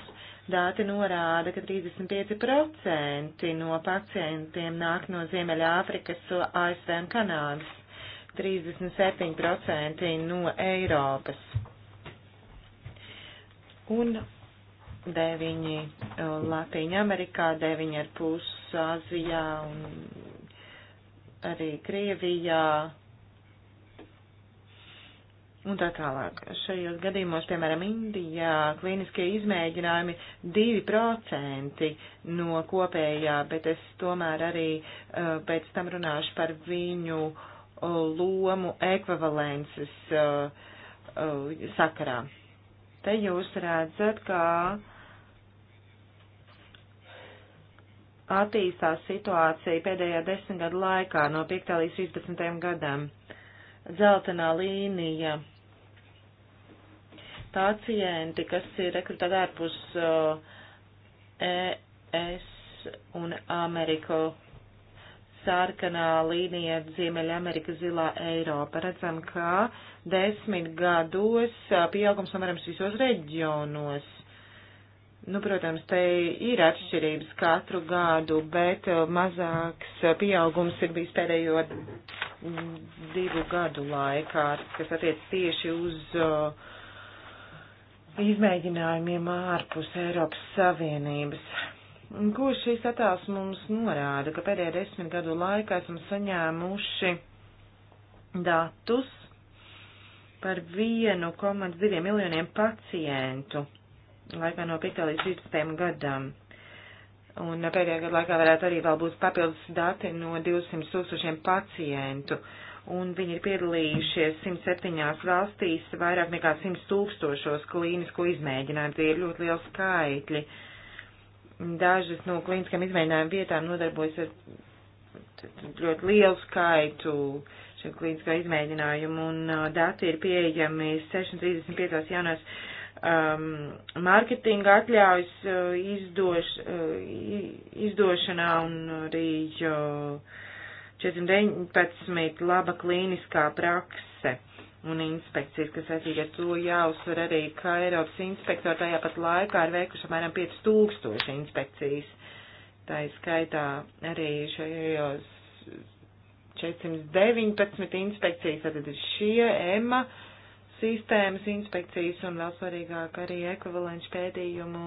Dāti norāda, ka 35% no pacientiem nāk no Ziemeļāfrikas, ASV un Kanādas, 37% no Eiropas. Un 9 uh, Latīņa Amerikā, 9,5 Āzijā un arī Krievijā un tā tālāk. Šajos gadījumos, piemēram, Indijā klīniskie izmēģinājumi 2% no kopējā, bet es tomēr arī uh, pēc tam runāšu par viņu uh, lomu ekvivalences uh, sakarā. Te jūs redzat, kā attīstās situācija pēdējā desmitgada laikā no 5. līdz 13. gadam. Dzeltenā līnija. Pacienti, kas ir rekrutēti ārpus uh, ES un Ameriku, sarkanā līnija Ziemeļamerika, zilā Eiropa. Redzam, ka desmit gados uh, pieaugums samērams visos reģionos Nu, protams, te ir atšķirības katru gadu, bet eh, mazāks eh, pieaugums ir bijis pēdējo divu gadu laikā, kas attiec tieši uz uh, izmēģinājumiem ārpus Eiropas Savienības. Ko šīs attēls mums norāda, ka pēdējā desmit gadu laikā esam saņēmuši datus par 1,2 miljoniem pacientu laikā no 5. līdz 16. gadam. Un pēdējā gada laikā varētu arī vēl būt papildus dati no 200 tūkstošiem pacientu. Un viņi ir piedalījušies 107 valstīs vairāk nekā 100 tūkstošos klīnisko izmēģinājumu. Tie ir ļoti lieli skaitļi. Dažas no klīniskiem izmēģinājumu vietām nodarbojas ar ļoti lielu skaitu šiem klīnisko izmēģinājumu. Un uh, dati ir pieejami 635 jaunās um, mārketinga atļaujas uh, izdoš, uh, izdošanā un arī uh, 419 laba klīniskā prakse un inspekcijas, kas saistīga ar to jāuzsver arī, ka Eiropas inspektori tajā pat laikā ir veikuši apmēram 5000 inspekcijas. Tā ir skaitā arī šajos 419 inspekcijas, tad ir šie EMA. Uh, sistēmas inspekcijas un vēl svarīgāk arī ekvivalenšu pētījumu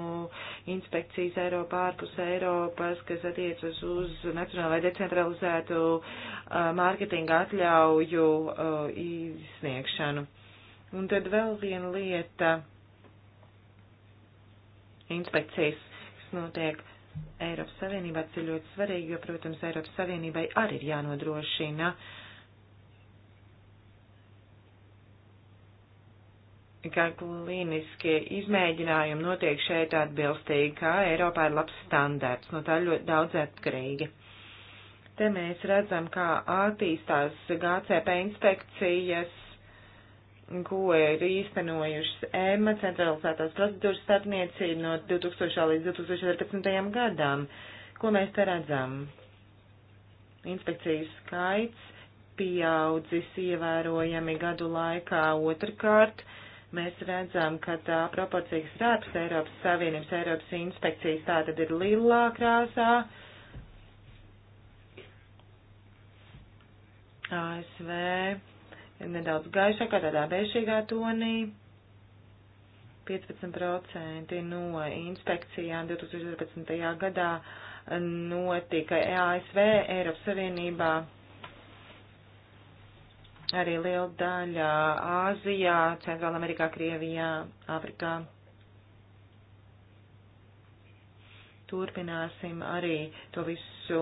inspekcijas Eiropā ārpus Eiropas, kas attiecas uz nacionālai decentralizētu uh, mārketinga atļauju uh, izsniegšanu. Un tad vēl viena lieta - inspekcijas, kas notiek Eiropas Savienībā, tas ir ļoti svarīgi, jo, protams, Eiropas Savienībai arī ir jānodrošina uh, ka klīniskie izmēģinājumi notiek šeit atbilstīgi, kā Eiropā ir labs standarts, no tā ļoti daudz atkarīgi. Te mēs redzam, kā attīstās GCP inspekcijas, ko ir īstenojušas EMA centralizētās procedūras starpniecība no 2000 līdz 2014 gadam. Ko mēs te redzam? Inspekcijas skaits pieaudzis ievērojami gadu laikā otrkārt. Uh, mēs redzam, ka tā proporcijas rāps Eiropas Savienības Eiropas inspekcijas tā tad ir lilā krāsā. ASV nedaudz gaišākā, tādā beišīgā tonī. 15% no inspekcijām 2014. gadā notika ASV Eiropas Savienībā arī liela daļa Āzijā, Centrāla Amerikā, Krievijā, Āfrikā. Turpināsim arī to visu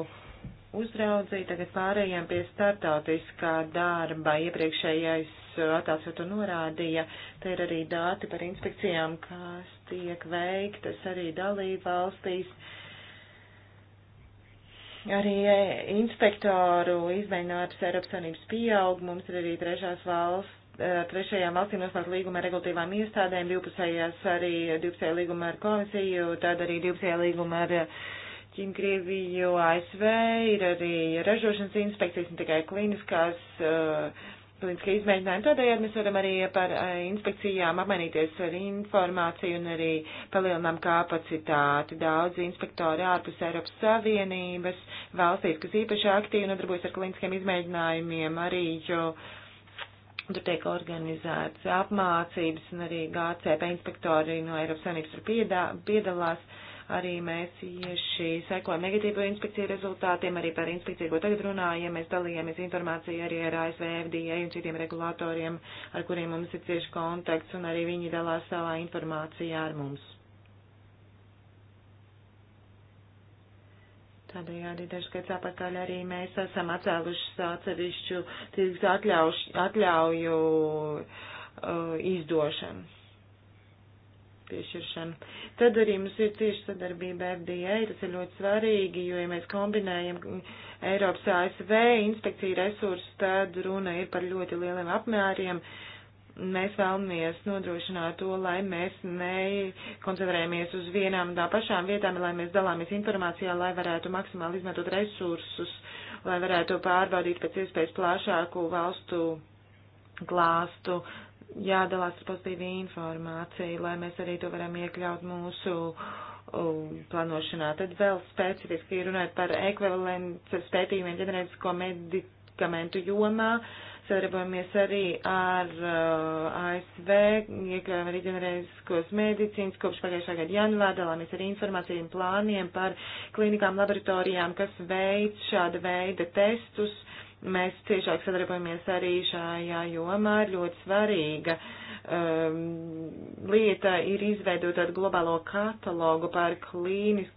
uzraudzīt. Tagad pārējām pie startautiskā darba. Iepriekšējais attēls jau to norādīja. Te ir arī dāti par inspekcijām, kas tiek veiktas arī dalību valstīs. Uh, arī e, inspektoru izmēģinājums Eiropas Savienības pieaug, mums ir arī trešās valsts e, trešajām valstīm noslēgt līgumu ar regulatīvām iestādēm, divpusējās arī divpusējā līguma ar komisiju, tad arī divpusējā līguma ar Ķīnu, Krieviju, ASV, ir arī ražošanas inspekcijas, ne tikai kliniskās uh, e, kliniski izmēģinājumi. Tādējādi mēs varam arī par eh, inspekcijām apmainīties ar informāciju un arī palielinām kapacitāti. Daudz inspektori ārpus Eiropas Savienības valstīs, kas īpaši aktīvi nodarbojas ar kliniskiem izmēģinājumiem, arī jo tur tiek organizēts apmācības un arī GCP inspektori no Eiropas Savienības tur piedalās. Arī mēs tieši sekojam negatīvo inspekciju rezultātiem, arī par inspekciju, ko tagad runājam. Mēs dalījāmies informāciju arī ar ASV FDA un citiem regulātoriem, ar kuriem mums ir cieši kontakts, un arī viņi dalās savā informācijā ar mums. Tādējādi dažkārt apakaļ arī mēs esam atcēluši atsevišķu tirgus atļauju uh, izdošanu piešķiršanu. Tad arī mums ir cieša sadarbība FDA, tas ir ļoti svarīgi, jo, ja mēs kombinējam Eiropas ASV inspekciju resursus, tad runa ir par ļoti lieliem apmēriem. Mēs vēlamies nodrošināt to, lai mēs nekoncentrējamies uz vienām tā pašām vietām, lai mēs dalāmies informācijā, lai varētu maksimāli izmantot resursus, lai varētu pārbaudīt pēc iespējas plašāku valstu klāstu, jādalās ar pozitīvu informāciju, lai mēs arī to varam iekļaut mūsu plānošanā. Tad vēl specifiski runājot par ekvivalents spētījumiem ģenerētisko medikamentu jomā, sadarbojamies arī ar uh, ASV, iekļaujam arī ģenerētiskos medicīnas, kopš pagājušā gada janvā dalāmies ar informāciju un plāniem par klinikām, laboratorijām, kas veids šāda veida testus Mēs tiešāk sadarbojamies arī šajā jomā, ļoti svarīga um, lieta ir izveidot tādu globālo katalogu par klīnis,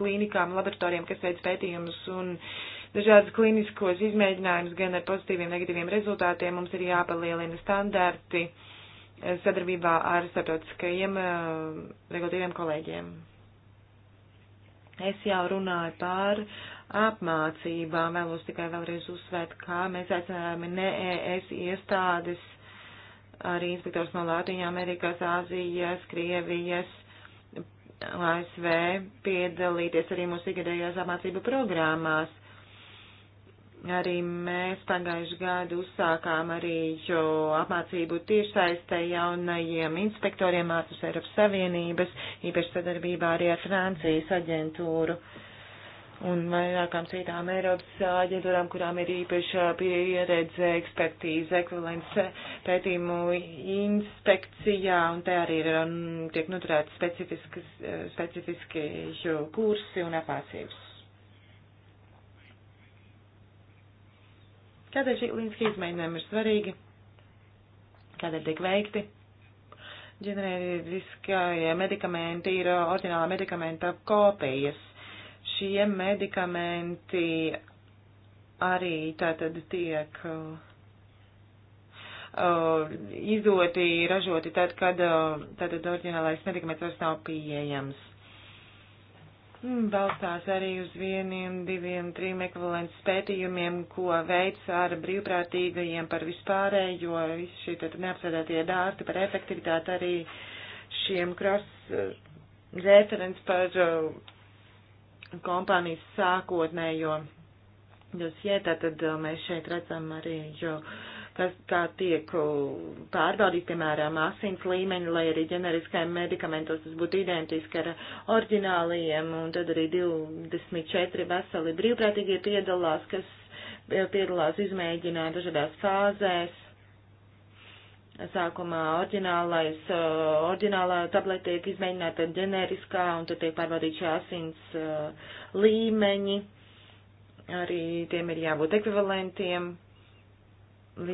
klīnikām, laboratorijiem, kas veids pētījumus un dažādas klīniskos izmēģinājumus gan ar pozitīviem, negatīviem rezultātiem. Mums ir jāpalielina standarti eh, sadarbībā ar starptautiskajiem uh, regulatīviem kolēģiem. Es jau runāju par uh, apmācībām. Vēlos tikai vēlreiz uzsvērt, kā mēs aicinājām ne ES iestādes, arī inspektors no Latvijas, Amerikas, Āzijas, Krievijas, ASV piedalīties arī mūsu ikgadējās apmācību programmās. Arī mēs pagājuši gadu uzsākām arī apmācību tiešsaistē jaunajiem inspektoriem ārpus Eiropas Savienības, īpaši sadarbībā arī ar Francijas aģentūru. Uh, un vairākām citām Eiropas aģentūrām, kurām ir īpaša pieredze, ekspertīze, ekvivalents pētījumu inspekcijā, un te arī ir, un um, tiek noturēti specifiski kursi un apmācības. Kādēļ šī līdzekļu izmēģinājumi ir svarīgi? Kādēļ tiek veikti? Ģenerētiskie medikamenti ir ordinālā medikamenta kopijas šie medikamenti arī tātad tiek uh, izdoti, ražoti tad, kad uh, tātad oriģinālais medikaments vairs nav pieejams. Hmm, balstās arī uz vieniem, diviem, trim ekvivalents pētījumiem, ko veids ar brīvprātīgajiem par vispārējo, visi šī tad neapsēdētie dārti par efektivitāti arī šiem cross uh, referents par uh, kompānijas sākotnējo dosie, tātad uh, mēs šeit redzam arī, jo kas, kā tiek uh, pārbaudīt, piemēram, asins līmeņi, lai arī ģeneriskajiem medikamentos tas būtu identiski ar orģināliem, un tad arī 24 veseli brīvprātīgie piedalās, kas piedalās izmēģināja dažādās fāzēs, sākumā orģinālais, uh, orģinālā tableta tiek izmēģināta ģeneriskā, un tad tiek pārbaudīti šie asins uh, līmeņi, arī tiem ir jābūt ekvivalentiem,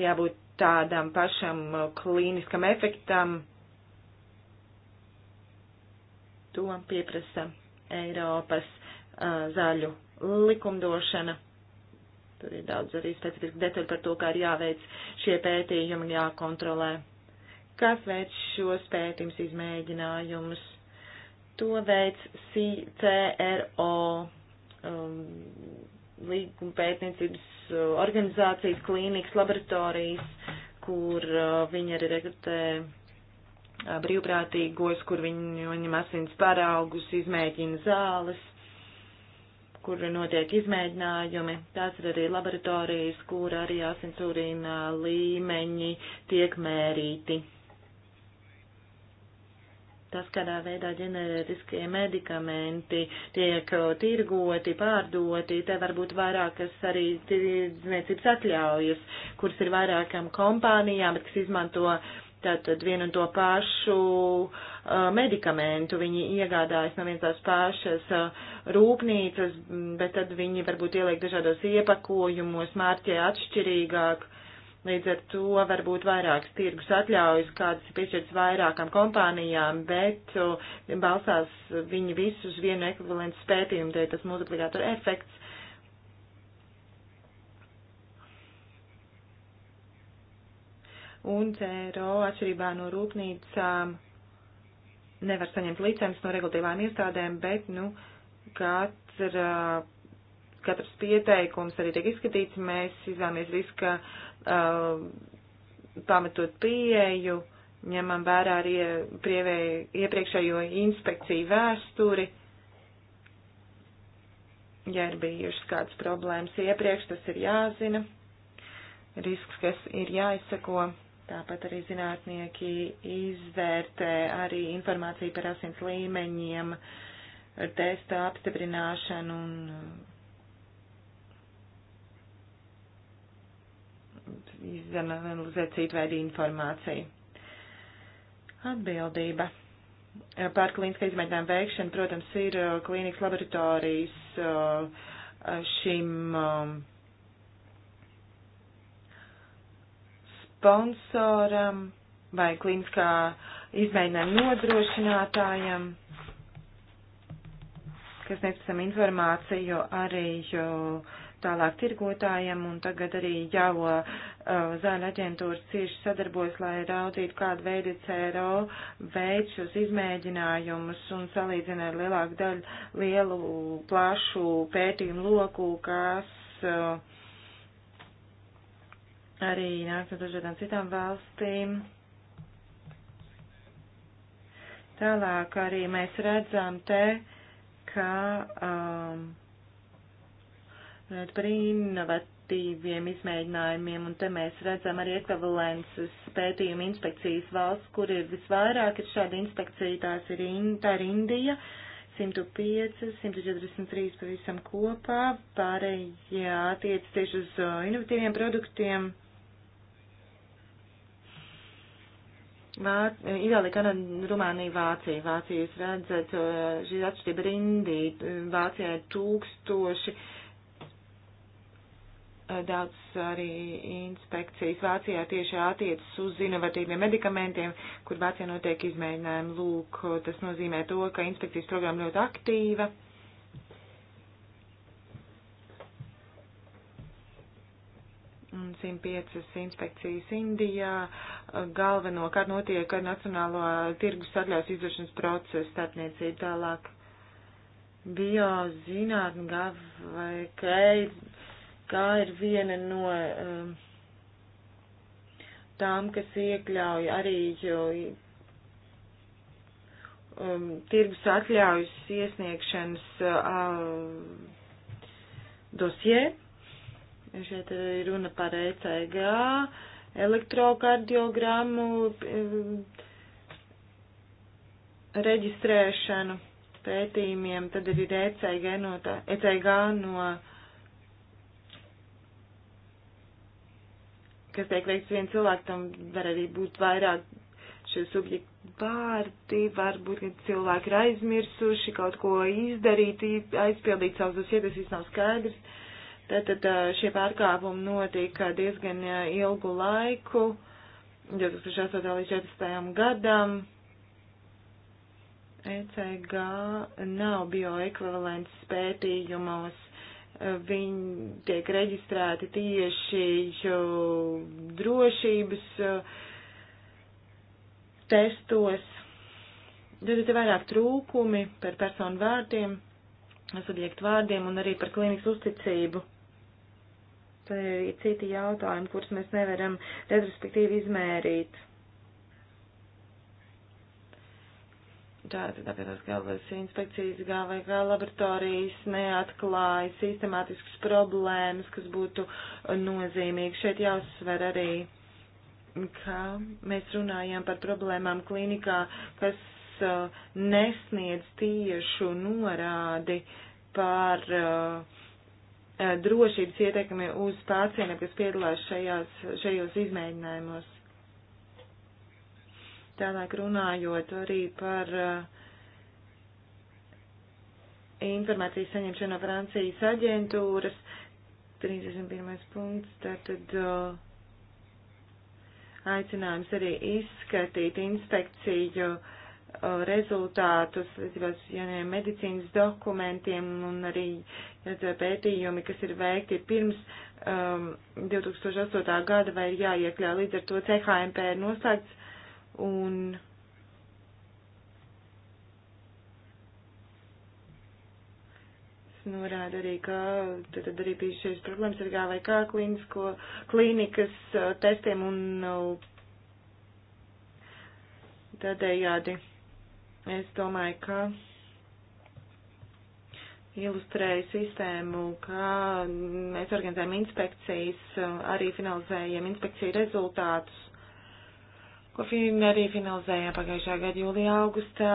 jābūt tādam pašam uh, klīniskam efektam. To pieprasa Eiropas uh, zaļu likumdošana. Tur ir daudz arī specifiski detaļu par to, kā ir jāveic šie pētījumi un jākontrolē. Kas veic šos pētījums izmēģinājumus? To veic CRO um, līguma pētniecības uh, organizācijas, klīnikas, laboratorijas, kur uh, viņi arī rekrutē uh, brīvprātīgos, kur viņi ņem asins paraugus, izmēģina zāles, kur notiek izmēģinājumi. Tās ir arī laboratorijas, kur arī asinsūrīna līmeņi tiek mērīti. Tas, kādā veidā ģeneriskie medikamenti tiek tirgoti, pārdoti, te var būt vairākas arī tirdzniecības atļaujas, kuras ir vairākām kompānijām, bet kas izmanto tātad vienu un to pašu uh, medikamentu. Viņi iegādājas no vienas tās pašas uh, rūpnīcas, bet tad viņi varbūt ieliek dažādos iepakojumos, mārķē atšķirīgāk. Līdz ar to varbūt vairākas tirgus atļaujas, kādas ir piešķirtas vairākām kompānijām, bet uh, balstās viņi visus vienu ekvivalentu spētījumu, tie tas multiplikātoru efekts un CRO atšķirībā no rūpnīcām nevar saņemt licences no regulatīvām iestādēm, bet, nu, katra, katrs pieteikums arī tiek izskatīts, mēs izvēlamies riska uh, pamatot pieeju, ņemam vērā arī prievē, iepriekšējo inspekciju vēsturi. Ja ir bijušas kādas problēmas iepriekš, tas ir jāzina risks, kas ir jāizsako. Tāpat arī zinātnieki izvērtē arī informāciju par asins līmeņiem, testa apstiprināšanu un uh, izanalizē citu veidu informāciju. Atbildība par klīniskā izmēģinājuma veikšanu, protams, ir uh, klīnikas laboratorijas uh, šim um, sponsoram vai kliniskā izmēģinājuma nodrošinātājam, kas nepasam informāciju arī tālāk tirgotājiem, un tagad arī jau uh, zāļu aģentūras cieši sadarbojas, lai raudzītu, kādu veidu CRO veic šos izmēģinājumus un salīdzina ar lielāku daļu lielu plašu pētījumu loku, kas uh, arī nāk no dažādām citām valstīm. Tālāk arī mēs redzam te, ka um, par innovatīviem izmēģinājumiem, un te mēs redzam arī ekvivalences pētījumu inspekcijas valsts, kur ir visvairāk ir šāda inspekcija, tās ir, in, tā ir Indija, 105, 143 pavisam kopā, pārējie attiec tieši uz uh, inovatīviem produktiem. Vāc, Itālija, Kanada, Rumānija, Vācija. Vācija, jūs redzat, šī atšķirība rindī. Vācijā ir tūkstoši eh, daudz arī inspekcijas. Vācijā tieši attiecas uz inovatīviem medikamentiem, kur Vācijā notiek izmēģinājumi. Lūk, tas nozīmē to, ka inspekcijas programma ļoti aktīva. Uh, 105 inspekcijas Indijā. Galvenokārt notiek ar Nacionālo tirgus atļaus izdošanas procesu starpniecību tālāk. Biozinātne vai kā, kā ir viena no um, tām, kas iekļauj arī jo, um, tirgus atļaujas iesniegšanas uh, um, dosieru Šeit ir runa par ECG, elektrokardiogramu eh, reģistrēšanu pētījumiem, tad arī ir ECG no, tā, ECG no kas tiek veikts viens cilvēkam, var arī būt vairāk šie subjekti vārdi, varbūt, ka cilvēki ir aizmirsuši kaut ko izdarīt, aizpildīt savus dosietus, viss nav skaidrs. Uh, Tātad šie pārkāpumi notika diezgan ilgu laiku, 2008. līdz 2014. gadam. ECG nav bioekvivalents pētījumos, viņi tiek reģistrēti tieši drošības testos. Tad ir vairāk trūkumi par personu vārdiem, subjektu vārdiem un arī par klīnikas uzticību ir citi jautājumi, kurus mēs nevaram retrospektīvi izmērīt. Tātad tāpēc galvas inspekcijas galvā laboratorijas neatklāja sistemātiskas problēmas, kas būtu nozīmīgi. Šeit jāuzsver arī, ka mēs runājam par problēmām klinikā, kas uh, nesniedz tiešu norādi par uh, Eh, drošības ietekmi uz pacientiem, kas piedalās šajās, šajos izmēģinājumos. Tālāk runājot arī par eh, informācijas saņemšanu no Francijas aģentūras, 31. punkts, tātad eh, aicinājums arī izskatīt inspekciju uh, rezultātus, jauniem medicīnas dokumentiem un arī Uh, pētījumi, kas ir veikti pirms um, 2008. gada vai ir jāiekļauj. Līdz ar to CHMP ir noslēgts un. norāda arī, ka tad arī bija šīs problēmas ar GVK klīnisko, klīnikas uh, testiem un uh, tādējādi. Es domāju, ka ilustrēja sistēmu, kā mēs organizējam inspekcijas, arī finalizējam inspekciju rezultātus, ko arī finalizējām pagājušā gada jūlijā augustā.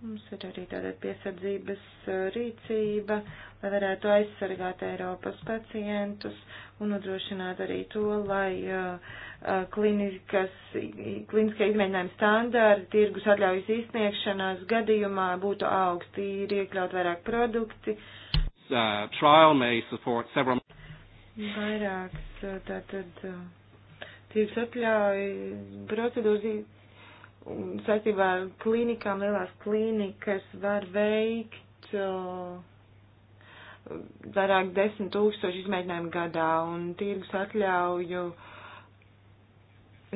Mums ir arī tāda piesardzības uh, rīcība, lai varētu aizsargāt Eiropas pacientus un nodrošināt arī to, lai uh, Uh, klinikas, kliniskā izmēģinājuma standārti, tirgus atļaujas izsniegšanās gadījumā būtu augsti, ir iekļaut vairāk produkti. Uh, Vairākas uh, tātad uh, tirgus atļauja procedūras saistībā ar klīnikām, lielās klīnikas var veikt vairāk desmit tūkstoši izmēģinājumu gadā un tirgus atļauju uh,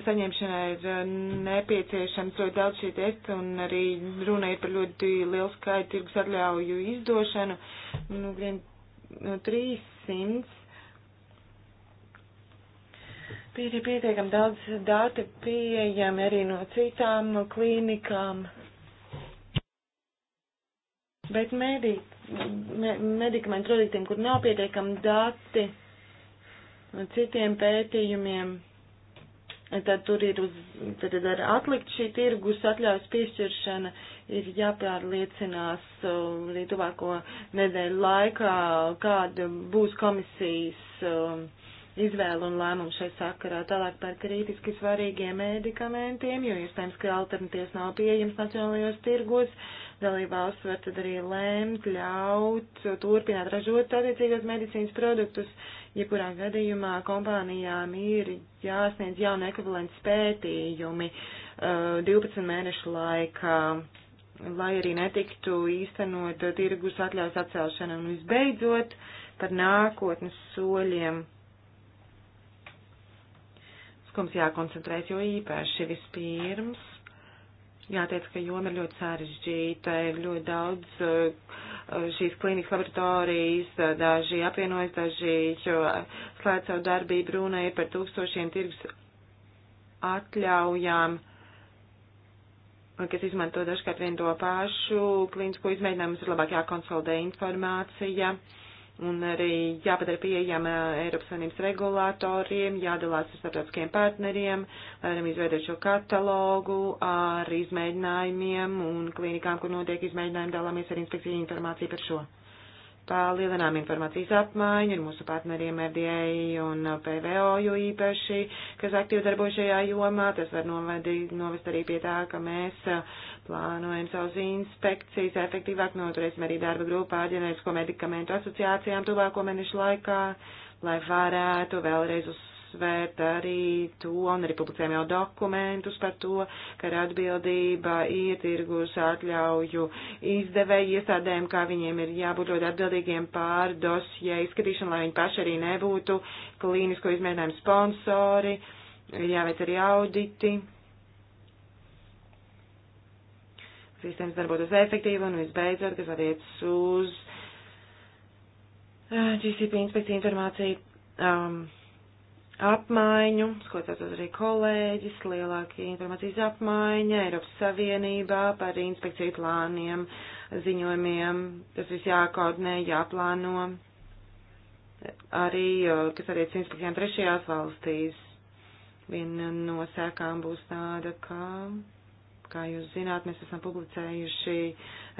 saņemšanai ir eh, nepieciešams ļoti daudz šī testa un arī runa ir par ļoti lielu skaitu tirgus atļauju izdošanu, nu, vien no nu, 300. Ir pietiekami daudz data pieejami arī no citām no klīnikām. Bet medī, me, medikamentu produktiem, kur nav pietiekami dati no citiem pētījumiem tad tur ir uz, tad ar atlikt šī tirgus atļaujas piešķiršana ir jāpārliecinās um, arī tuvāko nedēļu laikā, kāda būs komisijas um, izvēle un lēmums šai sakarā. Tālāk par kritiski svarīgiem medikamentiem, jo iespējams, ka alternatīvas nav pieejams nacionālajos tirgos. Dalībvalsts var tad arī lēmt, ļaut, turpināt ražot attiecīgos medicīnas produktus Jebkurā gadījumā kompānijām ir jāsniedz jauna ekvivalents pētījumi 12 eh, mēnešu laikā, lai arī netiktu īstenot tirgus atļaus atcelšana un visbeidzot par nākotnes soļiem mums jākoncentrēs, jo īpaši vispirms jāteic, ka joma ir ļoti sarežģīta, ir ļoti daudz eh, Eh, šīs klīnikas laboratorijas, eh, daži apvienojas, daži eh, slēdz savu darbību, runa ir par tūkstošiem tirgus atļaujām, kas izmanto dažkārt vien to pašu klīnisko izmēģinājumus, ir labāk jākonsolidē informācija. Uh, un arī jāpadara pieejama Eiropas Savienības regulātoriem, jādalās ar starptautiskiem partneriem, lai varam izveidot šo katalogu ar izmēģinājumiem un klīnikām, kur notiek izmēģinājumi, dalāmies ar inspekciju informāciju par šo palielinām informācijas apmaiņu ar mūsu partneriem RDA un PVO, jo īpaši, kas aktīvi darbojas šajā jomā, tas var novedi, novest arī pie tā, ka mēs uh, plānojam savas inspekcijas efektīvāk, noturēsim arī darba grupā ģenerisko medikamentu asociācijām tuvāko mēnešu laikā, lai varētu vēlreiz uz uzsvērt arī to, un arī publicējam jau dokumentus par to, ka ir atbildība ietirgus atļauju izdevēju iestādēm, kā viņiem ir jābūt ļoti atbildīgiem pār dosie izskatīšanu, lai viņi paši arī nebūtu klīnisko izmēģinājumu sponsori, ir jāveic arī auditi. Sistēmas darbotos efektīvi un visbeidzot, kas attiecas uz eh, GCP inspekcija informācija. Um, apmaiņu, ko tātad arī kolēģis, lielāka informācijas apmaiņa Eiropas Savienībā par inspekciju plāniem, ziņojumiem, tas viss jākoordinē, jāplāno, arī, kas attiec inspekcijām trešajās valstīs. Viena no sēkām būs tāda, ka, kā jūs zināt, mēs esam publicējuši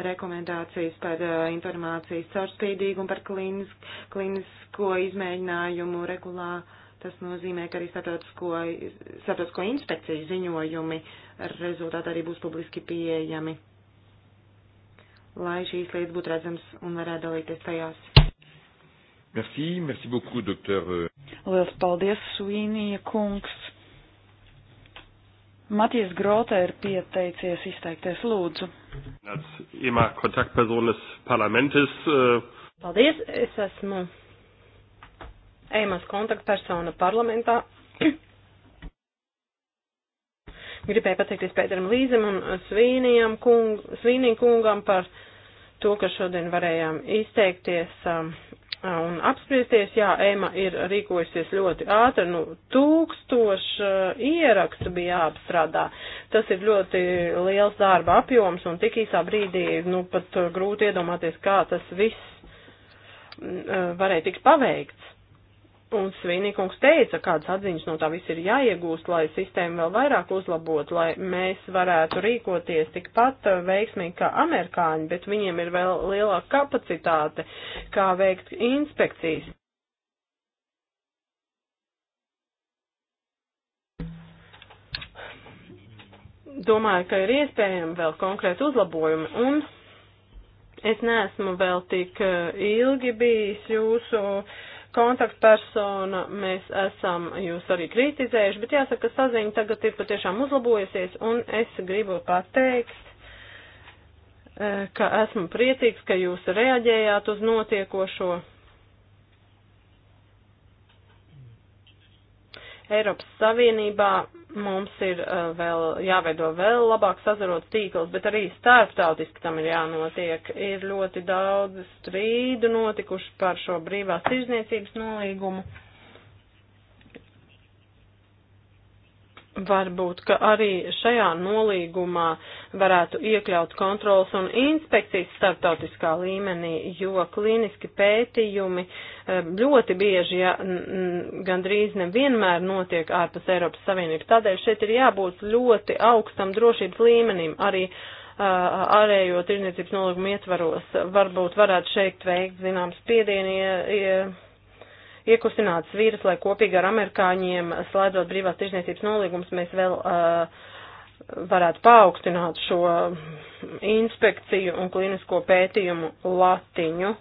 rekomendācijas par informācijas caurspīdīgumu, par klinisko izmēģinājumu regulāru Tas nozīmē, ka arī starptautisko inspekciju ziņojumi rezultātā arī būs publiski pieejami, lai šīs lietas būtu redzams un varētu dalīties tajās. Merci, merci beaucoup, doktor. Lielas paldies, Suīnija kungs. Matijas Grote ir pieteicies izteikties lūdzu. Eh. Paldies, es esmu EMAS kontaktpersona parlamentā. Gribēju pateikties Pēteram Līzem un Svīnijam kung, Svīnī kungam par to, ka šodien varējām izteikties um, un apspriesties. Jā, Ēma ir rīkojusies ļoti ātri, nu, tūkstoši uh, ierakstu bija jāapstrādā. Tas ir ļoti liels darba apjoms un tik īsā brīdī, nu, pat uh, grūti iedomāties, kā tas viss mm, uh, varēja tikt paveikts. Un Svinīkungs teica, kādas atziņas no tā viss ir jāiegūst, lai sistēma vēl vairāk uzlabotu, lai mēs varētu rīkoties tikpat veiksmīgi kā amerikāņi, bet viņiem ir vēl lielāka kapacitāte, kā veikt inspekcijas. Domāju, ka ir iespējami vēl konkrēti uzlabojumi un es neesmu vēl tik eh, ilgi bijis jūsu uh, kontaktpersona, mēs esam jūs arī kritizējuši, bet jāsaka, ka saziņa tagad ir patiešām uzlabojusies, un es gribu pateikt, eh, ka esmu priecīgs, ka jūs reaģējāt uz notiekošo. Eiropas Savienībā mums ir uh, vēl jāveido vēl labāk sazarots tīkls, bet arī starptautiski tam ir jānotiek. Ir ļoti daudz strīdu notikuši par šo brīvās tirzniecības nolīgumu. Varbūt, ka arī šajā nolīgumā varētu iekļaut kontrols un inspekcijas starptautiskā līmenī, jo kliniski pētījumi eh, ļoti bieži, ja gandrīz nevienmēr notiek ārpus Eiropas Savienības. Tādēļ šeit ir jābūt ļoti augstam drošības līmenim arī eh, ārējo tirniecības nolīgumu ietvaros. Varbūt varētu šeit veikt zināms piedienu. Ja, ja, iekusināt svīras, lai kopīgi ar amerikāņiem slēdzot brīvās tirzniecības nolīgums mēs vēl uh, varētu paaugstināt šo inspekciju un klinisko pētījumu latiņu.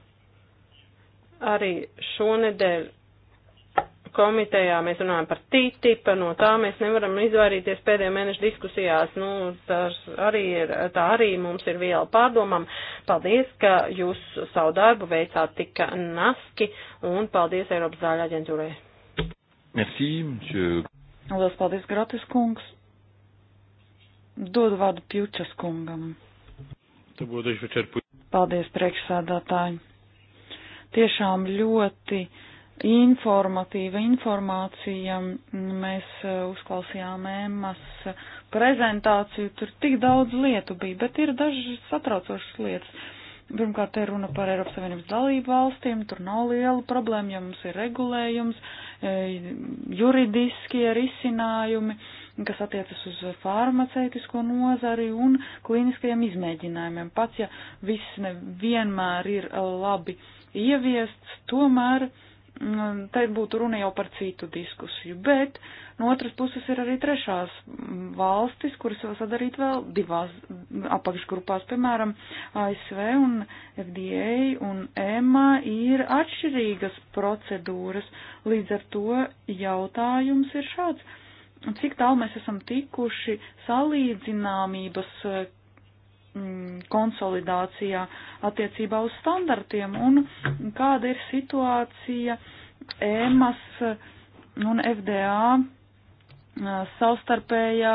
Arī šonedēļ komitejā mēs runājam par TTIP, no tā mēs nevaram izvairīties pēdējā mēneša diskusijās. Nu, arī ir, tā arī mums ir viela pārdomam. Paldies, ka jūs savu darbu veicāt tik naski un paldies Eiropas zāļa aģentūrai. Merci, monsieur. Lielas paldies, Gratis kungs. Dodu vārdu Pjučas kungam. Paldies, priekšsādātāji. Tiešām ļoti informatīva informācija. Mēs eh, uzklausījām ēmas prezentāciju, tur tik daudz lietu bija, bet ir dažas satraucošas lietas. Pirmkārt, te runa par Eiropas Savienības dalību valstīm, tur nav liela problēma, ja mums ir regulējums, eh, juridiskie risinājumi, kas attiecas uz farmaceitisko nozari un klīniskajiem izmēģinājumiem. Pats, ja viss nevienmēr ir labi ieviests, tomēr uh, Mm, te būtu runa jau par citu diskusiju, bet no otras puses ir arī trešās valstis, kuras var sadarīt vēl divās apakšgrupās, piemēram, ASV un FDA un EMA ir atšķirīgas procedūras, līdz ar to jautājums ir šāds. Cik tālu mēs esam tikuši salīdzināmības Mm, konsolidācijā attiecībā uz standartiem un kāda ir situācija EMAS un FDA mm, savstarpējā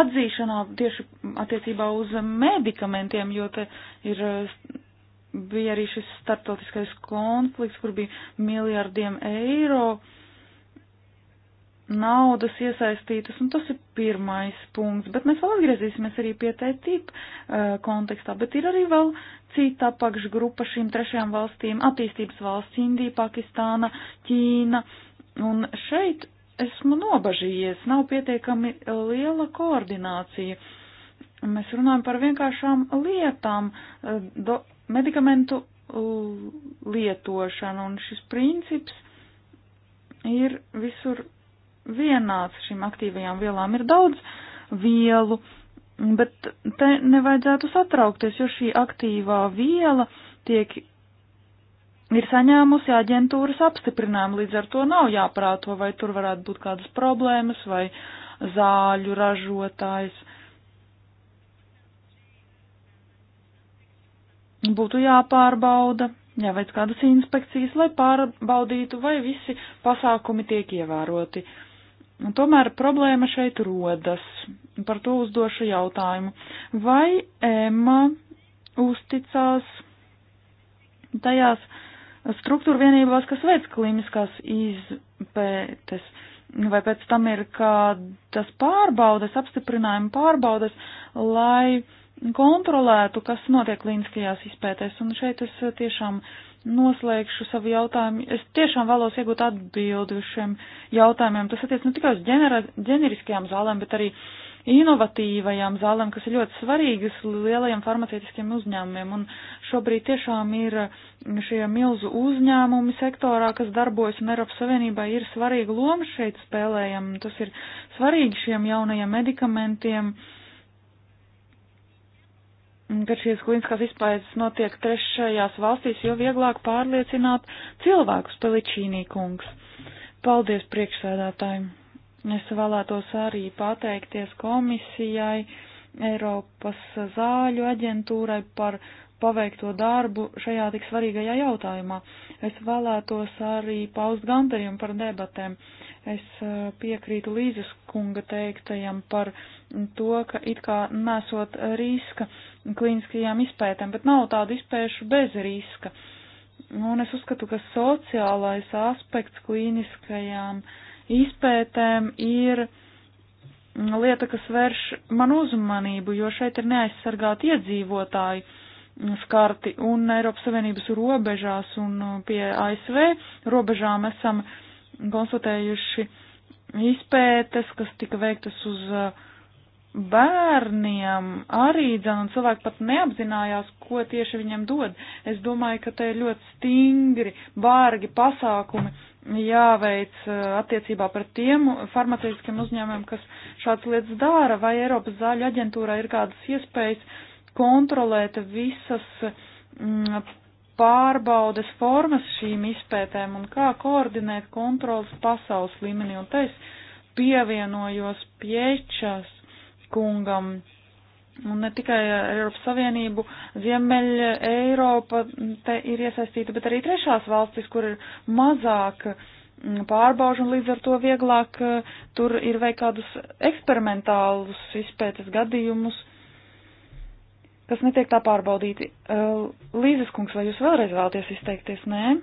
atzīšanā tieši attiecībā uz medikamentiem, jo te ir bija arī šis startautiskais konflikts, kur bija miljardiem eiro naudas iesaistītas, un tas ir pirmais punkts, bet mēs vēl atgriezīsimies arī pie TTIP eh, kontekstā, bet ir arī vēl cita apakšgrupa šīm trešajām valstīm - attīstības valsts Indija, Pakistāna, Ķīna, un šeit esmu nobažījies, nav pietiekami liela koordinācija. Mēs runājam par vienkāršām lietām, eh, do, medikamentu lietošanu, un šis princips ir visur vienāds šīm aktīvajām vielām. Ir daudz vielu, bet te nevajadzētu satraukties, jo šī aktīvā viela tiek ir saņēmusi aģentūras apstiprinājumu, līdz ar to nav jāprāto, vai tur varētu būt kādas problēmas vai zāļu ražotājs. Būtu jāpārbauda, jāveic kādas inspekcijas, lai pārbaudītu, vai visi pasākumi tiek ievēroti. Uh, Un tomēr problēma šeit rodas. Par to uzdošu jautājumu. Vai Ema uzticās tajās struktūra vienībās, kas veic kliniskās izpētes? Vai pēc tam ir kādas pārbaudes, apstiprinājuma pārbaudes, lai kontrolētu, kas notiek klīniskajās izpētēs. Un šeit es tiešām uh, noslēgšu savu jautājumu. Es tiešām vēlos iegūt atbildi uz šiem jautājumiem. Tas attiec ne tikai uz ģenera, ģeneriskajām zālēm, bet arī inovatīvajām zālēm, kas ir ļoti svarīgas lielajiem farmaceitiskiem uzņēmumiem. Un šobrīd tiešām ir mm, šie milzu uzņēmumi sektorā, kas darbojas, un Eiropas Savienībā ir svarīga loma šeit spēlējama. Tas ir svarīgi šiem jaunajiem medikamentiem. Uh, ka šīs klīniskās izpētes notiek trešajās valstīs, jo vieglāk pārliecināt cilvēkus, Peličīnī kungs. Paldies priekšsēdētājiem! Es vēlētos arī pateikties komisijai, Eiropas zāļu aģentūrai par paveikto darbu šajā tik svarīgajā jautājumā. Es vēlētos arī paust gandarījumu par debatēm. Uh, Es uh, piekrītu Līzes kunga teiktajam par to, ka it kā nesot riska klīniskajām izpētēm, bet nav tādu izpēšu bez riska. Un es uzskatu, ka sociālais aspekts klīniskajām izpētēm ir lieta, kas vērš man uzmanību, jo šeit ir neaizsargāti iedzīvotāji skarti un Eiropas Savienības robežās un pie ASV robežām esam uh, konstatējuši izpētes, kas tika veiktas uz uh, bērniem arī dzēn, un cilvēki pat neapzinājās, ko tieši viņiem dod. Es domāju, ka te ir ļoti stingri, bārgi pasākumi jāveic uh, attiecībā pret tiem farmaceitiskiem uzņēmumiem, kas šāds lietas dara, vai Eiropas zāļu aģentūrā ir kādas iespējas kontrolēt visas mm, pārbaudas formas šīm izpētēm un kā koordinēt kontrolas pasaules līmenī. Un te es pievienojos piečas kungam. Un ne tikai Eiropas Savienību, Ziemeļa Eiropa te ir iesaistīta, bet arī trešās valstis, kur ir mazāk mm, pārbaužu un līdz ar to vieglāk eh, tur ir veikt kādus eksperimentālus izpētes gadījumus kas netiek tā pārbaudīti. Uh, Līzes kungs, vai jūs vēlreiz vēlaties izteikties? Nē.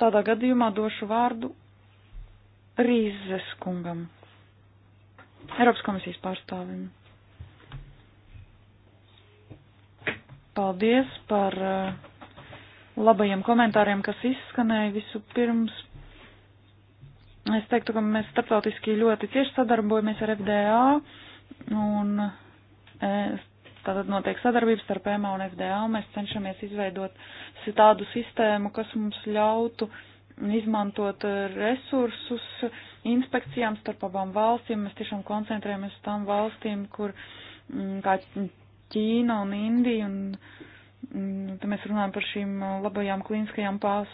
Tādā gadījumā došu vārdu Rīzes kungam, Eiropas komisijas pārstāvim. Paldies par uh, labajiem komentāriem, kas izskanēja visu pirms. Es teiktu, ka mēs starptautiski ļoti cieši sadarbojamies ar FDA Un e, tātad notiek sadarbības starp EMA un FDA, un mēs cenšamies izveidot tādu sistēmu, kas mums ļautu izmantot e, resursus inspekcijām starp abām valstīm. Mēs tiešām koncentrējamies uz tām valstīm, kur mm, kā Ķīna un Indija, un mm, te mēs runājam par šīm labajām klīniskajām pās,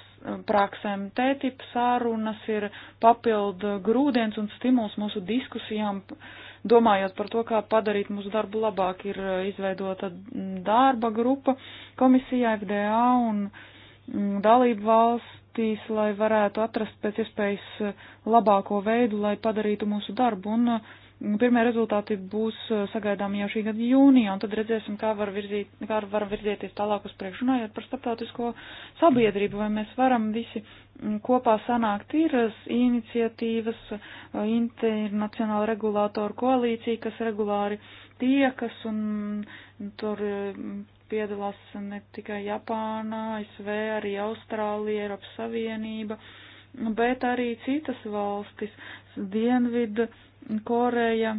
praksēm. Tētips sārunas ir papildu grūdienis un stimuls mūsu diskusijām. Uh, domājot par to, kā padarīt mūsu darbu labāk, ir uh, izveidota mm, darba grupa komisijā FDA un mm, dalību valstīs, lai varētu atrast pēc iespējas uh, labāko veidu, lai padarītu mūsu darbu. Un uh, Pirmie rezultāti būs eh, sagaidāmi jau šī gada jūnijā, un tad redzēsim, kā var, virzīt, kā var virzieties tālāk uz priekšu, runājot par starptautisko sabiedrību, vai mēs varam visi mm, kopā sanākt tīras eh, iniciatīvas, eh, internacionāla regulātoru koalīcija, kas regulāri tiekas, un mm, tur mm, piedalās ne tikai Japāna, ASV, arī Austrālija, Eiropas Savienība, bet arī citas valstis, Dienvidu Koreja,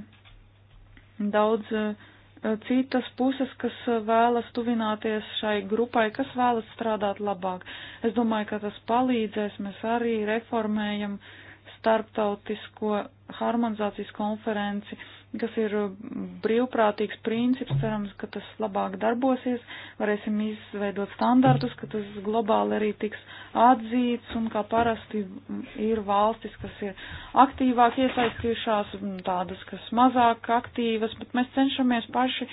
daudz eh, citas puses, kas eh, vēlas tuvināties šai grupai, kas vēlas strādāt labāk. Es domāju, ka tas palīdzēs. Mēs arī reformējam starptautisko harmonizācijas konferenci kas ir uh, brīvprātīgs princips, cerams, ka tas labāk darbosies, varēsim izveidot standartus, ka tas globāli arī tiks atzīts un kā parasti ir valstis, kas ir aktīvāk iesaistījušās, tādas, kas mazāk aktīvas, bet mēs cenšamies paši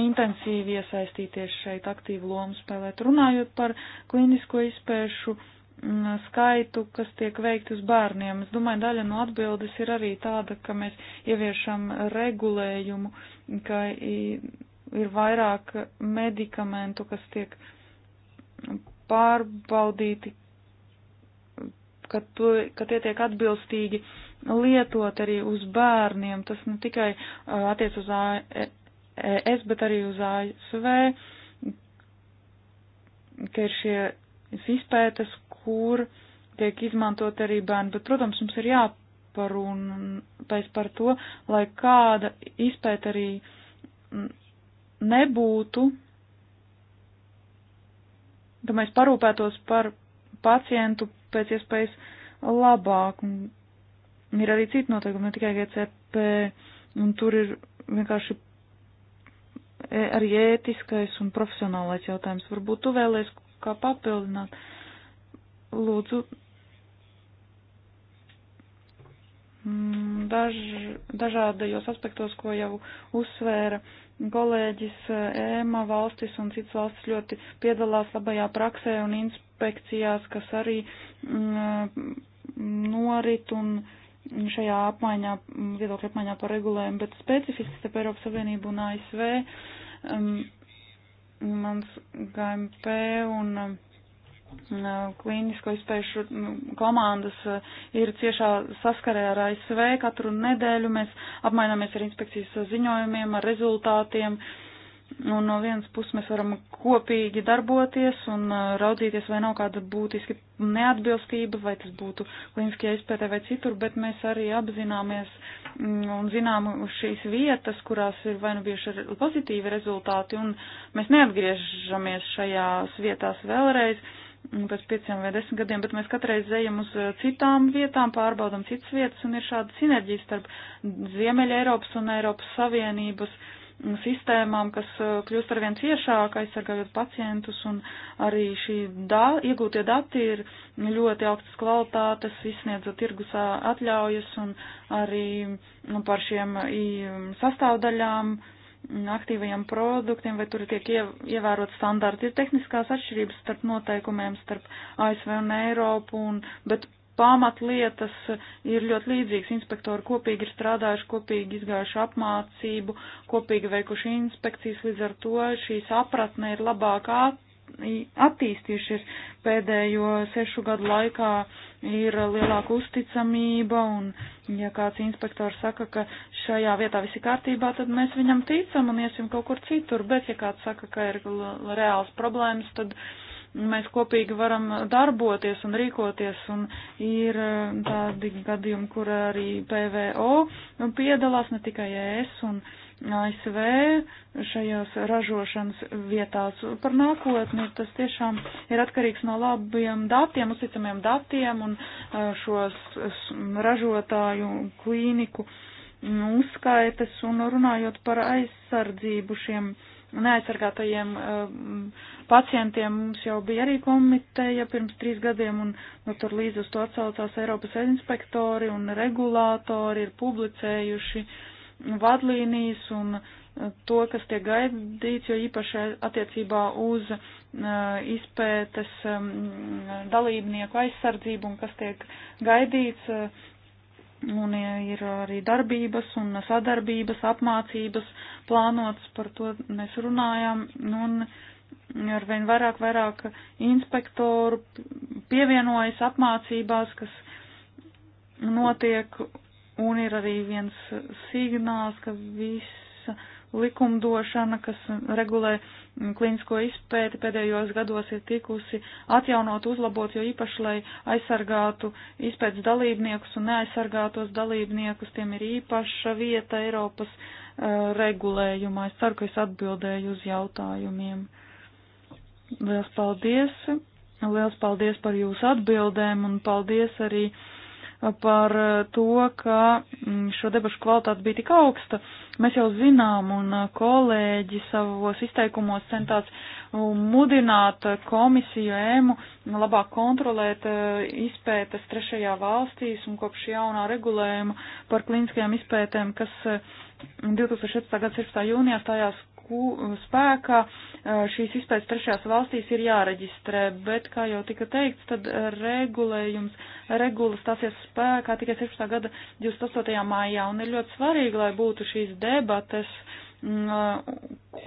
intensīvi iesaistīties šeit, aktīvu lomu spēlēt. Runājot par klinisko izpēšu Mm, skaitu, kas tiek veikti uz bērniem. Es domāju, daļa no atbildes ir arī tāda, ka mēs ieviešam regulējumu, ka ir vairāk medikamentu, kas tiek pārbaudīti, ka, to, ka tie tiek atbilstīgi lietot arī uz bērniem. Tas ne tikai attiec uz AS, e, e, bet arī uz ASV, ka ir šie izpētes, kur tiek izmantot arī bērni, bet, protams, mums ir jāparunājas par to, lai kāda izpēta arī nebūtu, ka mēs parūpētos par pacientu pēc iespējas labāk. Un ir arī citi noteikumi, ne tikai GCP, un tur ir vienkārši e, arī ētiskais un profesionālais jautājums. Varbūt tu vēlies kā papildināt. Lūdzu, mm, daž, dažādajos aspektos, ko jau uzsvēra kolēģis eh, ēma valstis un citas valstis ļoti piedalās labajā praksē un inspekcijās, kas arī mm, norit un šajā apmaiņā, viedokļa apmaiņā par regulējumu, bet specifiski starp Eiropas Savienību un ASV um, mm, mans GMP un uh, klīnisko izpēšu nu, komandas uh, ir ciešā saskarē ar ASV. Katru nedēļu mēs apmaināmies ar inspekcijas ziņojumiem, ar rezultātiem. Uh, Un no vienas puses mēs varam kopīgi darboties un uh, raudzīties, vai nav kāda būtiska neatbilstība, vai tas būtu kliniskajā izpētē vai citur, bet mēs arī apzināmies mm, un zinām šīs vietas, kurās ir vai nu bijuši pozitīvi rezultāti, un mēs neatgriežamies šajās vietās vēlreiz mm, pēc pieciem vai desmit gadiem, bet mēs katreiz ejam uz uh, citām vietām, pārbaudam citas vietas, un ir šāda sinerģija starp Ziemeļa Eiropas un Eiropas Savienības uh, sistēmām, kas uh, kļūst ar vien ciešāk, aizsargājot pacientus, un arī šī dā, iegūtie dati ir ļoti augstas kvalitātes, izsniedzot tirgus uh, atļaujas, un arī nu, par šiem sastāvdaļām, mm, aktīvajiem produktiem, vai tur tiek ievērot standarti. Ir tehniskās atšķirības starp noteikumiem, starp ASV un Eiropu, un, bet pamatlietas ir ļoti līdzīgas. Inspektori kopīgi ir strādājuši, kopīgi izgājuši apmācību, kopīgi veikuši inspekcijas, līdz ar to šī sapratne ir labāk attīstījušies pēdējo sešu gadu laikā, ir lielāka uzticamība, un ja kāds inspektors saka, ka šajā vietā viss ir kārtībā, tad mēs viņam ticam un iesim kaut kur citur, bet ja kāds saka, ka ir reāls problēmas, tad uh, mēs kopīgi varam darboties un rīkoties, un ir e, tādi gadījumi, kur arī PVO piedalās ne tikai ES un ASV šajās ražošanas vietās. Par nākotni tas tiešām ir atkarīgs no labiem datiem, uzticamiem datiem un e, šos ražotāju klīniku mm, uzskaitas un runājot par aizsardzību šiem neaizsargātajiem uh, pacientiem mums jau bija arī komiteja pirms trīs gadiem, un nu, tur līdz uz to atsaucās Eiropas inspektori un regulātori ir publicējuši vadlīnijas un eh, to, kas tiek gaidīts, jo īpaši attiecībā uz uh, izpētes um, dalībnieku aizsardzību un kas tiek gaidīts. Uh, un ir arī darbības un sadarbības, apmācības plānotas, par to mēs runājam. Un, uh, arvien vairāk, vairāk inspektoru pievienojas apmācībās, kas notiek, un ir arī viens signāls, ka visa likumdošana, kas regulē klīnisko izpēti pēdējos gados ir tikusi atjaunot, uzlabot, jo īpaši, lai aizsargātu izpētes dalībniekus un neaizsargātos dalībniekus, tiem ir īpaša vieta Eiropas uh, regulējumā. Es ceru, ka es atbildēju uz jautājumiem. Liels paldies! Liels paldies par jūsu atbildēm un paldies arī par eh, to, ka mm, šo debašu kvalitāte bija tik augsta. Mēs jau zinām, un eh, kolēģi savos izteikumos centās mudināt eh, komisiju ēmu labāk kontrolēt izpētes trešajā valstīs un kopš jaunā regulējuma par klīniskajām izpētēm, kas 2016. gada 16. jūnijā stājās Uh, spēkā uh, šīs izpētes trešajās valstīs ir jāreģistrē, bet, kā jau tika teikts, tad uh, regulējums, regula stāsies spēkā tikai 16. gada 28. maijā, un ir ļoti svarīgi, lai būtu šīs debates, mm,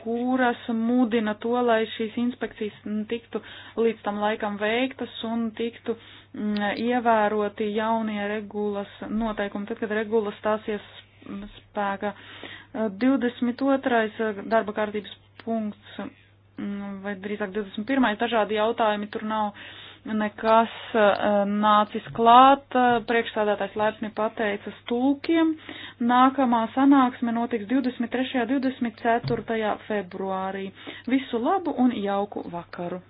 kuras mudina to, lai šīs inspekcijas tiktu līdz tam laikam veiktas un tiktu mm, ievēroti jaunie regulas noteikumi, tad, kad regulas stāsies spēkā. 22. Eh, darba kārtības punkts, mm, vai drīzāk 21. dažādi jautājumi, tur nav nekas eh, nācis klāt. Eh, Priekšstādātais laipni pateica stulkiem. Nākamā sanāksme notiks 23. un 24. februārī. Visu labu un jauku vakaru!